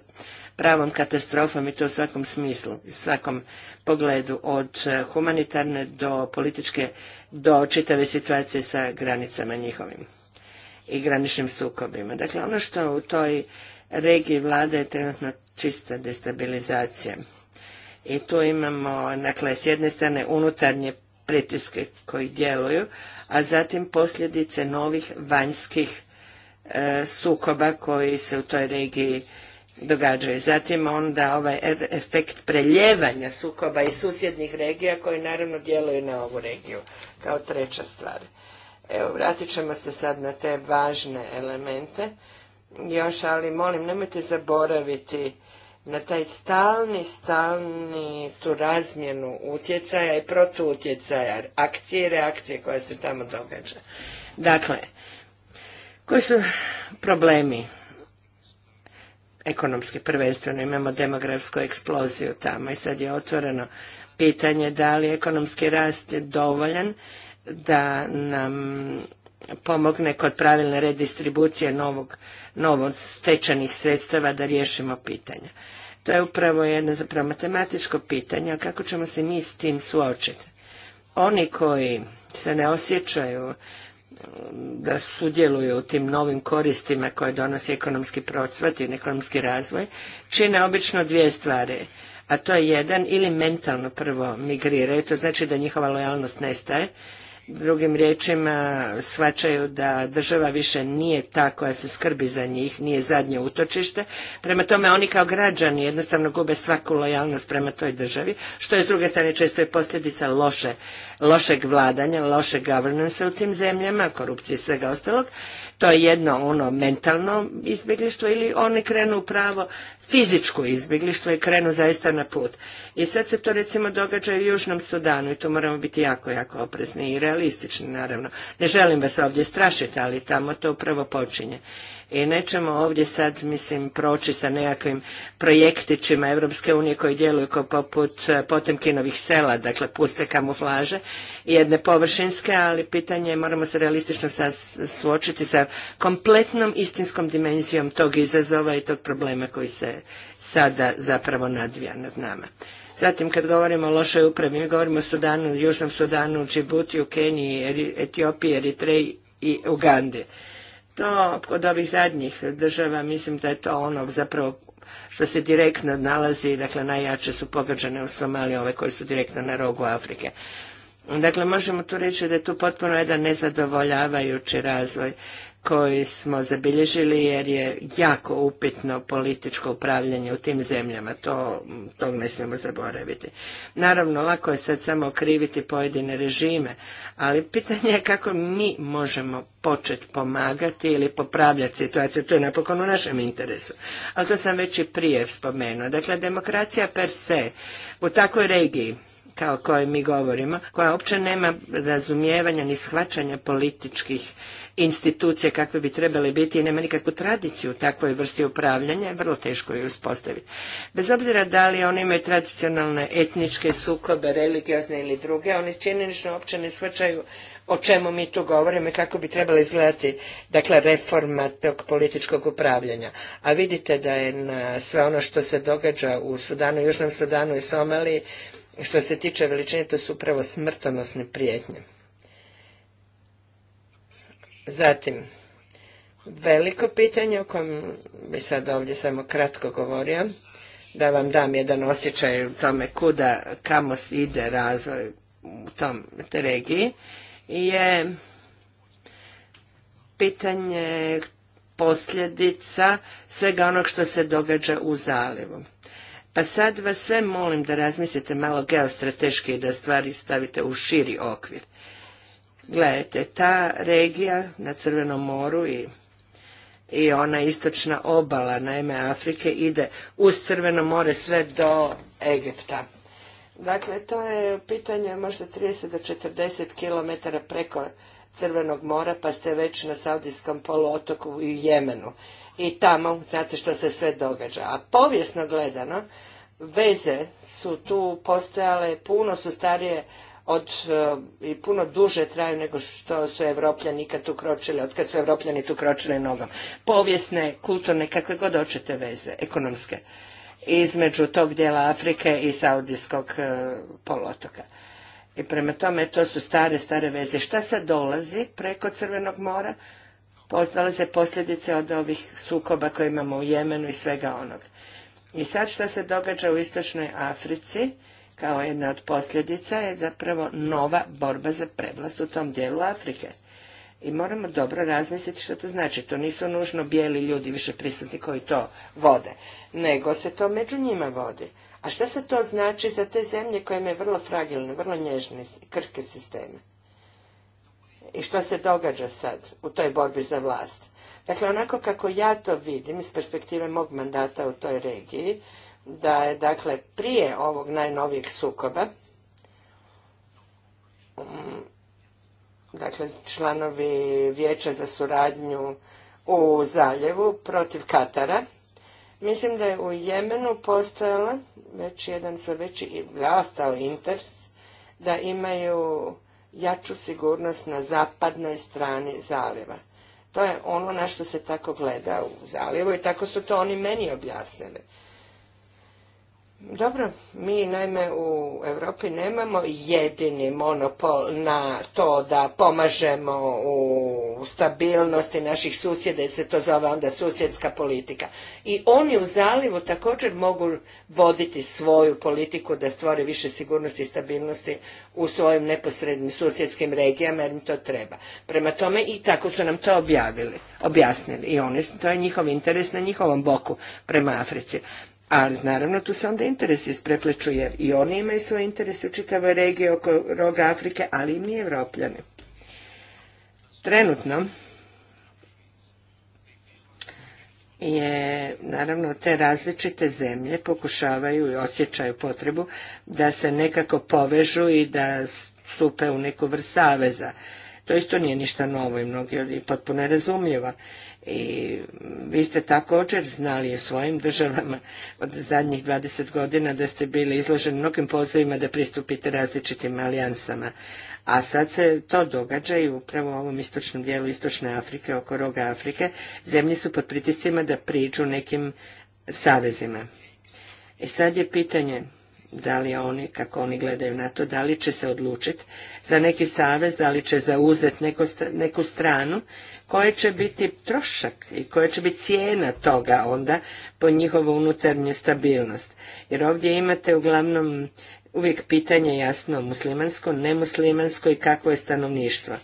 S2: pravom katastrofom i to u svakom smislu, u svakom pogledu, od e, humanitarne do političke, do čitave situacije sa granicama njihovim i graničnim sukobima. Dakle, ono što u toj regiji vlada je trenutno čista destabilizacija. I tu imamo, dakle, s jedne strane unutarnje pritiske koji djeluju, a zatim posljedice novih vanjskih e, sukoba koji se u toj regiji događaju. Zatim onda ovaj e, efekt preljevanja sukoba iz susjednih regija koji naravno djeluju na ovu regiju kao treća stvar. Evo, vratit ćemo se sad na te važne elemente. Još, ali molim, nemojte zaboraviti na taj stalni, stalni tu razmjenu utjecaja i protuutjecaja, akcije i reakcije koja se tamo događa. Dakle, koji su problemi? Ekonomski prvenstveno imamo demografsku eksploziju tamo i sad je otvoreno pitanje da li ekonomski rast je dovoljan da nam pomogne kod pravilne redistribucije novog stečanih sredstava da riješimo pitanja. To je upravo jedno zapravo matematičko pitanje, kako ćemo se mi s tim suočiti? Oni koji se ne osjećaju um, da sudjeluju u tim novim koristima koje donosi ekonomski procvat i ekonomski razvoj, čine obično dvije stvari. A to je jedan, ili mentalno prvo migriraju, to znači da njihova lojalnost nestaje, Drugim riječima shvaćaju da država više nije ta koja se skrbi za njih, nije zadnje utočište. Prema tome oni kao građani jednostavno gube svaku lojalnost prema toj državi, što je s druge strane često i posljedica loše lošeg vladanja, lošeg governance u tim zemljama, korupcije i svega ostalog. To je jedno ono mentalno izbjeglištvo ili oni krenu u pravo fizičko izbjeglištvo i krenu zaista na put. I sad se to recimo događa u Južnom Sudanu i tu moramo biti jako, jako oprezni i realistični naravno. Ne želim vas ovdje strašiti, ali tamo to upravo počinje i nećemo ovdje sad, mislim, proći sa nekakvim projektićima Europske unije koji djeluju kao poput e, Potemkinovih sela, dakle puste kamuflaže, jedne površinske, ali pitanje je, moramo se realistično suočiti sa kompletnom istinskom dimenzijom tog izazova i tog problema koji se sada zapravo nadvija nad nama. Zatim kad govorimo o lošoj upravi, mi govorimo o Sudanu, Južnom Sudanu, Džibutiju, Keniji, Etiopiji, Eritreji i Ugandi to kod ovih zadnjih država mislim da je to ono zapravo što se direktno nalazi, dakle najjače su pogađane u Somaliji ove koje su direktno na rogu Afrike. Dakle, možemo tu reći da je tu potpuno jedan nezadovoljavajući razvoj koji smo zabilježili jer je jako upitno političko upravljanje u tim zemljama. To, to ne smijemo zaboraviti. Naravno, lako je sad samo kriviti pojedine režime, ali pitanje je kako mi možemo početi pomagati ili popravljati situaciju. To je napokon u našem interesu. Ali to sam već i prije spomenuo. Dakle, demokracija per se u takvoj regiji kao kojoj mi govorimo, koja uopće nema razumijevanja ni shvaćanja političkih institucije kakve bi trebale biti i nema nikakvu tradiciju u takvoj vrsti upravljanja, je vrlo teško ju uspostaviti. Bez obzira da li oni imaju tradicionalne etničke sukobe, religiozne ili druge, oni činjenično uopće ne shvaćaju o čemu mi tu govorimo i kako bi trebala izgledati dakle, reforma tog političkog upravljanja. A vidite da je na sve ono što se događa u Sudanu, Južnom Sudanu i Somaliji, što se tiče veličine, to su upravo smrtonosne prijetnje. Zatim, veliko pitanje o kojem bi sad ovdje samo kratko govorio, da vam dam jedan osjećaj u tome kuda, kamo ide razvoj u tom regiji, je pitanje posljedica svega onog što se događa u zalivu. Pa sad vas sve molim da razmislite malo geostrateški i da stvari stavite u širi okvir. Gledajte, ta regija na Crvenom moru i i ona istočna obala, naime Afrike, ide uz Crveno more sve do Egipta.
S3: Dakle, to
S2: je pitanje možda 30 do 40 km preko Crvenog mora, pa ste već na Saudijskom poluotoku i Jemenu. I tamo, znate što se sve događa. A povijesno gledano, veze su tu postojale, puno su starije od, e, i puno duže traju nego što su Evropljani ikad kročili od kad su Evropljani tu kročili nogom. Povijesne, kulturne, kakve god hoćete veze, ekonomske, između tog dijela Afrike i Saudijskog e, polotoka I prema tome to su stare, stare veze. Šta sad dolazi preko Crvenog mora? Dolaze posljedice od ovih sukoba koje imamo u Jemenu i svega onog. I sad šta se događa u istočnoj Africi? kao jedna od posljedica je zapravo nova borba za prevlast u tom dijelu Afrike. I moramo dobro razmisliti što to znači. To nisu nužno bijeli ljudi više prisutni koji to vode, nego se to među njima vodi. A što se to znači za te zemlje koje imaju vrlo fragilne, vrlo nježne, krhke sisteme? I što se događa sad u toj borbi za vlast? Dakle, onako kako ja to vidim iz perspektive mog mandata u toj regiji, da je dakle prije ovog najnovijeg sukoba dakle članovi vijeća za suradnju u zaljevu protiv Katara. Mislim da je u Jemenu postojala već jedan sve veći i interes da imaju jaču sigurnost na zapadnoj strani zaljeva. To je ono na što se tako gleda u zaljevu i tako su to oni meni objasnili. Dobro, mi naime u Europi nemamo jedini monopol na to da pomažemo u stabilnosti naših susjeda jer se to zove onda susjedska politika. I oni u zalivu također mogu voditi svoju politiku da stvore više sigurnosti i stabilnosti u svojim neposrednim susjedskim regijama jer im to treba. Prema tome i tako su nam to objavili, objasnili i oni, to je njihov interes na njihovom boku prema Africi. Ali naravno tu se onda interesi isprepleću jer i oni imaju svoje interese u čitavoj regiji oko roga Afrike, ali i mi Evropljani. Trenutno je naravno te različite zemlje pokušavaju i osjećaju potrebu da se nekako povežu i da stupe u neku vrst saveza. To isto nije ništa novo i mnogi potpuno razumljivo i vi ste također znali u svojim državama od zadnjih 20 godina da ste bili izloženi mnogim pozivima da pristupite različitim alijansama. A sad se to događa i upravo u ovom istočnom dijelu Istočne Afrike, oko roga Afrike, zemlje su pod pritiscima da priđu nekim savezima. I e sad je pitanje da li oni, kako oni gledaju na to, da li će se odlučiti za neki savez, da li će zauzeti neku stranu koje će biti trošak i koja će biti cijena toga onda po njihovu unutarnju stabilnost. Jer ovdje imate uglavnom uvijek pitanje jasno muslimansko, nemuslimansko i kakvo je stanovništvo.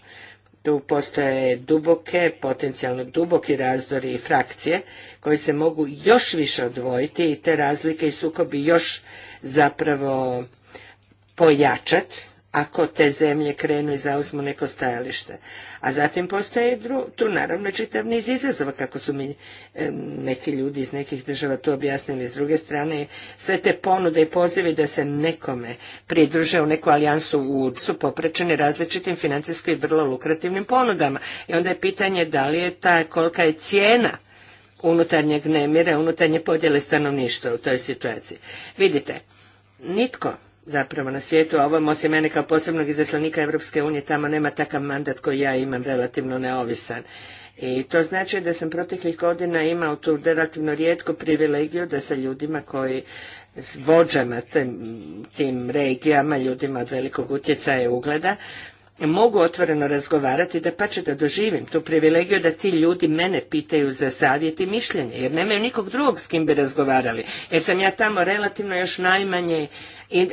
S2: Tu postoje duboke, potencijalno duboki razdori i frakcije koji se mogu još više odvojiti i te razlike i sukobi još zapravo pojačati ako te zemlje krenu i zauzmu neko stajalište. A zatim postoje tu naravno čitav niz izazova, kako su mi e, neki ljudi iz nekih država tu objasnili. S druge strane, sve te ponude i pozivi da se nekome pridruže u neku alijansu u, su poprečeni različitim financijsko i vrlo lukrativnim ponudama. I onda je pitanje da li je ta, kolika je cijena unutarnjeg nemira, unutarnje podjele stanovništva u toj situaciji. Vidite, nitko zapravo na svijetu, a ovom osim mene kao posebnog izaslanika Europske unije tamo nema takav mandat koji ja imam relativno neovisan. I to znači da sam proteklih godina imao tu relativno rijetku privilegiju da sa ljudima koji s vođama tim, tim regijama, ljudima od velikog utjecaja i ugleda, mogu otvoreno razgovarati, da pa će da doživim tu privilegiju da ti ljudi mene pitaju za savjet i mišljenje, jer nemaju nikog drugog s kim bi razgovarali. Jer sam ja tamo relativno još najmanje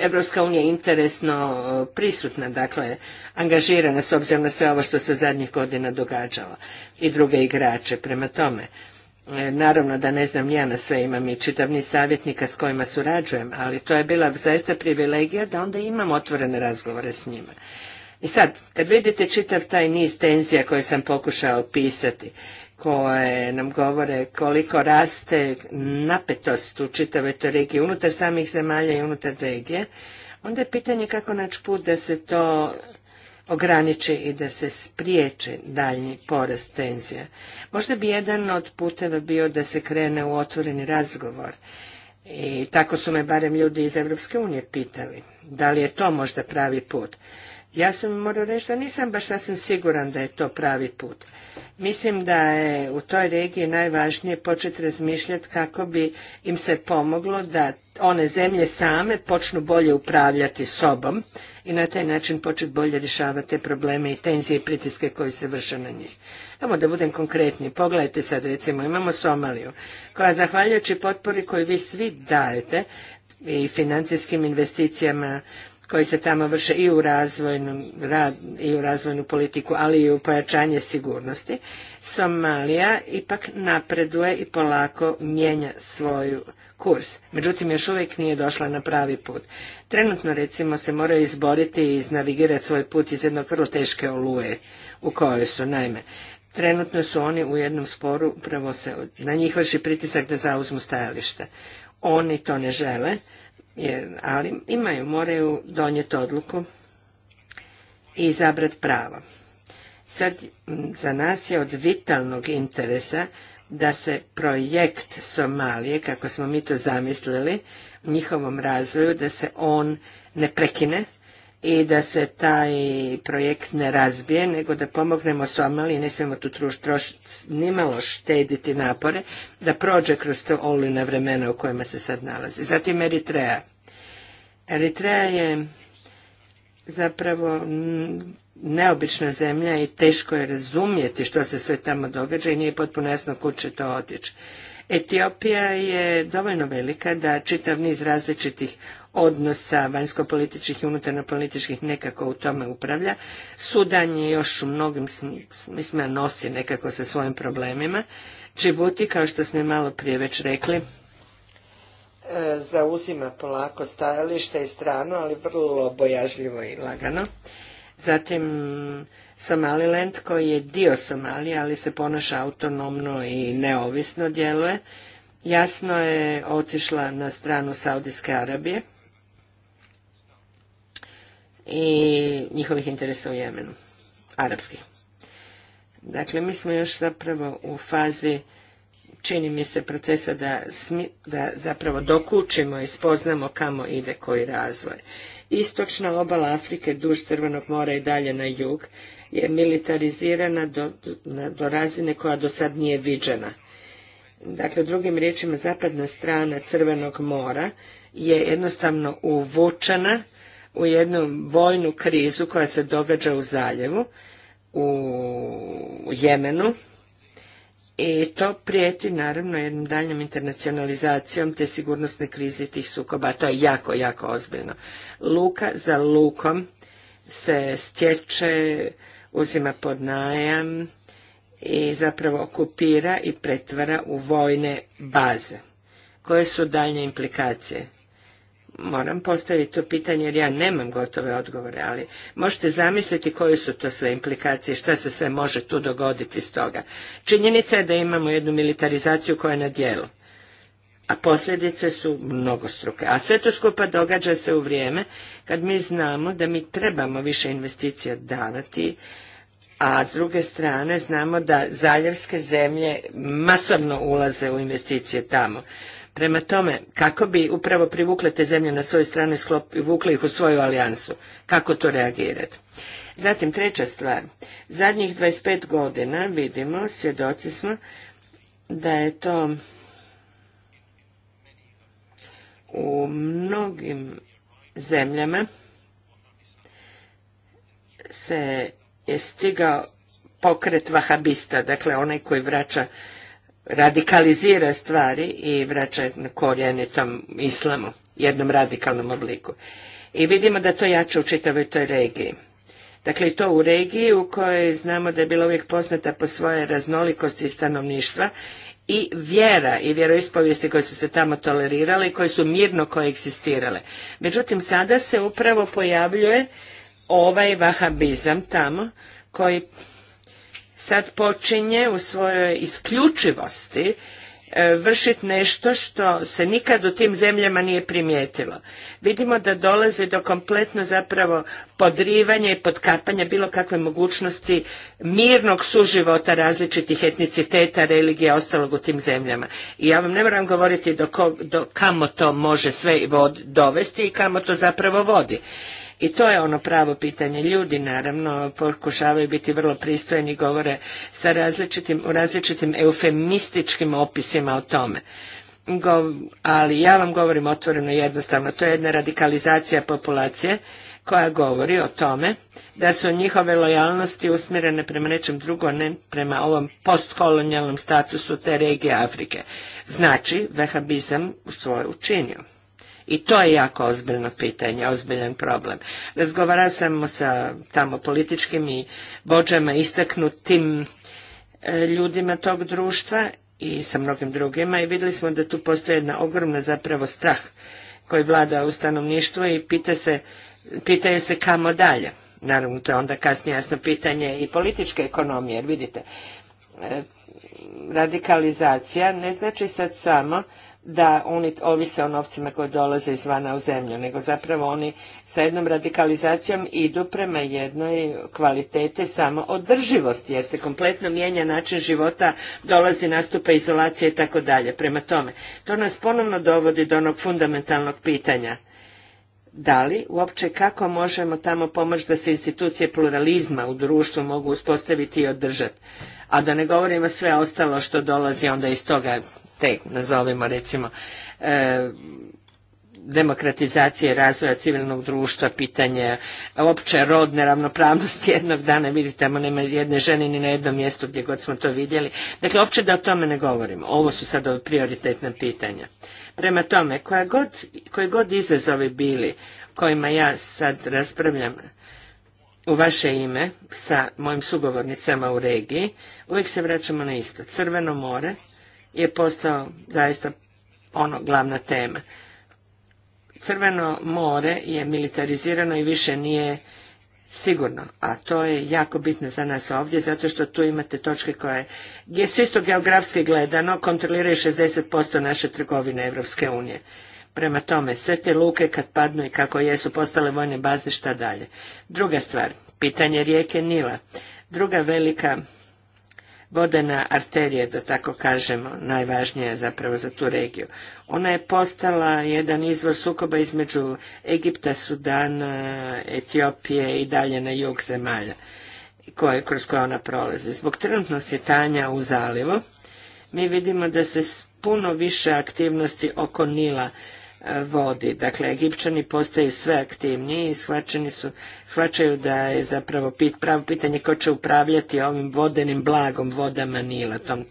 S2: Evropska unija interesno prisutna, dakle, angažirana s obzirom na sve ovo što se zadnjih godina događalo i druge igrače. Prema tome, e, Naravno da ne znam ja na sve, imam i čitavni savjetnika s kojima surađujem, ali to je bila zaista privilegija da onda imam otvorene razgovore s njima. I sad, kad vidite čitav taj niz tenzija koje sam pokušao opisati, koje nam govore koliko raste napetost u čitavoj toj regiji, unutar samih zemalja i unutar regije, onda je pitanje kako naći put da se to ograniči i da se spriječi daljnji porast tenzija. Možda bi jedan od puteva bio da se krene u otvoreni razgovor. I tako su me barem ljudi iz Evropske unije pitali. Da li je to možda pravi put? Ja sam morao reći da nisam baš sasvim siguran da je to pravi put. Mislim da je u toj regiji najvažnije početi razmišljati kako bi im se pomoglo da one zemlje same počnu bolje upravljati sobom i na taj način početi bolje rješavati te probleme i tenzije i pritiske koji se vrše na njih. Evo da budem konkretni, pogledajte sad recimo, imamo Somaliju, koja zahvaljujući potpori koju vi svi dajete i financijskim investicijama koji se tamo vrše i u razvojnu, i u razvojnu politiku, ali i u pojačanje sigurnosti, Somalija ipak napreduje i polako mijenja svoju kurs. Međutim, još uvijek nije došla na pravi put. Trenutno, recimo, se moraju izboriti i iznavigirati svoj put iz jednog vrlo teške oluje u kojoj su, naime. Trenutno su oni u jednom sporu, upravo se na njih vrši pritisak da zauzmu stajalište. Oni to ne žele, ali imaju, moraju donijeti odluku i izabrati pravo. Sad, za nas je od vitalnog interesa da se projekt Somalije, kako smo mi to zamislili, u njihovom razvoju, da se on ne prekine i da se taj projekt ne razbije, nego da pomognemo Somaliji, ne smijemo tu nimalo štediti napore, da prođe kroz to olina vremena u kojima se sad nalazi. Zatim Eritreja. Eritreja je zapravo neobična zemlja i teško je razumjeti što se sve tamo događa i nije potpuno jasno kud će to otići. Etiopija je dovoljno velika da čitav niz različitih odnosa vanjskopolitičkih i unutarno-političkih nekako u tome upravlja. Sudan je još u mnogim smisma nosi nekako sa svojim problemima. Džibuti, kao što smo malo prije već rekli, zauzima polako stajalište i stranu, ali vrlo bojažljivo i lagano. Zatim Somaliland koji je dio Somalije, ali se ponaša autonomno i neovisno djeluje. Jasno je otišla na stranu Saudijske Arabije i njihovih interesa u Jemenu, arapskih. Dakle, mi smo još zapravo u fazi čini mi se procesa da, da zapravo dokučimo i spoznamo kamo ide koji razvoj. Istočna obala Afrike duž Crvenog mora i dalje na jug je militarizirana do, do razine koja do sad nije viđena. Dakle, drugim riječima, zapadna strana Crvenog mora je jednostavno uvučena u jednu vojnu krizu koja se događa u zaljevu, u Jemenu, i to prijeti naravno jednom daljnjom internacionalizacijom te sigurnosne krize tih sukoba. To je jako, jako ozbiljno. Luka za lukom se stječe, uzima pod najam i zapravo okupira i pretvara u vojne baze. Koje su daljnje implikacije? moram postaviti to pitanje jer ja nemam gotove odgovore, ali možete zamisliti koje su to sve implikacije, šta se sve može tu dogoditi toga. Činjenica je da imamo jednu militarizaciju koja je na dijelu, a posljedice su mnogostruke. A sve to skupa događa se u vrijeme kad mi znamo da mi trebamo više investicija davati, a s druge strane znamo da zaljevske zemlje masovno ulaze u investicije tamo. Prema tome, kako bi upravo privukle te zemlje na svoju stranu i vukle ih u svoju alijansu? Kako to reagirati? Zatim, treća stvar. Zadnjih 25 godina vidimo, svjedoci smo, da je to u mnogim zemljama se je stigao pokret vahabista, dakle onaj koji vraća radikalizira stvari i vraća korijene tom islamu, jednom radikalnom obliku. I vidimo da to jače u čitavoj toj regiji. Dakle, to u regiji u kojoj znamo da je bila uvijek poznata po svoje raznolikosti i stanovništva i vjera i vjeroispovijesti koje su se tamo tolerirale i koje su mirno koegzistirale. Međutim, sada se upravo pojavljuje ovaj vahabizam tamo koji sad počinje u svojoj isključivosti e, vršiti nešto što se nikad u tim zemljama nije primijetilo. Vidimo da dolazi do kompletno zapravo podrivanja i potkapanja bilo kakve mogućnosti mirnog suživota različitih etniciteta, religija, ostalog u tim zemljama. I ja vam ne moram govoriti do, kamo to može sve dovesti i kamo to zapravo vodi. I to je ono pravo pitanje. Ljudi naravno pokušavaju biti vrlo pristojni, govore sa različitim, u različitim eufemističkim opisima o tome. Go, ali ja vam govorim otvoreno jednostavno, to je jedna radikalizacija populacije koja govori o tome da su njihove lojalnosti usmjerene prema nečem drugo, ne prema ovom postkolonijalnom statusu te regije Afrike. Znači, vehabizam svoje učinio. I to je jako ozbiljno pitanje, ozbiljan problem. Razgovarao sam sa tamo političkim i vođama istaknutim e, ljudima tog društva i sa mnogim drugima i vidjeli smo da tu postoji jedna ogromna zapravo strah koji vlada u stanovništvu i pita se, pitaju se kamo dalje. Naravno, to je onda kasnije jasno pitanje i političke ekonomije, jer vidite, e, radikalizacija ne znači sad samo da oni ovise o novcima koji dolaze izvana u zemlju, nego zapravo oni sa jednom radikalizacijom idu prema jednoj kvalitete samo održivosti, jer se kompletno mijenja način života, dolazi nastupa izolacije i tako dalje. Prema tome, to nas ponovno dovodi do onog fundamentalnog pitanja. Da li uopće kako možemo tamo pomoći da se institucije pluralizma u društvu mogu uspostaviti i održati? A da ne govorimo sve ostalo što dolazi onda iz toga te nazovimo recimo e, demokratizacije razvoja civilnog društva, pitanje opće rodne ravnopravnosti jednog dana, vidite, tamo nema jedne žene ni na jednom mjestu gdje god smo to vidjeli. Dakle, opće da o tome ne govorimo. Ovo su sad ove prioritetna pitanja. Prema tome, koje god, koji god izazovi bili kojima ja sad raspravljam u vaše ime sa mojim sugovornicama u regiji, uvijek se vraćamo na isto. Crveno more, je postao zaista ono glavna tema. Crveno more je militarizirano i više nije sigurno, a to je jako bitno za nas ovdje, zato što tu imate točke koje, gdje isto geografski gledano, kontroliraju 60% naše trgovine Evropske unije. Prema tome, sve te luke kad padnu i kako jesu postale vojne baze, šta dalje? Druga stvar, pitanje rijeke Nila. Druga velika vodena arterija, da tako kažemo, najvažnija zapravo za tu regiju. Ona je postala jedan izvor sukoba između Egipta, Sudana, Etiopije i dalje na jug zemalja koje, kroz koje ona prolazi. Zbog trenutno sjetanja u zalivu mi vidimo da se puno više aktivnosti oko Nila vodi. Dakle, Egipćani postaju sve aktivniji i shvaćeni su, shvaćaju da je zapravo pit, pravo pitanje ko će upravljati ovim vodenim blagom, vodama Nila, tom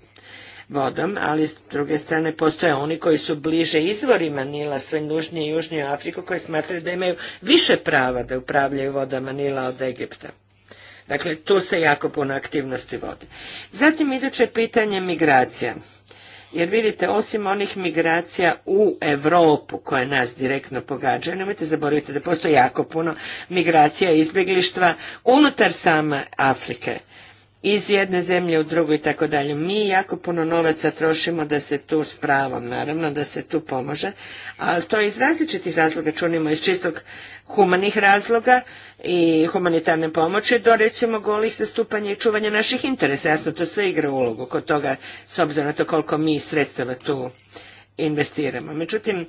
S2: vodom, ali s druge strane postoje oni koji su bliže izvorima Nila, sve nužnije i južnije Afriku, koji smatraju da imaju više prava da upravljaju vodama Nila od Egipta. Dakle, tu se jako puno aktivnosti vodi. Zatim iduće pitanje migracija. Jer vidite, osim onih migracija u Europu koje nas direktno pogađaju, nemojte zaboraviti da postoji jako puno migracija i izbjeglištva unutar same Afrike iz jedne zemlje u drugu i tako dalje. Mi jako puno novaca trošimo da se tu s pravom, naravno, da se tu pomože, ali to iz različitih razloga čunimo, iz čistog humanih razloga i humanitarne pomoći do recimo golih zastupanja i čuvanja naših interesa. Jasno, to sve igra ulogu kod toga, s obzirom na to koliko mi sredstava tu investiramo. Međutim,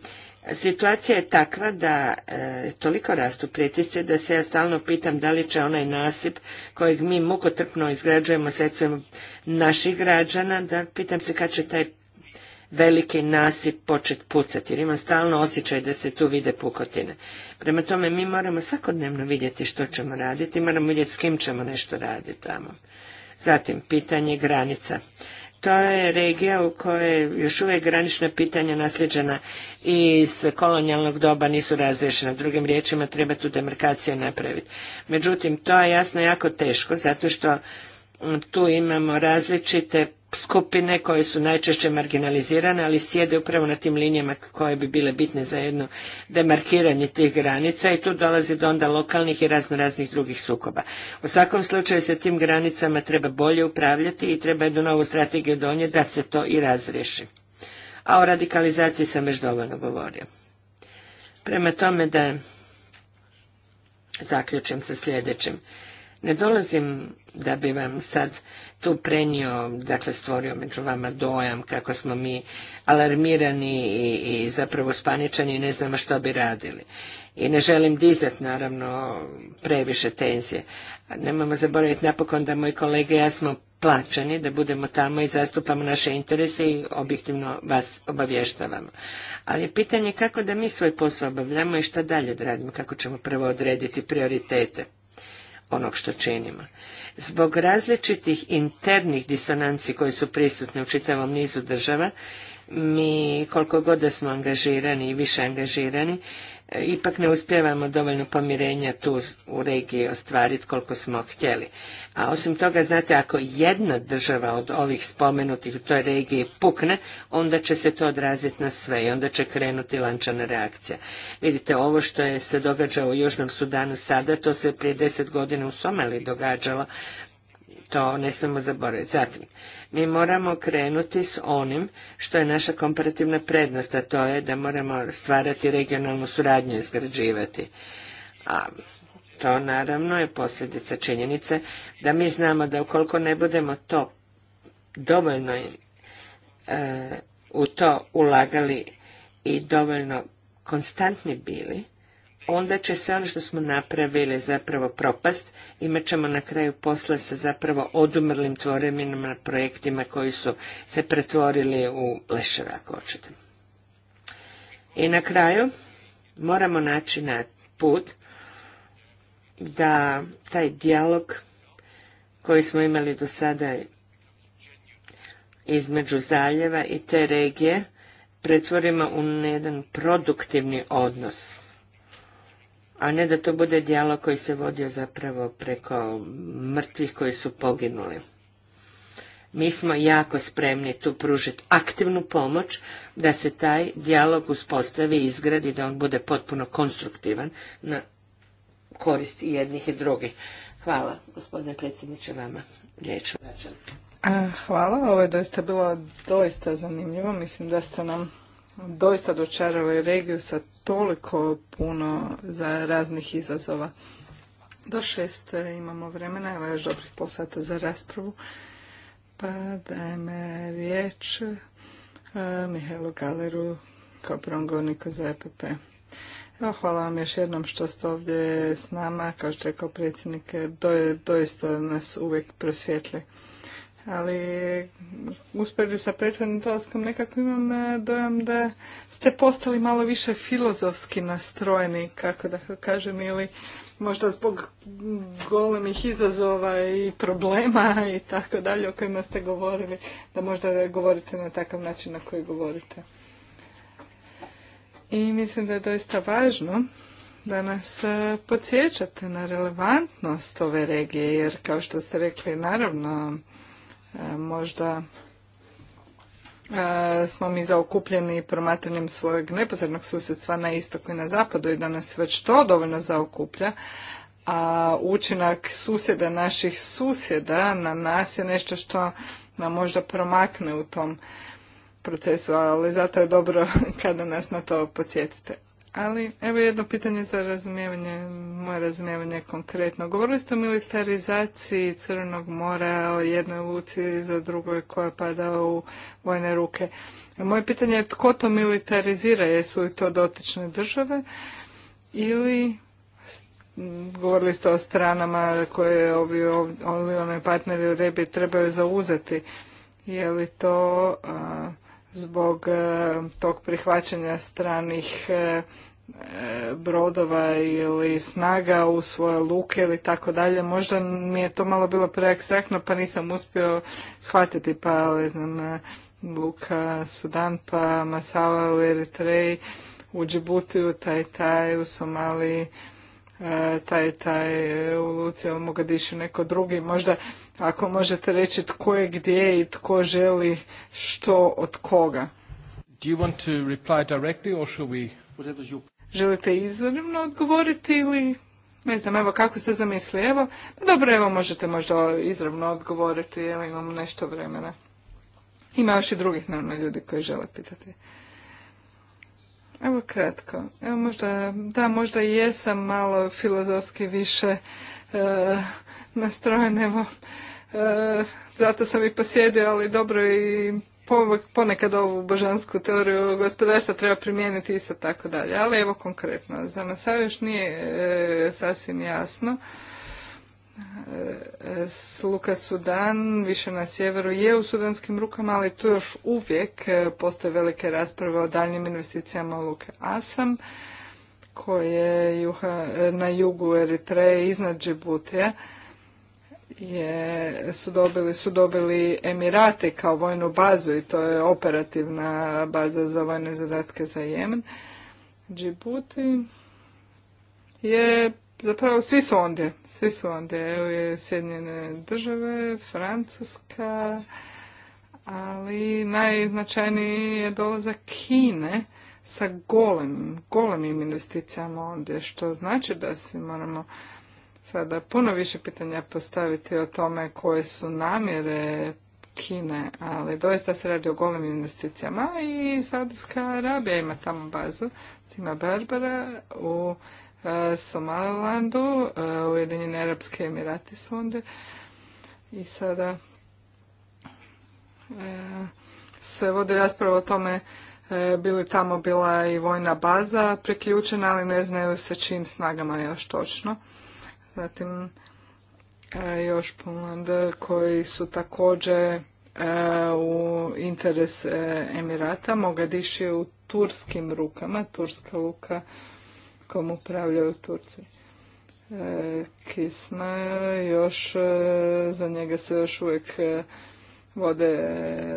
S2: Situacija je takva da e, toliko rastu pritice da se ja stalno pitam da li će onaj nasip kojeg mi mukotrpno izgrađujemo sredstvima naših građana, da pitam se kad će taj veliki nasip počet pucati, jer imam stalno osjećaj da se tu vide pukotine. Prema tome mi moramo svakodnevno vidjeti što ćemo raditi, moramo vidjeti s kim ćemo nešto raditi tamo. Zatim, pitanje granica to je regija u kojoj još uvijek granična pitanja nasljeđena iz kolonijalnog doba nisu razriješena. Drugim riječima treba tu demarkaciju napraviti. Međutim, to je jasno jako teško zato što tu imamo različite skupine koje su najčešće marginalizirane, ali sjede upravo na tim linijama koje bi bile bitne za jedno demarkiranje tih granica i tu dolazi do onda lokalnih i raznoraznih raznih drugih sukoba. U svakom slučaju se tim granicama treba bolje upravljati i treba jednu novu strategiju donijeti da se to i razriješi. A o radikalizaciji sam već dovoljno govorio. Prema tome da zaključim sa sljedećim. Ne dolazim da bi vam sad tu prenio, dakle stvorio među vama dojam kako smo mi alarmirani i, zapravo spaničani i ne znamo što bi radili. I ne želim dizati naravno previše tenzije. Nemamo zaboraviti napokon da moji kolege i ja smo plaćeni da budemo tamo i zastupamo naše interese i objektivno vas obavještavamo. Ali je pitanje kako da mi svoj posao obavljamo i šta dalje da radimo, kako ćemo prvo odrediti prioritete onog što činimo. Zbog različitih internih disonanci koji su prisutne u čitavom nizu država, mi koliko god da smo angažirani i više angažirani, ipak ne uspijevamo dovoljno pomirenja tu u regiji ostvariti koliko smo htjeli. A osim toga, znate, ako jedna država od ovih spomenutih u toj regiji pukne, onda će se to odraziti na sve i onda će krenuti lančana reakcija. Vidite, ovo što je se događa u Južnom Sudanu sada, to se prije deset godina u Somali događalo, to ne smemo zaboraviti. Zatim, mi moramo krenuti s onim što je naša komparativna prednost, a to je da moramo stvarati regionalnu suradnju i izgrađivati. A to naravno je posljedica činjenice da mi znamo da ukoliko ne budemo to dovoljno e, u to ulagali i dovoljno konstantni bili, onda će sve ono što smo napravili zapravo propast, imat ćemo na kraju posla sa zapravo odumrlim tvoreminama, projektima koji su se pretvorili u leševa, ako hoćete. I na kraju moramo naći na put da taj dijalog koji smo imali do sada između zaljeva i te regije pretvorimo u jedan produktivni odnos a ne da to bude dijalog koji se vodio zapravo preko mrtvih koji su poginuli. Mi smo jako spremni tu pružiti aktivnu pomoć da se taj dijalog uspostavi i izgradi, da on bude potpuno konstruktivan na korist i jednih i drugih. Hvala, gospodine predsjedniče, vama riječ
S1: eh, Hvala, ovo je doista bilo doista zanimljivo. Mislim da ste nam doista dočarali regiju sa toliko puno za raznih izazova. Do šest imamo vremena, evo još dobrih pol sata za raspravu. Pa dajme riječ e, Mihajlu Galeru kao prvom govorniku za EPP. Evo, hvala vam još jednom što ste ovdje s nama, kao što je rekao predsjednik, doista nas uvijek prosvjetli ali usporedbi sa prethodnim tolaskom nekako imam e, dojam da ste postali malo više filozofski nastrojeni, kako da kažem, ili možda zbog golemih izazova i problema i tako dalje o kojima ste govorili, da možda govorite na takav način na koji govorite. I mislim da je doista važno da nas e, podsjećate na relevantnost ove regije, jer kao što ste rekli, naravno, E, možda e, smo mi zaokupljeni promatranjem svojeg neposrednog susjedstva na istoku i na zapadu i da nas već to dovoljno zaokuplja, a učinak susjeda naših susjeda na nas je nešto što nam možda promakne u tom procesu, ali zato je dobro [laughs] kada nas na to podsjetite. Ali evo jedno pitanje za razumijevanje, moje razumijevanje konkretno. Govorili ste o militarizaciji Crnog mora, o jednoj luci za drugoj koja pada u vojne ruke. Moje pitanje je tko to militarizira, jesu li to dotične države ili govorili ste o stranama koje ovi, oni one partneri u Rebi trebaju zauzeti. Je li to zbog tog prihvaćanja stranih brodova ili snaga u svoje luke ili tako dalje. Možda mi je to malo bilo preekstraktno pa nisam uspio shvatiti pa ne znam Luka Sudan pa Masawa u Eritreji u Džibutiju, taj taj u Somaliji e, taj taj u Luci ili Mogadišu neko drugi. Možda ako možete reći tko je gdje i tko želi što od koga. Do you want to reply directly or should we... Želite izravno odgovoriti ili ne znam, evo kako ste zamislili, evo, pa dobro, evo možete možda izravno odgovoriti, evo imamo nešto vremena. Ima još i drugih, naravno, ljudi koji žele pitati. Evo kratko, evo možda, da, možda i jesam malo filozofski više e, nastrojen, evo, e, zato sam i posjedio, ali dobro i ponekad ovu božansku teoriju gospodarstva treba primijeniti isto tako dalje. Ali evo konkretno, za nas još nije e, sasvim jasno. E, e, s Luka Sudan, više na sjeveru, je u sudanskim rukama, ali tu još uvijek postoje velike rasprave o daljnjim investicijama u Luke Asam, koje je na jugu Eritreje iznad Džibutija je, su, dobili, su dobili Emirati kao vojnu bazu i to je operativna baza za vojne zadatke za Jemen. Djibouti je zapravo svi su ondje, svi su ondje, je Sjedinjene države, Francuska, ali najznačajniji je dolazak Kine sa golemim, golemim investicijama ondje, što znači da se moramo sada puno više pitanja postaviti o tome koje su namjere Kine, ali doista se radi o golem investicijama i Saudijska Arabija ima tamo bazu, tima Berbera u e, Somalilandu, e, Arabske Emirati su onda i sada e, se vodi rasprava o tome e, bili tamo bila i vojna baza priključena, ali ne znaju se čim snagama još točno zatim e, još pomlada koji su također e, u interes e, Emirata. Mogadiš je u turskim rukama, turska luka kom upravljaju Turci. Kisma još, za njega se još uvijek vode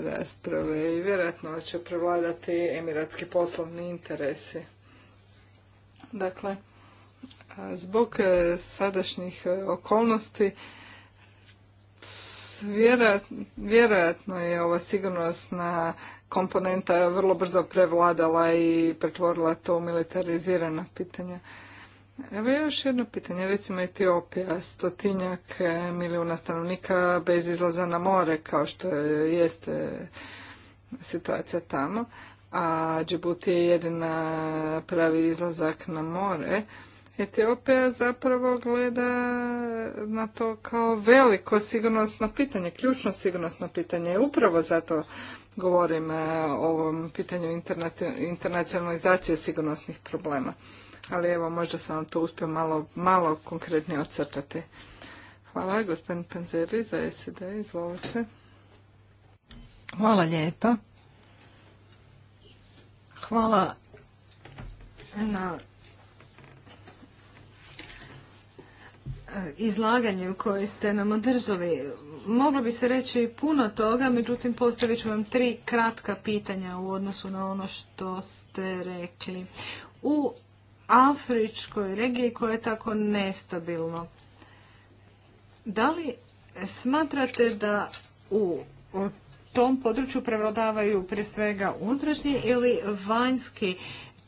S1: rasprave i vjerojatno će prevladati emiratski poslovni interesi. Dakle, Zbog e, sadašnjih e, okolnosti vjerojatno je ova sigurnosna komponenta vrlo brzo prevladala i pretvorila to u militarizirana pitanja. Evo još jedno pitanje, recimo Etiopija, stotinjak e, milijuna stanovnika bez izlaza na more, kao što jeste situacija tamo, a Djibouti je jedina pravi izlazak na more. Etiopija zapravo gleda na to kao veliko sigurnosno pitanje, ključno sigurnosno pitanje. Upravo zato govorim e, o ovom pitanju internacionalizacije sigurnosnih problema. Ali evo, možda sam vam to uspio malo, malo konkretnije ocrtati. Hvala, gospodin Panzeri za SED, izvolite.
S3: Hvala lijepa. Hvala na izlaganju koje ste nam održali. Moglo bi se reći puno toga, međutim postavit ću vam tri kratka pitanja u odnosu na ono što ste rekli. U afričkoj regiji koja je tako nestabilno, da li smatrate da u tom području prevladavaju prije svega unutrašnji ili vanjski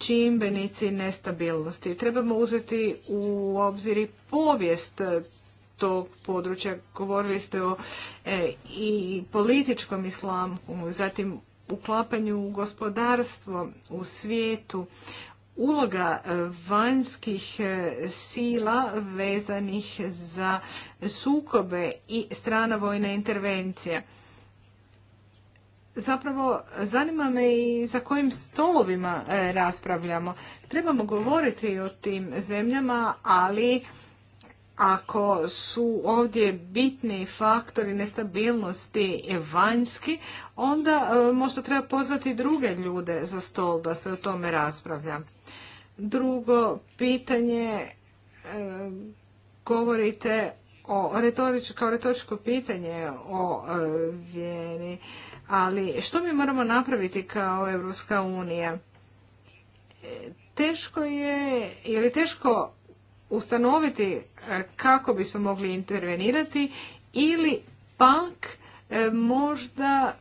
S3: čimbenici nestabilnosti. Trebamo uzeti u obzir i povijest tog područja. Govorili ste o e, i političkom islamu, zatim uklapanju u gospodarstvo u svijetu. Uloga e, vanjskih e, sila vezanih za sukobe i strana vojne intervencije zapravo zanima me i za kojim stolovima e, raspravljamo. Trebamo govoriti o tim zemljama, ali ako su ovdje bitni faktori nestabilnosti vanjski, onda e, možda treba pozvati druge ljude za stol da se o tome raspravlja. Drugo pitanje, e, govorite o kao retoričko pitanje o vjeri. Ali što mi moramo napraviti kao Europska unija? E, teško je, je li teško ustanoviti e, kako bismo mogli intervenirati ili pak e, možda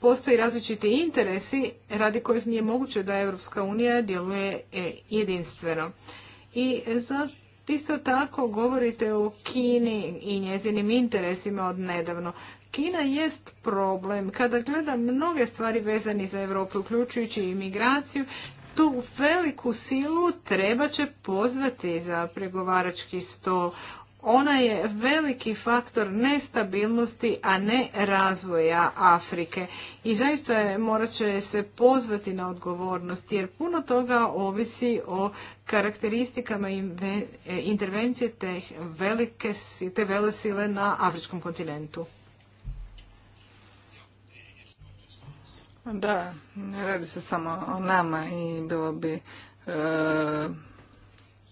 S3: postoji različiti interesi radi kojih nije moguće da Europska unija djeluje jedinstveno. I Isto tako govorite o Kini i njezinim interesima od nedavno. Kina jest problem. Kada gledam mnoge stvari vezane za Europu, uključujući imigraciju, tu veliku silu treba će pozvati za pregovarački sto. Ona je veliki faktor nestabilnosti, a ne razvoja Afrike. I zaista je, morat će se pozvati na odgovornost, jer puno toga ovisi o karakteristikama e, intervencije te velike te velesile na afričkom kontinentu. Da, ne radi se samo o nama i
S1: bilo bi e,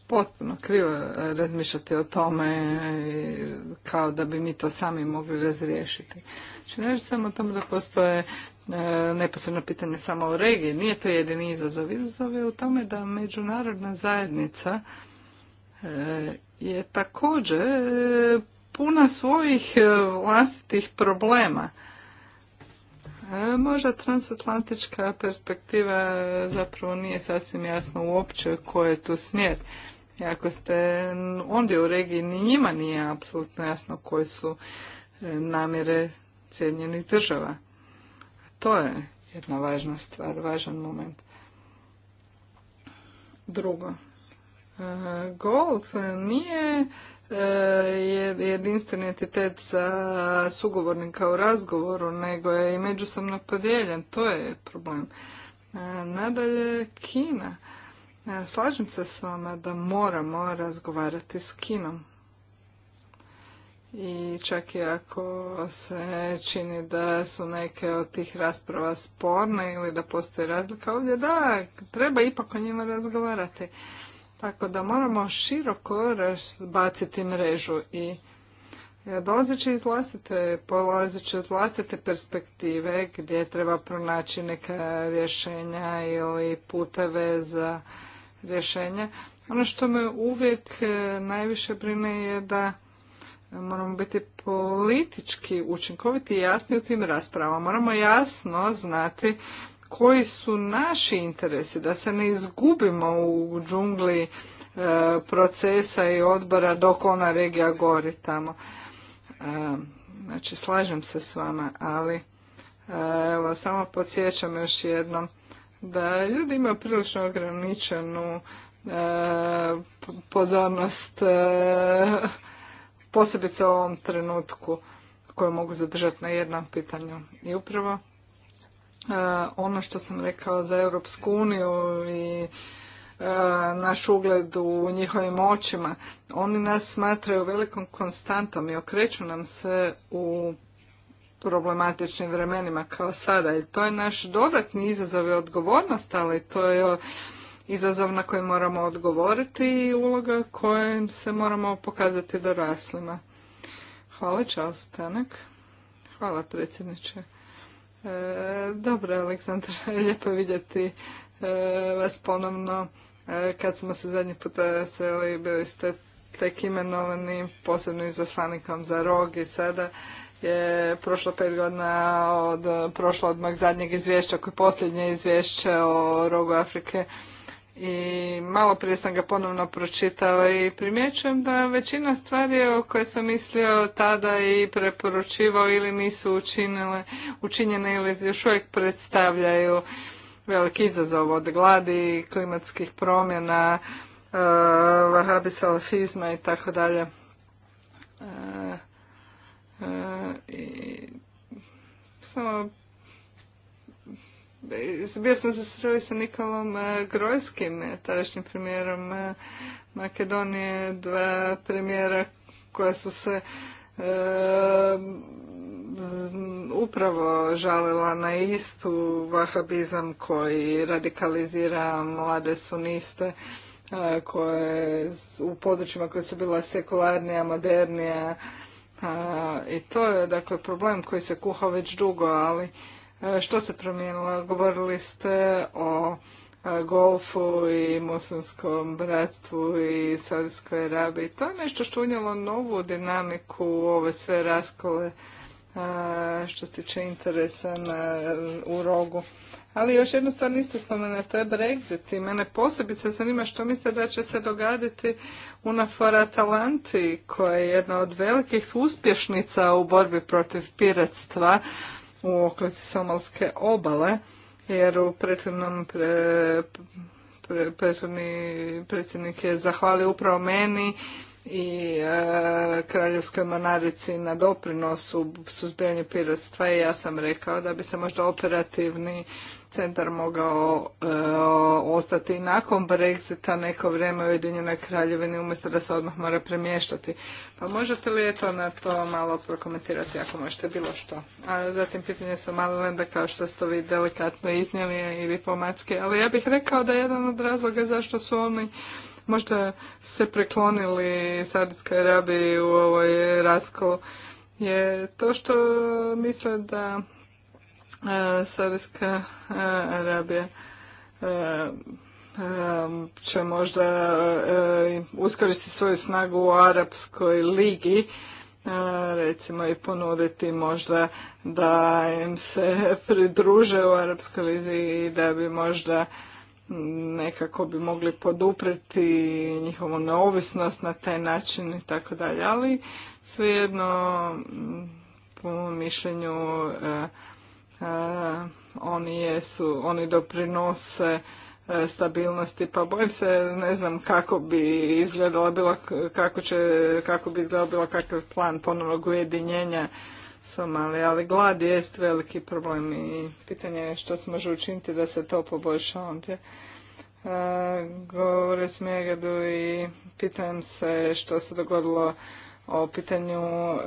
S1: potpuno krivo razmišljati o tome kao da bi mi to sami mogli razriješiti. Znači, ne radi samo o tome da postoje e, neposredno pitanje samo o regiji. Nije to jedini izazov. Izazov je u tome da međunarodna zajednica e, je također puna svojih vlastitih problema. E, možda transatlantička perspektiva zapravo nije sasvim jasno uopće koji je tu smjer. I ako ste ondje u regiji, ni njima nije apsolutno jasno koje su e, namjere cijenjenih država. To je jedna važna stvar, važan moment. Drugo, e, golf nije je jedinstveni entitet sa sugovornika u razgovoru, nego je i međusobno podijeljen. To je problem. E, nadalje, Kina. E, slažem se s vama da moramo razgovarati s Kinom. I čak i ako se čini da su neke od tih rasprava sporne ili da postoji razlika ovdje, da, treba ipak o njima razgovarati. Tako da moramo široko razbaciti mrežu i e, dolazeći iz vlastite, polazeći vlastite perspektive gdje treba pronaći neka rješenja ili puteve za rješenja. Ono što me uvijek e, najviše brine je da moramo biti politički učinkoviti i jasni u tim raspravama. Moramo jasno znati koji su naši interesi, da se ne izgubimo u džungli e, procesa i odbora dok ona regija gori tamo. E, znači, slažem se s vama, ali e, evo, samo podsjećam još jednom da ljudi imaju prilično ograničenu e, pozornost posebice u ovom trenutku koju mogu zadržati na jednom pitanju. I upravo Eh, ono što sam rekao za Europsku uniju i eh, naš ugled u njihovim očima. Oni nas smatraju velikom konstantom i okreću nam se u problematičnim vremenima kao sada. I to je naš dodatni izazov i odgovornost, ali to je izazov na koji moramo odgovoriti i uloga kojem se moramo pokazati doraslima. Hvala, čao Hvala, predsjedniče. E, dobro, Aleksandar, [laughs] lijepo vidjeti e, vas ponovno. E, kad smo se zadnji put sreli, bili ste tek imenovani posebno izaslanikom za rog i sada je prošlo pet godina od prošlo odmah zadnjeg izvješća koje je posljednje izvješće o rogu Afrike i malo prije sam ga ponovno pročitala i primjećujem da većina stvari o koje sam mislio tada i preporučivao ili nisu učinile, učinjene ili još uvijek predstavljaju veliki izazov od gladi, klimatskih promjena, uh, eh, vahabi salafizma i tako dalje. Eh, eh, samo bio sam se sreli sa Nikolom e, Grojskim, e, tadašnjim premijerom e, Makedonije, dva premijera koja su se upravo žalila na istu vahabizam koji radikalizira mlade suniste koje u područjima koje su bila sekularnija, modernija i to je dakle problem koji se kuha već dugo, ali E, što se promijenilo? Govorili ste o e, golfu i muslimskom bratstvu i Saudijskoj Arabiji. To je nešto što unijelo novu dinamiku u ove sve raskole e, što se tiče interesa u rogu. Ali još jednu stvar niste spomenuli, to je Brexit i mene posebice zanima što mislite da će se dogaditi u Nafor Atalanti koja je jedna od velikih uspješnica u borbi protiv piratstva u okolici Somalske obale, jer u prethodnom prethodni predsjednik je zahvalio upravo meni i e, kraljevskoj monarici na doprinosu suzbijanju piratstva i ja sam rekao da bi se možda operativni centar mogao e, ostati nakon Brexita neko vrijeme u Ujedinjenoj kraljevini umjesto da se odmah mora premještati. Pa možete li eto na to malo prokomentirati ako možete bilo što? A zatim pitanje sa Malilenda kao što ste vi delikatno iznijeli i diplomatski, ali ja bih rekao da jedan od razloga zašto su oni možda se preklonili Sadijskoj Arabiji u ovoj raskol je to što misle da E, Saudijska e, Arabija e, će možda uskoristi svoju snagu u Arapskoj ligi recimo i ponuditi možda da im se [laughs] pridruže u Arapskoj ligi i da bi možda nekako bi mogli podupreti njihovu neovisnost na taj način i tako dalje. Ali svejedno po mom mišljenju oni jesu, oni doprinose e, stabilnosti, pa bojim se, ne znam kako bi izgledala bilo, kako će, kako bi izgledao bilo kakav plan ponovnog ujedinjenja Somalije, ali glad jest veliki problem i pitanje je što se može učiniti da se to poboljša ondje. E, govore Smegadu i pitam se što se dogodilo o pitanju e,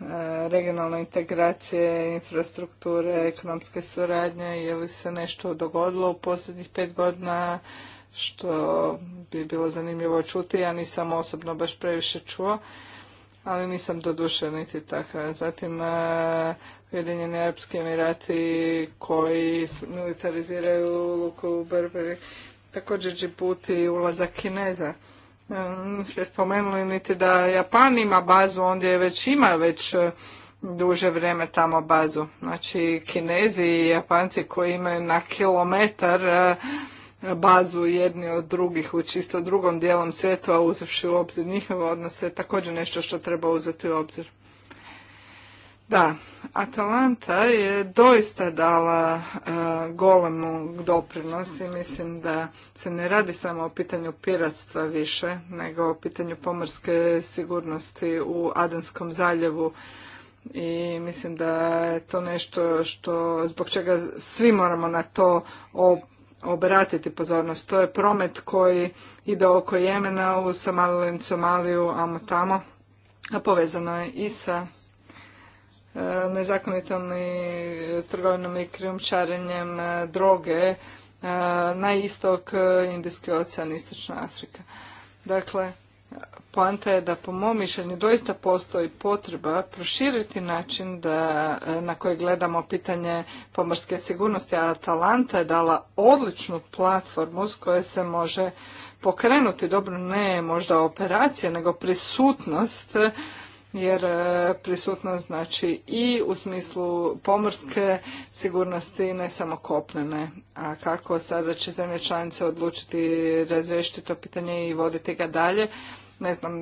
S1: E, regionalne integracije, infrastrukture, ekonomske suradnje, je li se nešto dogodilo u posljednjih pet godina što bi bilo zanimljivo čuti. Ja nisam osobno baš previše čuo, ali nisam duše niti takav. Zatim e, Ujedinjeni Arapski Emirati koji militariziraju luku u Berberi, također Džibuti i ulazak Kineza. Ehm, ste spomenuli niti da Japan ima bazu, ondje već ima već e, duže vrijeme tamo bazu. Znači Kinezi i Japanci koji imaju na kilometar e, bazu jedni od drugih u čisto drugom dijelom svijeta, uzevši u obzir njihove odnose, također nešto što treba uzeti u obzir. Da, Atalanta je doista dala golem golemu doprinos i mislim da se ne radi samo o pitanju piratstva više, nego o pitanju pomorske sigurnosti u Adenskom zaljevu i mislim da je to nešto što zbog čega svi moramo na to obratiti pozornost. To je promet koji ide oko Jemena u Somaliland, Somaliju, amo tamo, a povezano je i sa nezakonitom i trgovinom i krijumčarenjem e, droge e, na istok e, Indijski ocean, Istočna Afrika. Dakle, poanta je da po mom mišljenju doista postoji potreba proširiti način da, na koji gledamo pitanje pomorske sigurnosti, a Atalanta je dala odličnu platformu s koje se može pokrenuti, dobro ne možda operacije, nego prisutnost jer e, prisutnost znači i u smislu pomorske sigurnosti, ne samo kopnene. A kako sada će zemlje članice odlučiti razrešiti to pitanje i voditi ga dalje, ne znam,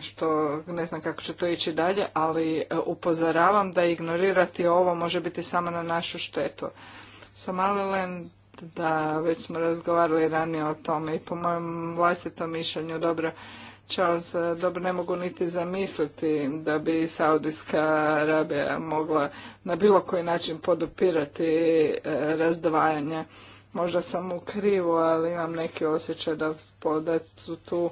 S1: što, ne znam kako će to ići dalje, ali e, upozoravam da ignorirati ovo može biti samo na našu štetu. Somaliland da već smo razgovarali ranije o tome i po mojem vlastitom mišljenju dobro Charles, e, dobro ne mogu niti zamisliti da bi Saudijska Arabija mogla na bilo koji način podupirati e, razdvajanje. Možda sam u krivu, ali imam neki osjećaj da, da tu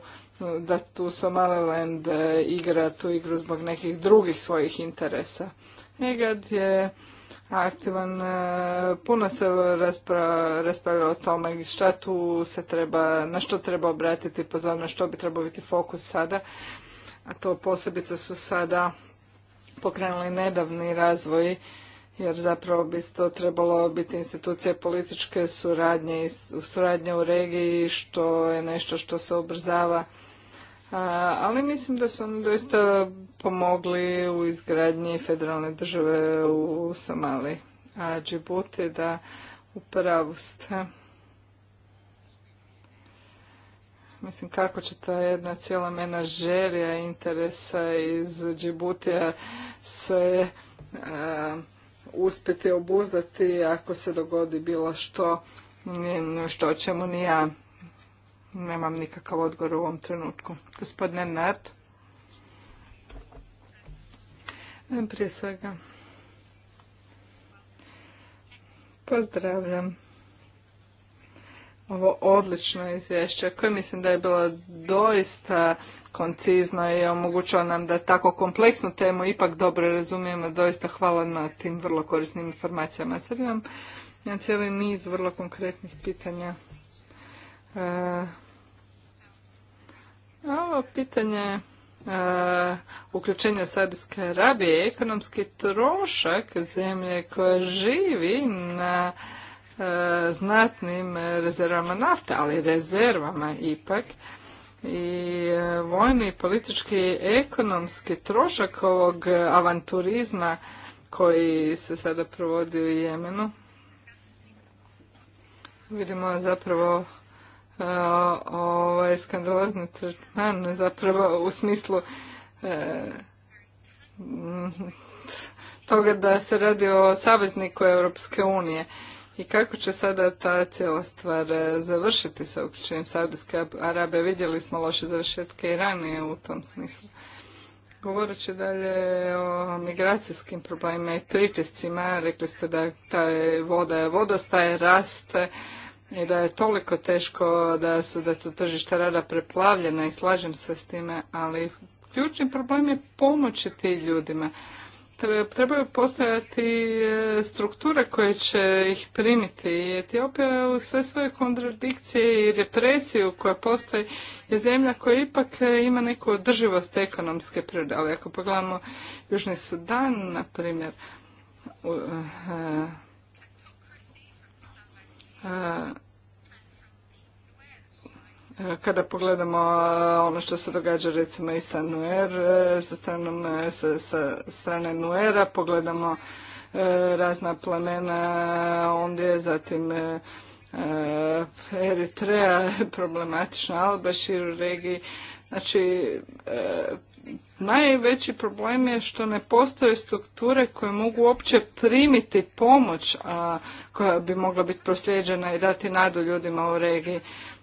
S1: da tu Somaliland e, igra tu igru zbog nekih drugih svojih interesa. Egad je aktivan. E, puno se raspravlja o tome šta tu se treba, na što treba obratiti pozornost, što bi trebao biti fokus sada. A to posebice su sada pokrenuli nedavni razvoj jer zapravo bi to trebalo biti institucije političke suradnje suradnje u regiji što je nešto što se ubrzava ali mislim da su oni doista pomogli u izgradnji federalne države u Somaliji. A Džibuti, da, upravo ste. Mislim, kako će ta jedna cijela menažerija interesa iz Džibutija se uspjeti obuzdati ako se dogodi bilo što, što ćemo ni ja Nemam nikakav odgovor u ovom trenutku. Gospodine Prije svega. Pozdravljam ovo odlično izvješće koje mislim da je bilo doista koncizno i omogućava nam da tako kompleksnu temu ipak dobro razumijemo. Doista hvala na tim vrlo korisnim informacijama. Sad imam cijeli niz vrlo konkretnih pitanja. E, ovo pitanje e, uključenja Sadijske Arabije je ekonomski trošak zemlje koja živi na e, znatnim rezervama nafte, ali rezervama ipak. I e, vojni, i politički, ekonomski trošak ovog avanturizma koji se sada provodi u Jemenu. Vidimo zapravo E, ovaj skandalozni tretman zapravo u smislu e, toga da se radi o savezniku Europske unije. I kako će sada ta cijela stvar e, završiti sa uključenjem Saudijske Arabe? Vidjeli smo loše završetke i ranije u tom smislu. Govoreći dalje o migracijskim problemima i pritiscima, rekli ste da ta voda je vodostaje, raste, i da je toliko teško da su da su tržišta rada preplavljena i slažem se s time, ali ključni problem je pomoći ti ljudima. Trebaju postojati e, strukture koje će ih primiti. I Etiopija u sve svoje kontradikcije i represiju koja postoji je zemlja koja ipak e, ima neku održivost ekonomske prirode. Ali ako pogledamo Južni Sudan, na primjer, e, E, e, kada pogledamo e, ono što se događa recimo i sa Nuer, sa, stranom, sa, strane Nuera, pogledamo razna plemena ondje, zatim Eritrea [laughs] problematična alba u regiji. Znači, Najveći problem je što ne postoje strukture koje mogu uopće primiti pomoć a, koja bi mogla biti prosljeđena i dati nadu ljudima u regiji.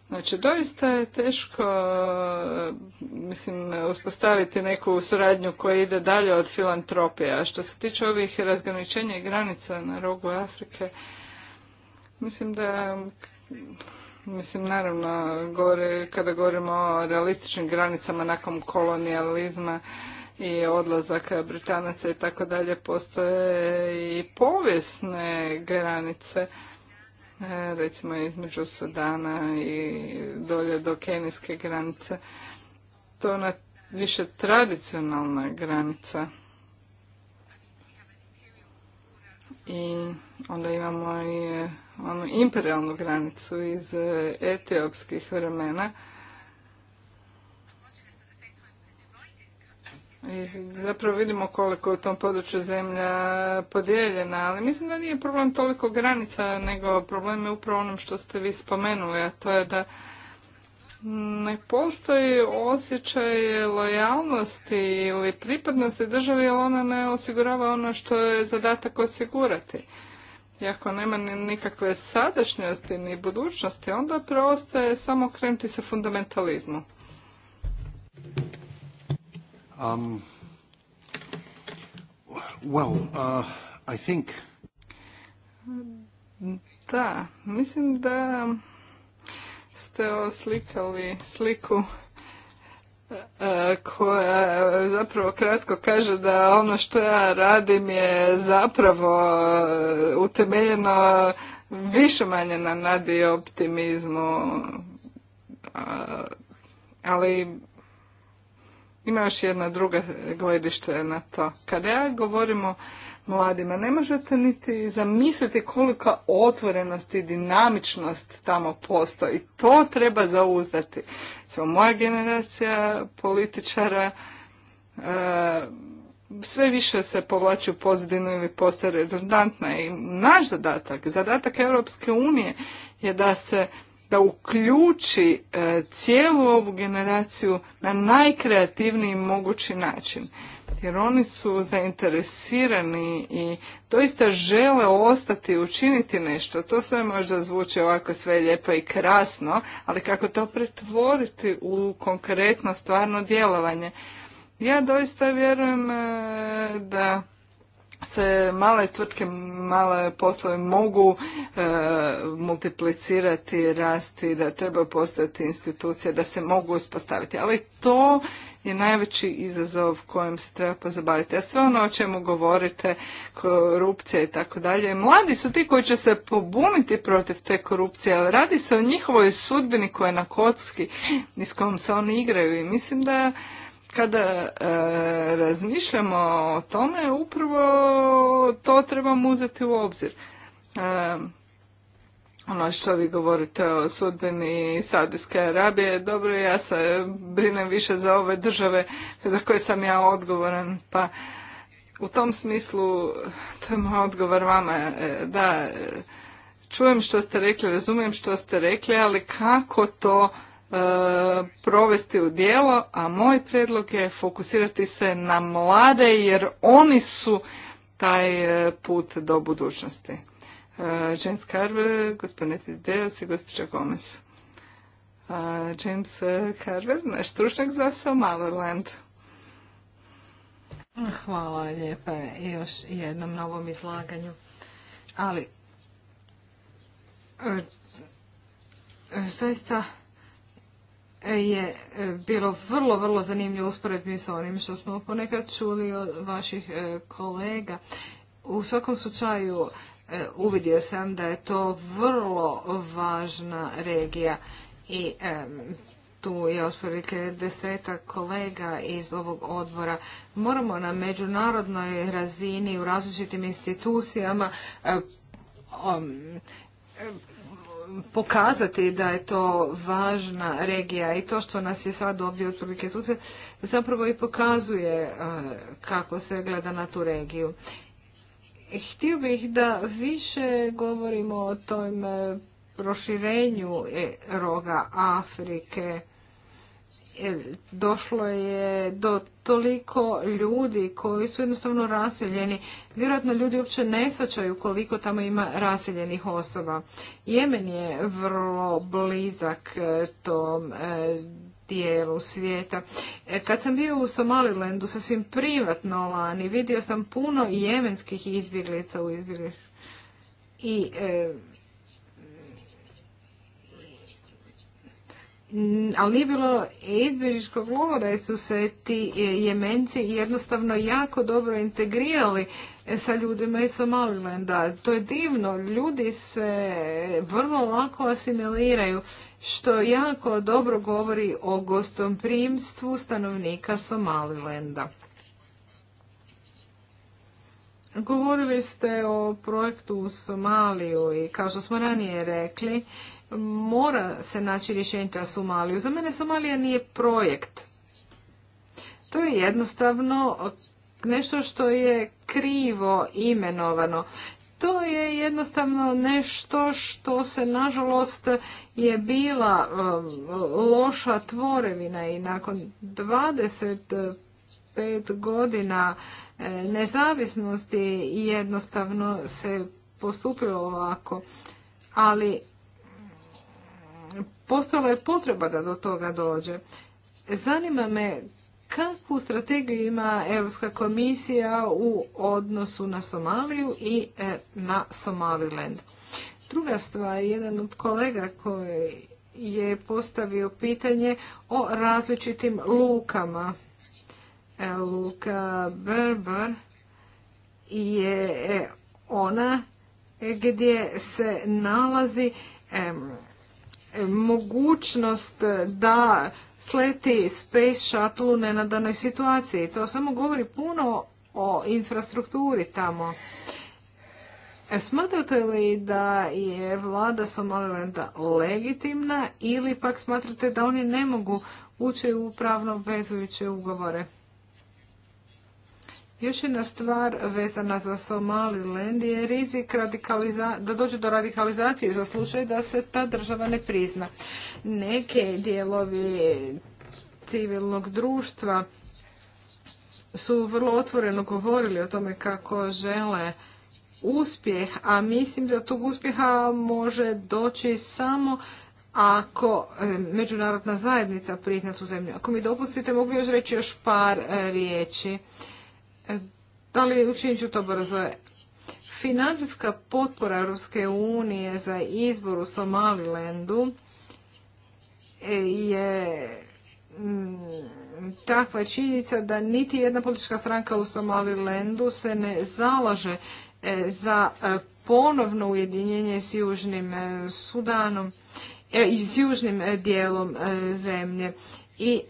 S1: Znači, doista je teško mislim, uspostaviti neku suradnju koja ide dalje od filantropije. A što se tiče ovih razgraničenja i granica na rogu Afrike, mislim da Mislim, naravno, gore kada govorimo o realističnim granicama nakon kolonijalizma i odlazaka Britanaca i tako dalje, postoje i povijesne granice, e, recimo između Sudana i dolje do kenijske granice. To je ona više tradicionalna granica. I Onda imamo i onu imperialnu granicu iz e, etiopskih vremena. I zapravo vidimo koliko je u tom području zemlja podijeljena, ali mislim da nije problem toliko granica, nego problem je upravo onom što ste vi spomenuli, a to je da ne postoji osjećaj lojalnosti ili pripadnosti državi jer ona ne osigurava ono što je zadatak osigurati. I ako nema nikakve sadašnjosti ni budućnosti, onda preostaje samo krenuti se fundamentalizmu.
S3: Um, well, uh, I think...
S1: Da, mislim da ste oslikali sliku E, koja zapravo kratko kaže da ono što ja radim je zapravo e, utemeljeno više manje na nadi optimizmu, ali ima još jedna druga gledište na to. Kada ja govorimo mladima. Ne možete niti zamisliti kolika otvorenost i dinamičnost tamo postoji. To treba zauzdati. Sva moja generacija političara e, sve više se povlači u ili postaje redundantna. I naš zadatak, zadatak Europske unije je da se da uključi e, cijelu ovu generaciju na najkreativniji mogući način jer oni su zainteresirani i doista žele ostati učiniti nešto. To sve možda zvuči ovako sve lijepo i krasno, ali kako to pretvoriti u konkretno stvarno djelovanje? Ja doista vjerujem e, da se male tvrtke, male poslove mogu e, multiplicirati, rasti, da treba postati institucije, da se mogu uspostaviti. Ali to je najveći izazov kojem se treba pozabaviti. A sve ono o čemu govorite, korupcija i tako dalje, mladi su ti koji će se pobuniti protiv te korupcije, ali radi se o njihovoj sudbini koja je na kocki i s kojom se oni igraju i mislim da kada e, razmišljamo o tome, upravo to trebamo uzeti u obzir. E, ono što vi govorite o sudbini Saudijske Arabije. Dobro, ja se brinem više za ove države za koje sam ja odgovoran, pa u tom smislu, to je moj odgovor vama, e, da e, čujem što ste rekli, razumijem što ste rekli, ali kako to e, provesti u djelo, a moj predlog je fokusirati se na mlade jer oni su taj put do budućnosti. James Carver, gospodine Epideos i gospođa Gomez. James e, Carver, naš stručnjak za Somaliland.
S3: Hvala lijepa još jednom na ovom izlaganju. Ali, e, zaista je bilo vrlo, vrlo zanimljivo usporedbi sa onim što smo ponekad čuli od vaših e, kolega. U svakom slučaju, E, uvidio sam da je to vrlo važna regija i tu je otprilike desetak kolega iz ovog odbora. Moramo na međunarodnoj razini u različitim institucijama pokazati da je to važna regija i to što nas je sad ovdje otprilike tu se zapravo i pokazuje eh, kako se gleda na tu regiju. Htio bih da više govorimo o tom e, proširenju e, roga Afrike. E, došlo je do toliko ljudi koji su jednostavno raseljeni. Vjerojatno ljudi uopće ne svačaju koliko tamo ima raseljenih osoba. Jemen je vrlo blizak tom dijelu svijeta. E, kad sam bio u Somalilandu sasvim privatno lani, vidio sam puno jemenskih izbjeglica u izbjegli i e, ali nije bilo izbježiškog logora jer su se ti e, jemenci jednostavno jako dobro integrirali sa ljudima iz Somalilanda. To je divno, ljudi se vrlo lako asimiliraju što jako dobro govori o gostoprimstvu stanovnika Somalilenda. Govorili ste o projektu u Somaliju i kao što smo ranije rekli, mora se naći rješenje za Somaliju. Za mene Somalija nije projekt. To je jednostavno nešto što je krivo imenovano. To je jednostavno nešto što se nažalost je bila um, loša tvorevina i nakon 25 godina e, nezavisnosti jednostavno se postupilo ovako. Ali postala je potreba da do toga dođe. Zanima me Kakvu strategiju ima Europska komisija u odnosu na Somaliju i e, na Somaliland? Druga stvar, jedan od kolega koji je postavio pitanje o različitim lukama. E, luka Berber je e, ona gdje se nalazi mogućnost da sleti Space Shuttle u nenadanoj situaciji. To samo govori puno o infrastrukturi tamo. E, smatrate li da je vlada Somalilanda legitimna ili pak smatrate da oni ne mogu ući u pravno vezujuće ugovore? Još jedna stvar vezana za Somaliland je rizik da dođe do radikalizacije za slučaj da se ta država ne prizna. Neke dijelovi civilnog društva su vrlo otvoreno govorili o tome kako žele uspjeh, a mislim da tog uspjeha može doći samo ako e, međunarodna zajednica prizna tu zemlju. Ako mi dopustite, mogu još reći još par e, riječi li učinit ću to brzo. Financijska potpora Ruske unije za izbor u Somalilandu e, je mm, takva činjenica da niti jedna politička stranka u Somalilandu se ne zalaže e, za e, ponovno ujedinjenje s Južnim Sudanom i s južnim dijelom zemlje. I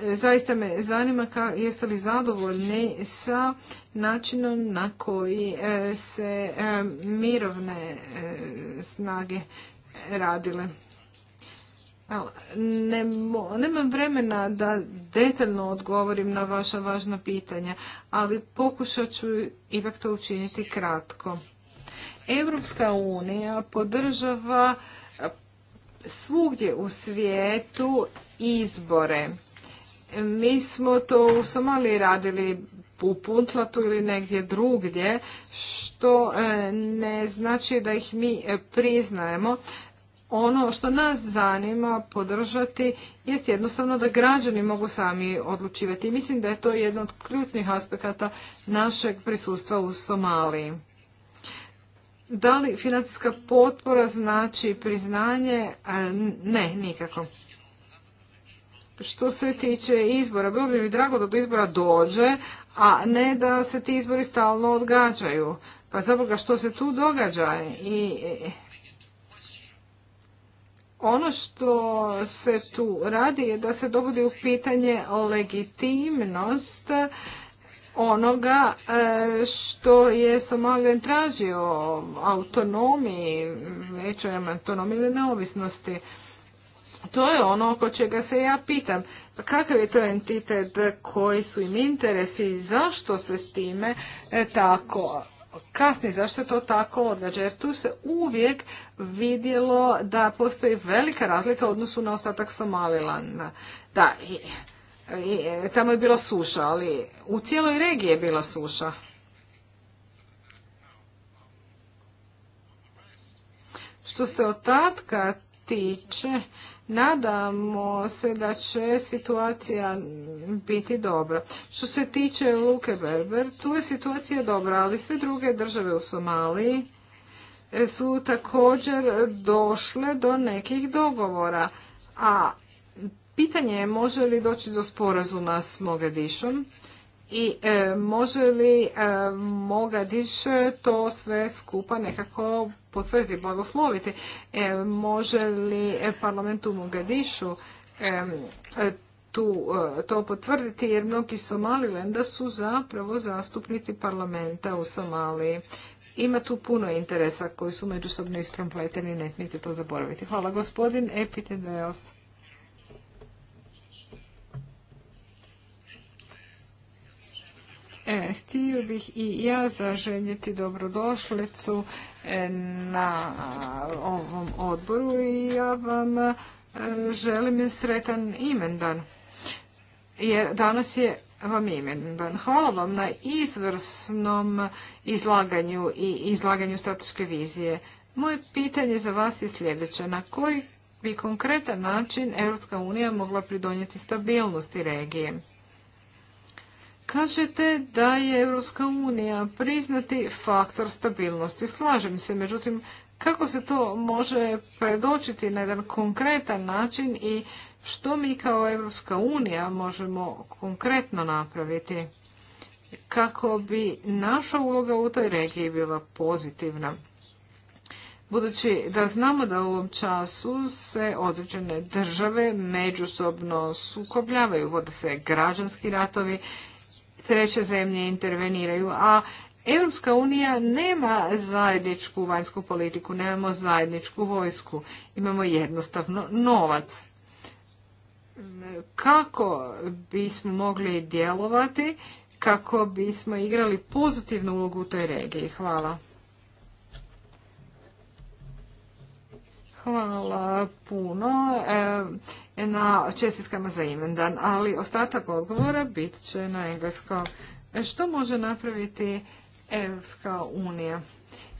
S3: Zaista me zanima jeste li zadovoljni sa načinom na koji e, se e, mirovne e, snage radile. nemam vremena da detaljno odgovorim na vaša važna pitanja, ali pokušat ću ipak to učiniti kratko. Europska unija podržava svugdje u svijetu izbore mi smo to u Somaliji radili u Puntlatu ili negdje drugdje, što e, ne znači da ih mi e, priznajemo. Ono što nas zanima podržati je jednostavno da građani mogu sami odlučivati. Mislim da je to jedno od ključnih aspekata našeg prisustva u Somaliji. Da li financijska potpora znači priznanje? E, ne, nikako što se tiče izbora. Bilo bi mi drago da do izbora dođe, a ne da se ti izbori stalno odgađaju. Pa zaboga što se tu događa i ono što se tu radi je da se dovodi u pitanje legitimnost onoga e, što je Somalijan tražio autonomiji, većoj autonomiji neovisnosti. To je ono oko čega se ja pitam. Pa kakav je to entitet, koji su im interesi i zašto se s time e, tako kasni, zašto je to tako odgađa? Jer tu se uvijek vidjelo da postoji velika razlika u odnosu na ostatak Somalilanda. Da, i, tamo je bila suša, ali u cijeloj regiji je bila suša. Što se otatka tiče, Nadamo se da će situacija biti dobra. Što se tiče Luke Berber, tu je situacija dobra, ali sve druge države u Somaliji e, su također došle do nekih dogovora. A pitanje je može li doći do sporazuma s Mogadišom i e, može li e, Mogadiš to sve skupa nekako potvrditi, blagosloviti. E, može li e, parlament u Mogadišu e, e tu, e, to potvrditi jer mnogi Somalilenda su zapravo zastupnici parlamenta u Somaliji. Ima tu puno interesa koji su međusobno isprompleteni, ne smijete to zaboraviti. Hvala gospodin Epitedeos. E, htio bih i ja zaželjeti dobrodošlicu e, na ovom odboru i ja vam e, želim sretan imendan. Jer danas je vam imendan. Hvala vam na izvrsnom izlaganju i izlaganju strateške vizije. Moje pitanje za vas je sljedeće. Na koji bi konkretan način Europska unija mogla pridonijeti stabilnosti regije? Kažete da je Europska unija priznati faktor stabilnosti. Slažem se, međutim, kako se to može predočiti na jedan konkretan način i što mi kao Europska unija možemo konkretno napraviti kako bi naša uloga u toj regiji bila pozitivna. Budući da znamo da u ovom času se određene države međusobno sukobljavaju, vode se građanski ratovi treće zemlje interveniraju, a Europska unija nema zajedničku vanjsku politiku, nemamo zajedničku vojsku, imamo jednostavno novac. Kako bismo mogli djelovati, kako bismo igrali pozitivnu ulogu u toj regiji? Hvala. Hvala puno e, na čestitkama za imendan, ali ostatak odgovora bit će na engleskom. E, što može napraviti Evropska unija?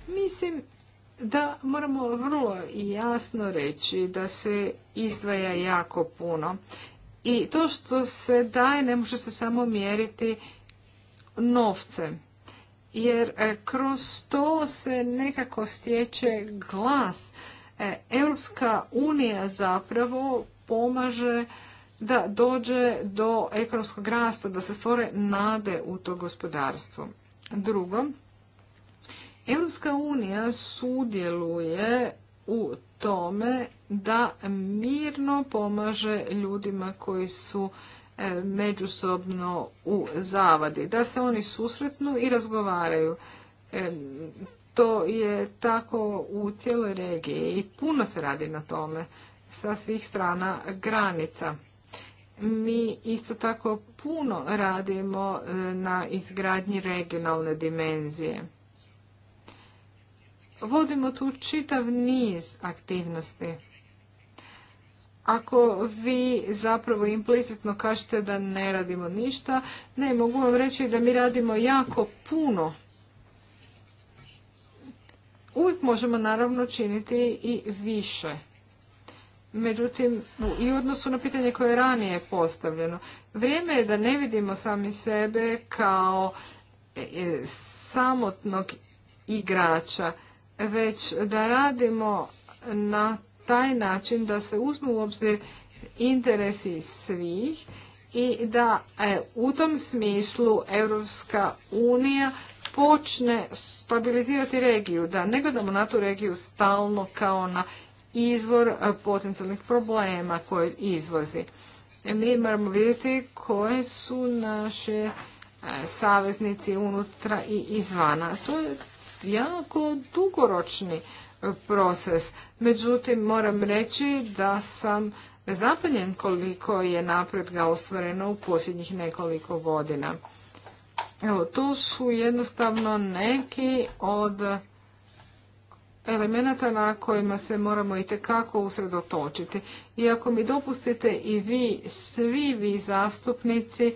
S3: Mislim da moramo vrlo jasno reći da se izdvaja jako puno. I to što se daje ne može se samo mjeriti novce Jer e, kroz to se nekako stječe glas E, Europska unija zapravo pomaže da dođe do ekonomskog rasta, da se stvore nade u to gospodarstvo. Drugo, Europska unija sudjeluje u tome da mirno pomaže ljudima koji su e, međusobno u zavadi, da se oni susretnu i razgovaraju. E, to je tako u cijeloj regiji i puno se radi na tome sa svih strana granica. Mi isto tako puno radimo e, na izgradnji regionalne dimenzije. Vodimo tu čitav niz aktivnosti. Ako vi zapravo implicitno kažete da ne radimo ništa, ne mogu vam reći da mi radimo jako puno Uvijek možemo naravno činiti i više. Međutim, i u odnosu na pitanje koje je ranije postavljeno, vrijeme je da ne vidimo sami sebe kao e, e, samotnog igrača, već da radimo na taj način da se uzmu u obzir interesi svih i da e, u tom smislu Europska unija počne stabilizirati regiju, da ne gledamo na tu regiju stalno kao na izvor e, potencijalnih problema koje izvozi. E, mi moramo vidjeti koje su naše e, saveznici unutra i izvana. To je jako dugoročni proces. Međutim, moram reći da sam zapanjen koliko je napredga ostvareno u posljednjih nekoliko godina. Evo, to su jednostavno neki od elemenata na kojima se moramo i tekako usredotočiti. I ako mi dopustite i vi, svi vi zastupnici,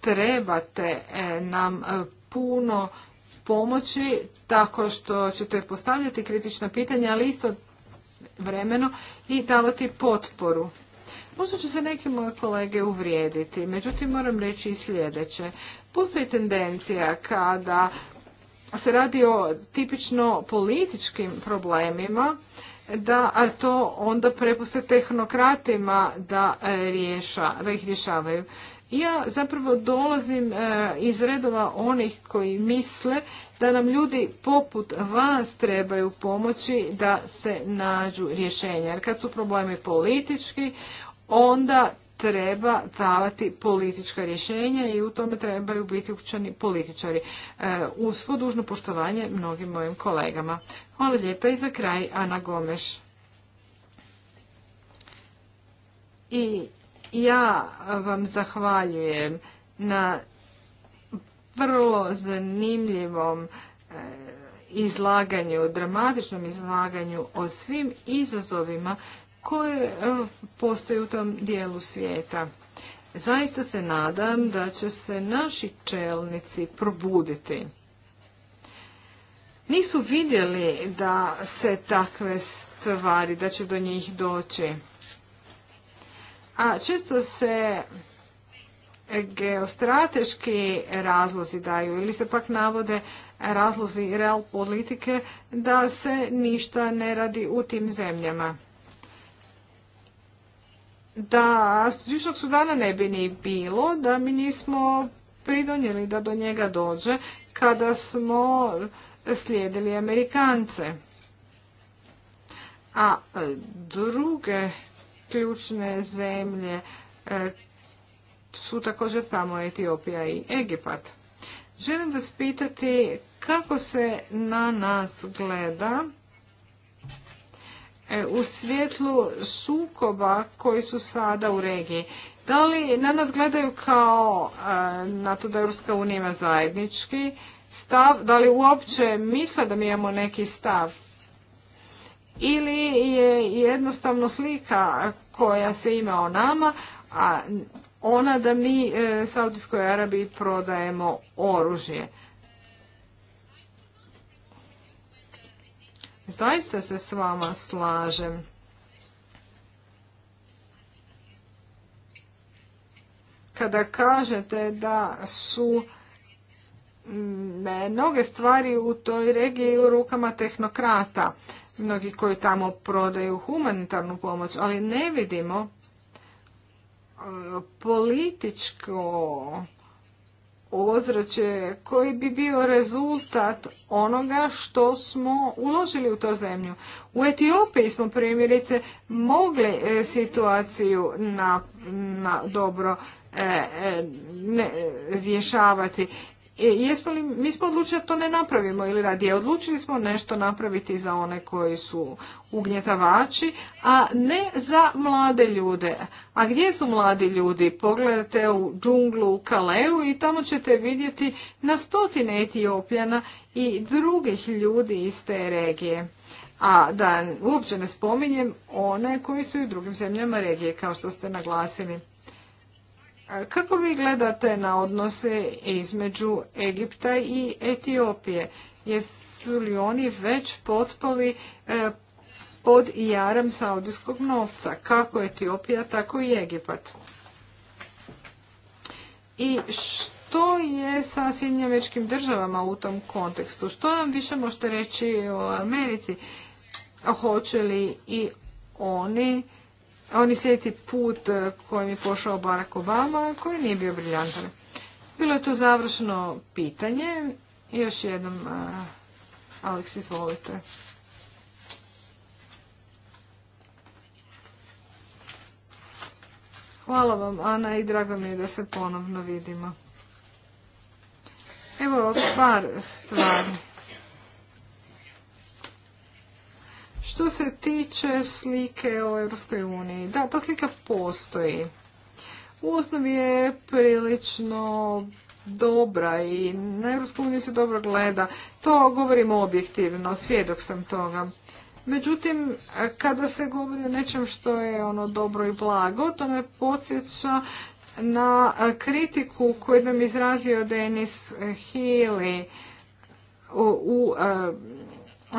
S3: trebate e, nam e, puno pomoći tako što ćete postavljati kritična pitanja, ali isto vremeno i davati potporu. Možda će se neke moje kolege uvrijediti, međutim moram reći i sljedeće. Postoji tendencija kada se radi o tipično političkim problemima, da to onda prepuste tehnokratima da, e, da ih rješavaju. Ja zapravo dolazim e, iz redova onih koji misle da nam ljudi poput vas trebaju pomoći da se nađu rješenja. Jer kad su problemi politički, onda treba davati politička rješenja i u tome trebaju biti uključeni političari. E, uz svo dužno poštovanje mnogim mojim kolegama. Hvala lijepa i za kraj Ana Gomeš. I ja vam zahvaljujem na vrlo zanimljivom e, izlaganju, dramatičnom izlaganju o svim izazovima koje e, postoje u tom dijelu svijeta. Zaista se nadam da će se naši čelnici probuditi. Nisu vidjeli da se takve stvari, da će do njih doći. A često se geostrateški razlozi daju ili se pak navode razlozi real politike da se ništa ne radi u tim zemljama da Žišnog sudana ne bi ni bilo, da mi nismo pridonijeli da do njega dođe kada smo slijedili Amerikance. A e, druge ključne zemlje e, su također tamo Etiopija i Egipat. Želim vas pitati kako se na nas gleda E, u svjetlu sukoba koji su sada u regiji. Da li na nas gledaju kao e, na to da Europska unija ima zajednički stav, da li uopće misle da mi imamo neki stav? Ili je jednostavno slika koja se ima o nama, a ona da mi e, Saudijskoj Arabiji prodajemo oružje. Zaista se s vama slažem. Kada kažete da su mm, mnoge stvari u toj regiji u rukama tehnokrata, mnogi koji tamo prodaju humanitarnu pomoć, ali ne vidimo e, političko ozračje koji bi bio rezultat onoga što smo uložili u to zemlju. U Etiopiji smo primjerice mogli e, situaciju na, dobro e, e, ne, rješavati. E, jesmo li, mi smo odlučili da to ne napravimo ili radije odlučili smo nešto napraviti za one koji su ugnjetavači, a ne za mlade ljude. A gdje su mladi ljudi? Pogledajte u džunglu u Kaleu i tamo ćete vidjeti na stotine Etiopljana i drugih ljudi iz te regije. A da uopće ne spominjem one koji su i u drugim zemljama regije, kao što ste naglasili. Kako vi gledate na odnose između Egipta i Etiopije? Jesu li oni već potpali e, pod jarem saudijskog novca, kako Etiopija, tako i Egipat? I što je sa Sjedinjavečkim državama u tom kontekstu? Što nam više možete reći o Americi? Hoće li i oni oni slijeti put e, kojim je pošao Barack Obama, koji nije bio briljantan. Bilo je to završno pitanje. Još jednom, e, Aleks, izvolite. Hvala vam, Ana, i drago mi je da se ponovno vidimo. Evo par stvari. Što se tiče slike o Europskoj uniji, da, ta slika postoji. U osnovi je prilično dobra i na EU se dobro gleda. To govorim objektivno, svjedok sam toga. Međutim, kada se govori o nečem što je ono dobro i blago, to me podsjeća na kritiku koju nam izrazio Denis Healy u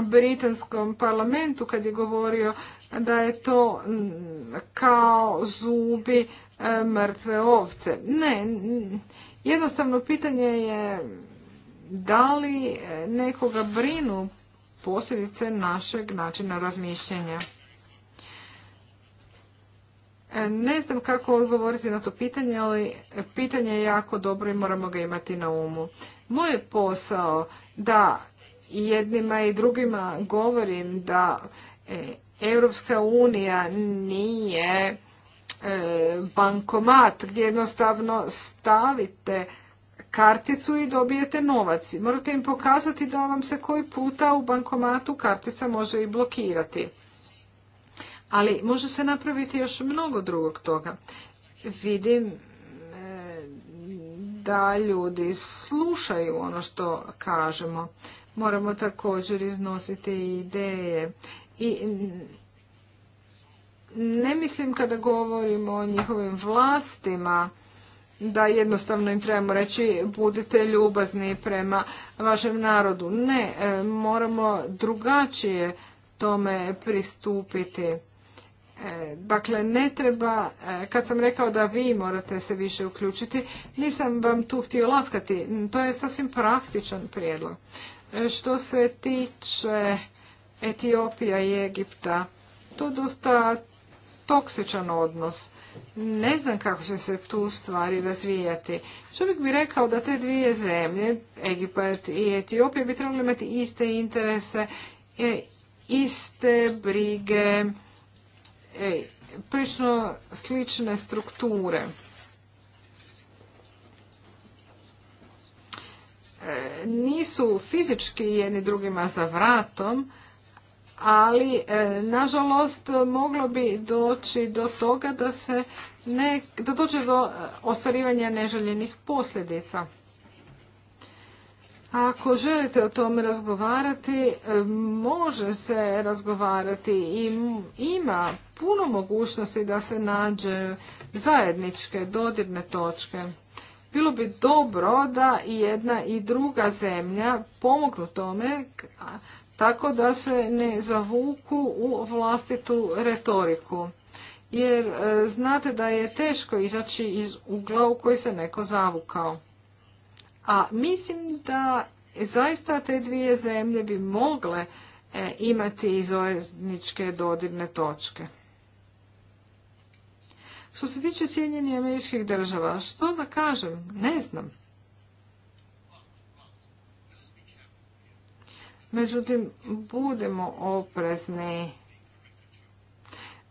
S3: britanskom parlamentu kad je govorio da je to kao zubi e, mrtve ovce. Ne, jednostavno pitanje je da li nekoga brinu posljedice našeg načina razmišljanja. E, ne znam kako odgovoriti na to pitanje, ali pitanje je jako dobro i moramo ga imati na umu. Moj je posao da jednima i drugima govorim da e, Europska unija nije e, bankomat gdje jednostavno stavite karticu i dobijete novac. Morate im pokazati da vam se koji puta u bankomatu kartica može i blokirati. Ali može se napraviti još mnogo drugog toga. Vidim e, da ljudi slušaju ono što kažemo moramo također iznositi ideje. I ne mislim kada govorimo o njihovim vlastima da jednostavno im trebamo reći budite ljubazni prema vašem narodu. Ne, e, moramo drugačije tome pristupiti. E, dakle, ne treba, e, kad sam rekao da vi morate se više uključiti, nisam vam tu htio laskati. To je sasvim praktičan prijedlog. E, što se tiče Etiopija i Egipta, to je dosta toksičan odnos. Ne znam kako će se tu stvari razvijati. Čovjek bi rekao da te dvije zemlje, Egipat i Etiopija, bi trebali imati iste interese, e, iste brige, e, prilično slične strukture. nisu fizički jedni drugima za vratom, ali e, nažalost moglo bi doći do toga da se ne, da dođe do e, ostvarivanja neželjenih posljedica. Ako želite o tome razgovarati, e, može se razgovarati i ima puno mogućnosti da se nađe zajedničke dodirne točke bilo bi dobro da i jedna i druga zemlja pomognu tome tako da se ne zavuku u vlastitu retoriku. Jer e, znate da je teško izaći iz ugla u koji se neko zavukao. A mislim da zaista te dvije zemlje bi mogle e, imati zajedničke dodirne točke. Što se tiče Sjedinjenih američkih država, što da kažem? Ne znam. Međutim, budemo oprezni.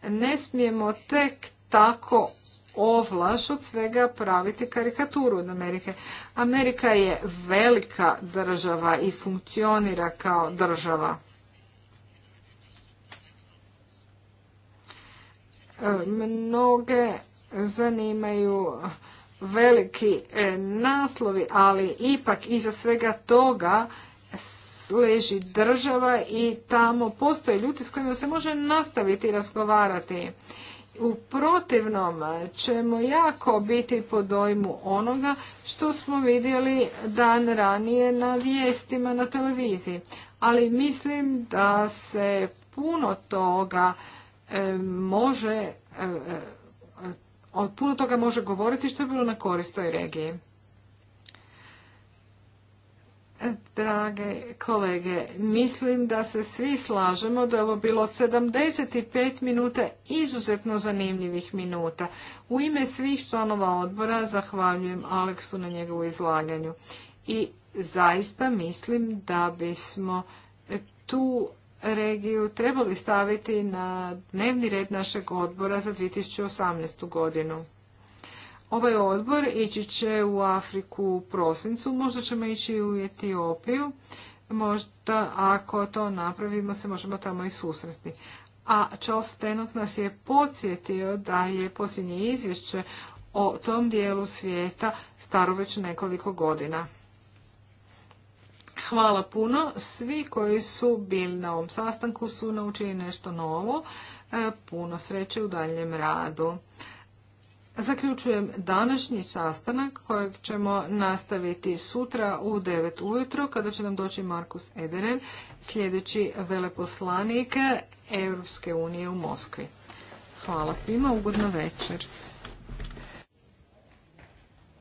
S3: Ne smijemo tek tako ovlaš od svega praviti karikaturu od Amerike. Amerika je velika država i funkcionira kao država. mnoge zanimaju veliki e, naslovi, ali ipak iza svega toga leži država i tamo postoje ljudi s kojima se može nastaviti razgovarati. U protivnom ćemo jako biti po dojmu onoga što smo vidjeli dan ranije na vijestima na televiziji. Ali mislim da se puno toga E, može e, e, od puno toga može govoriti što je bilo na korist toj regiji. Drage kolege, mislim da se svi slažemo da je ovo bilo 75 minuta izuzetno zanimljivih minuta. U ime svih članova odbora zahvaljujem Aleksu na njegovu izlaganju. I zaista mislim da bismo tu regiju trebali staviti na dnevni red našeg odbora za 2018. godinu. Ovaj odbor ići će u Afriku u prosincu, možda ćemo ići u Etiopiju, možda ako to napravimo se možemo tamo i susretni. A Charles Tenot nas je podsjetio da je posljednje izvješće o tom dijelu svijeta staro već nekoliko godina. Hvala puno. Svi koji su bili na ovom sastanku su naučili nešto novo. E, puno sreće u daljem radu. Zaključujem današnji sastanak kojeg ćemo nastaviti sutra u 9 ujutro kada će nam doći Markus Ederen, sljedeći veleposlanik Europske unije u Moskvi. Hvala svima, ugodno večer.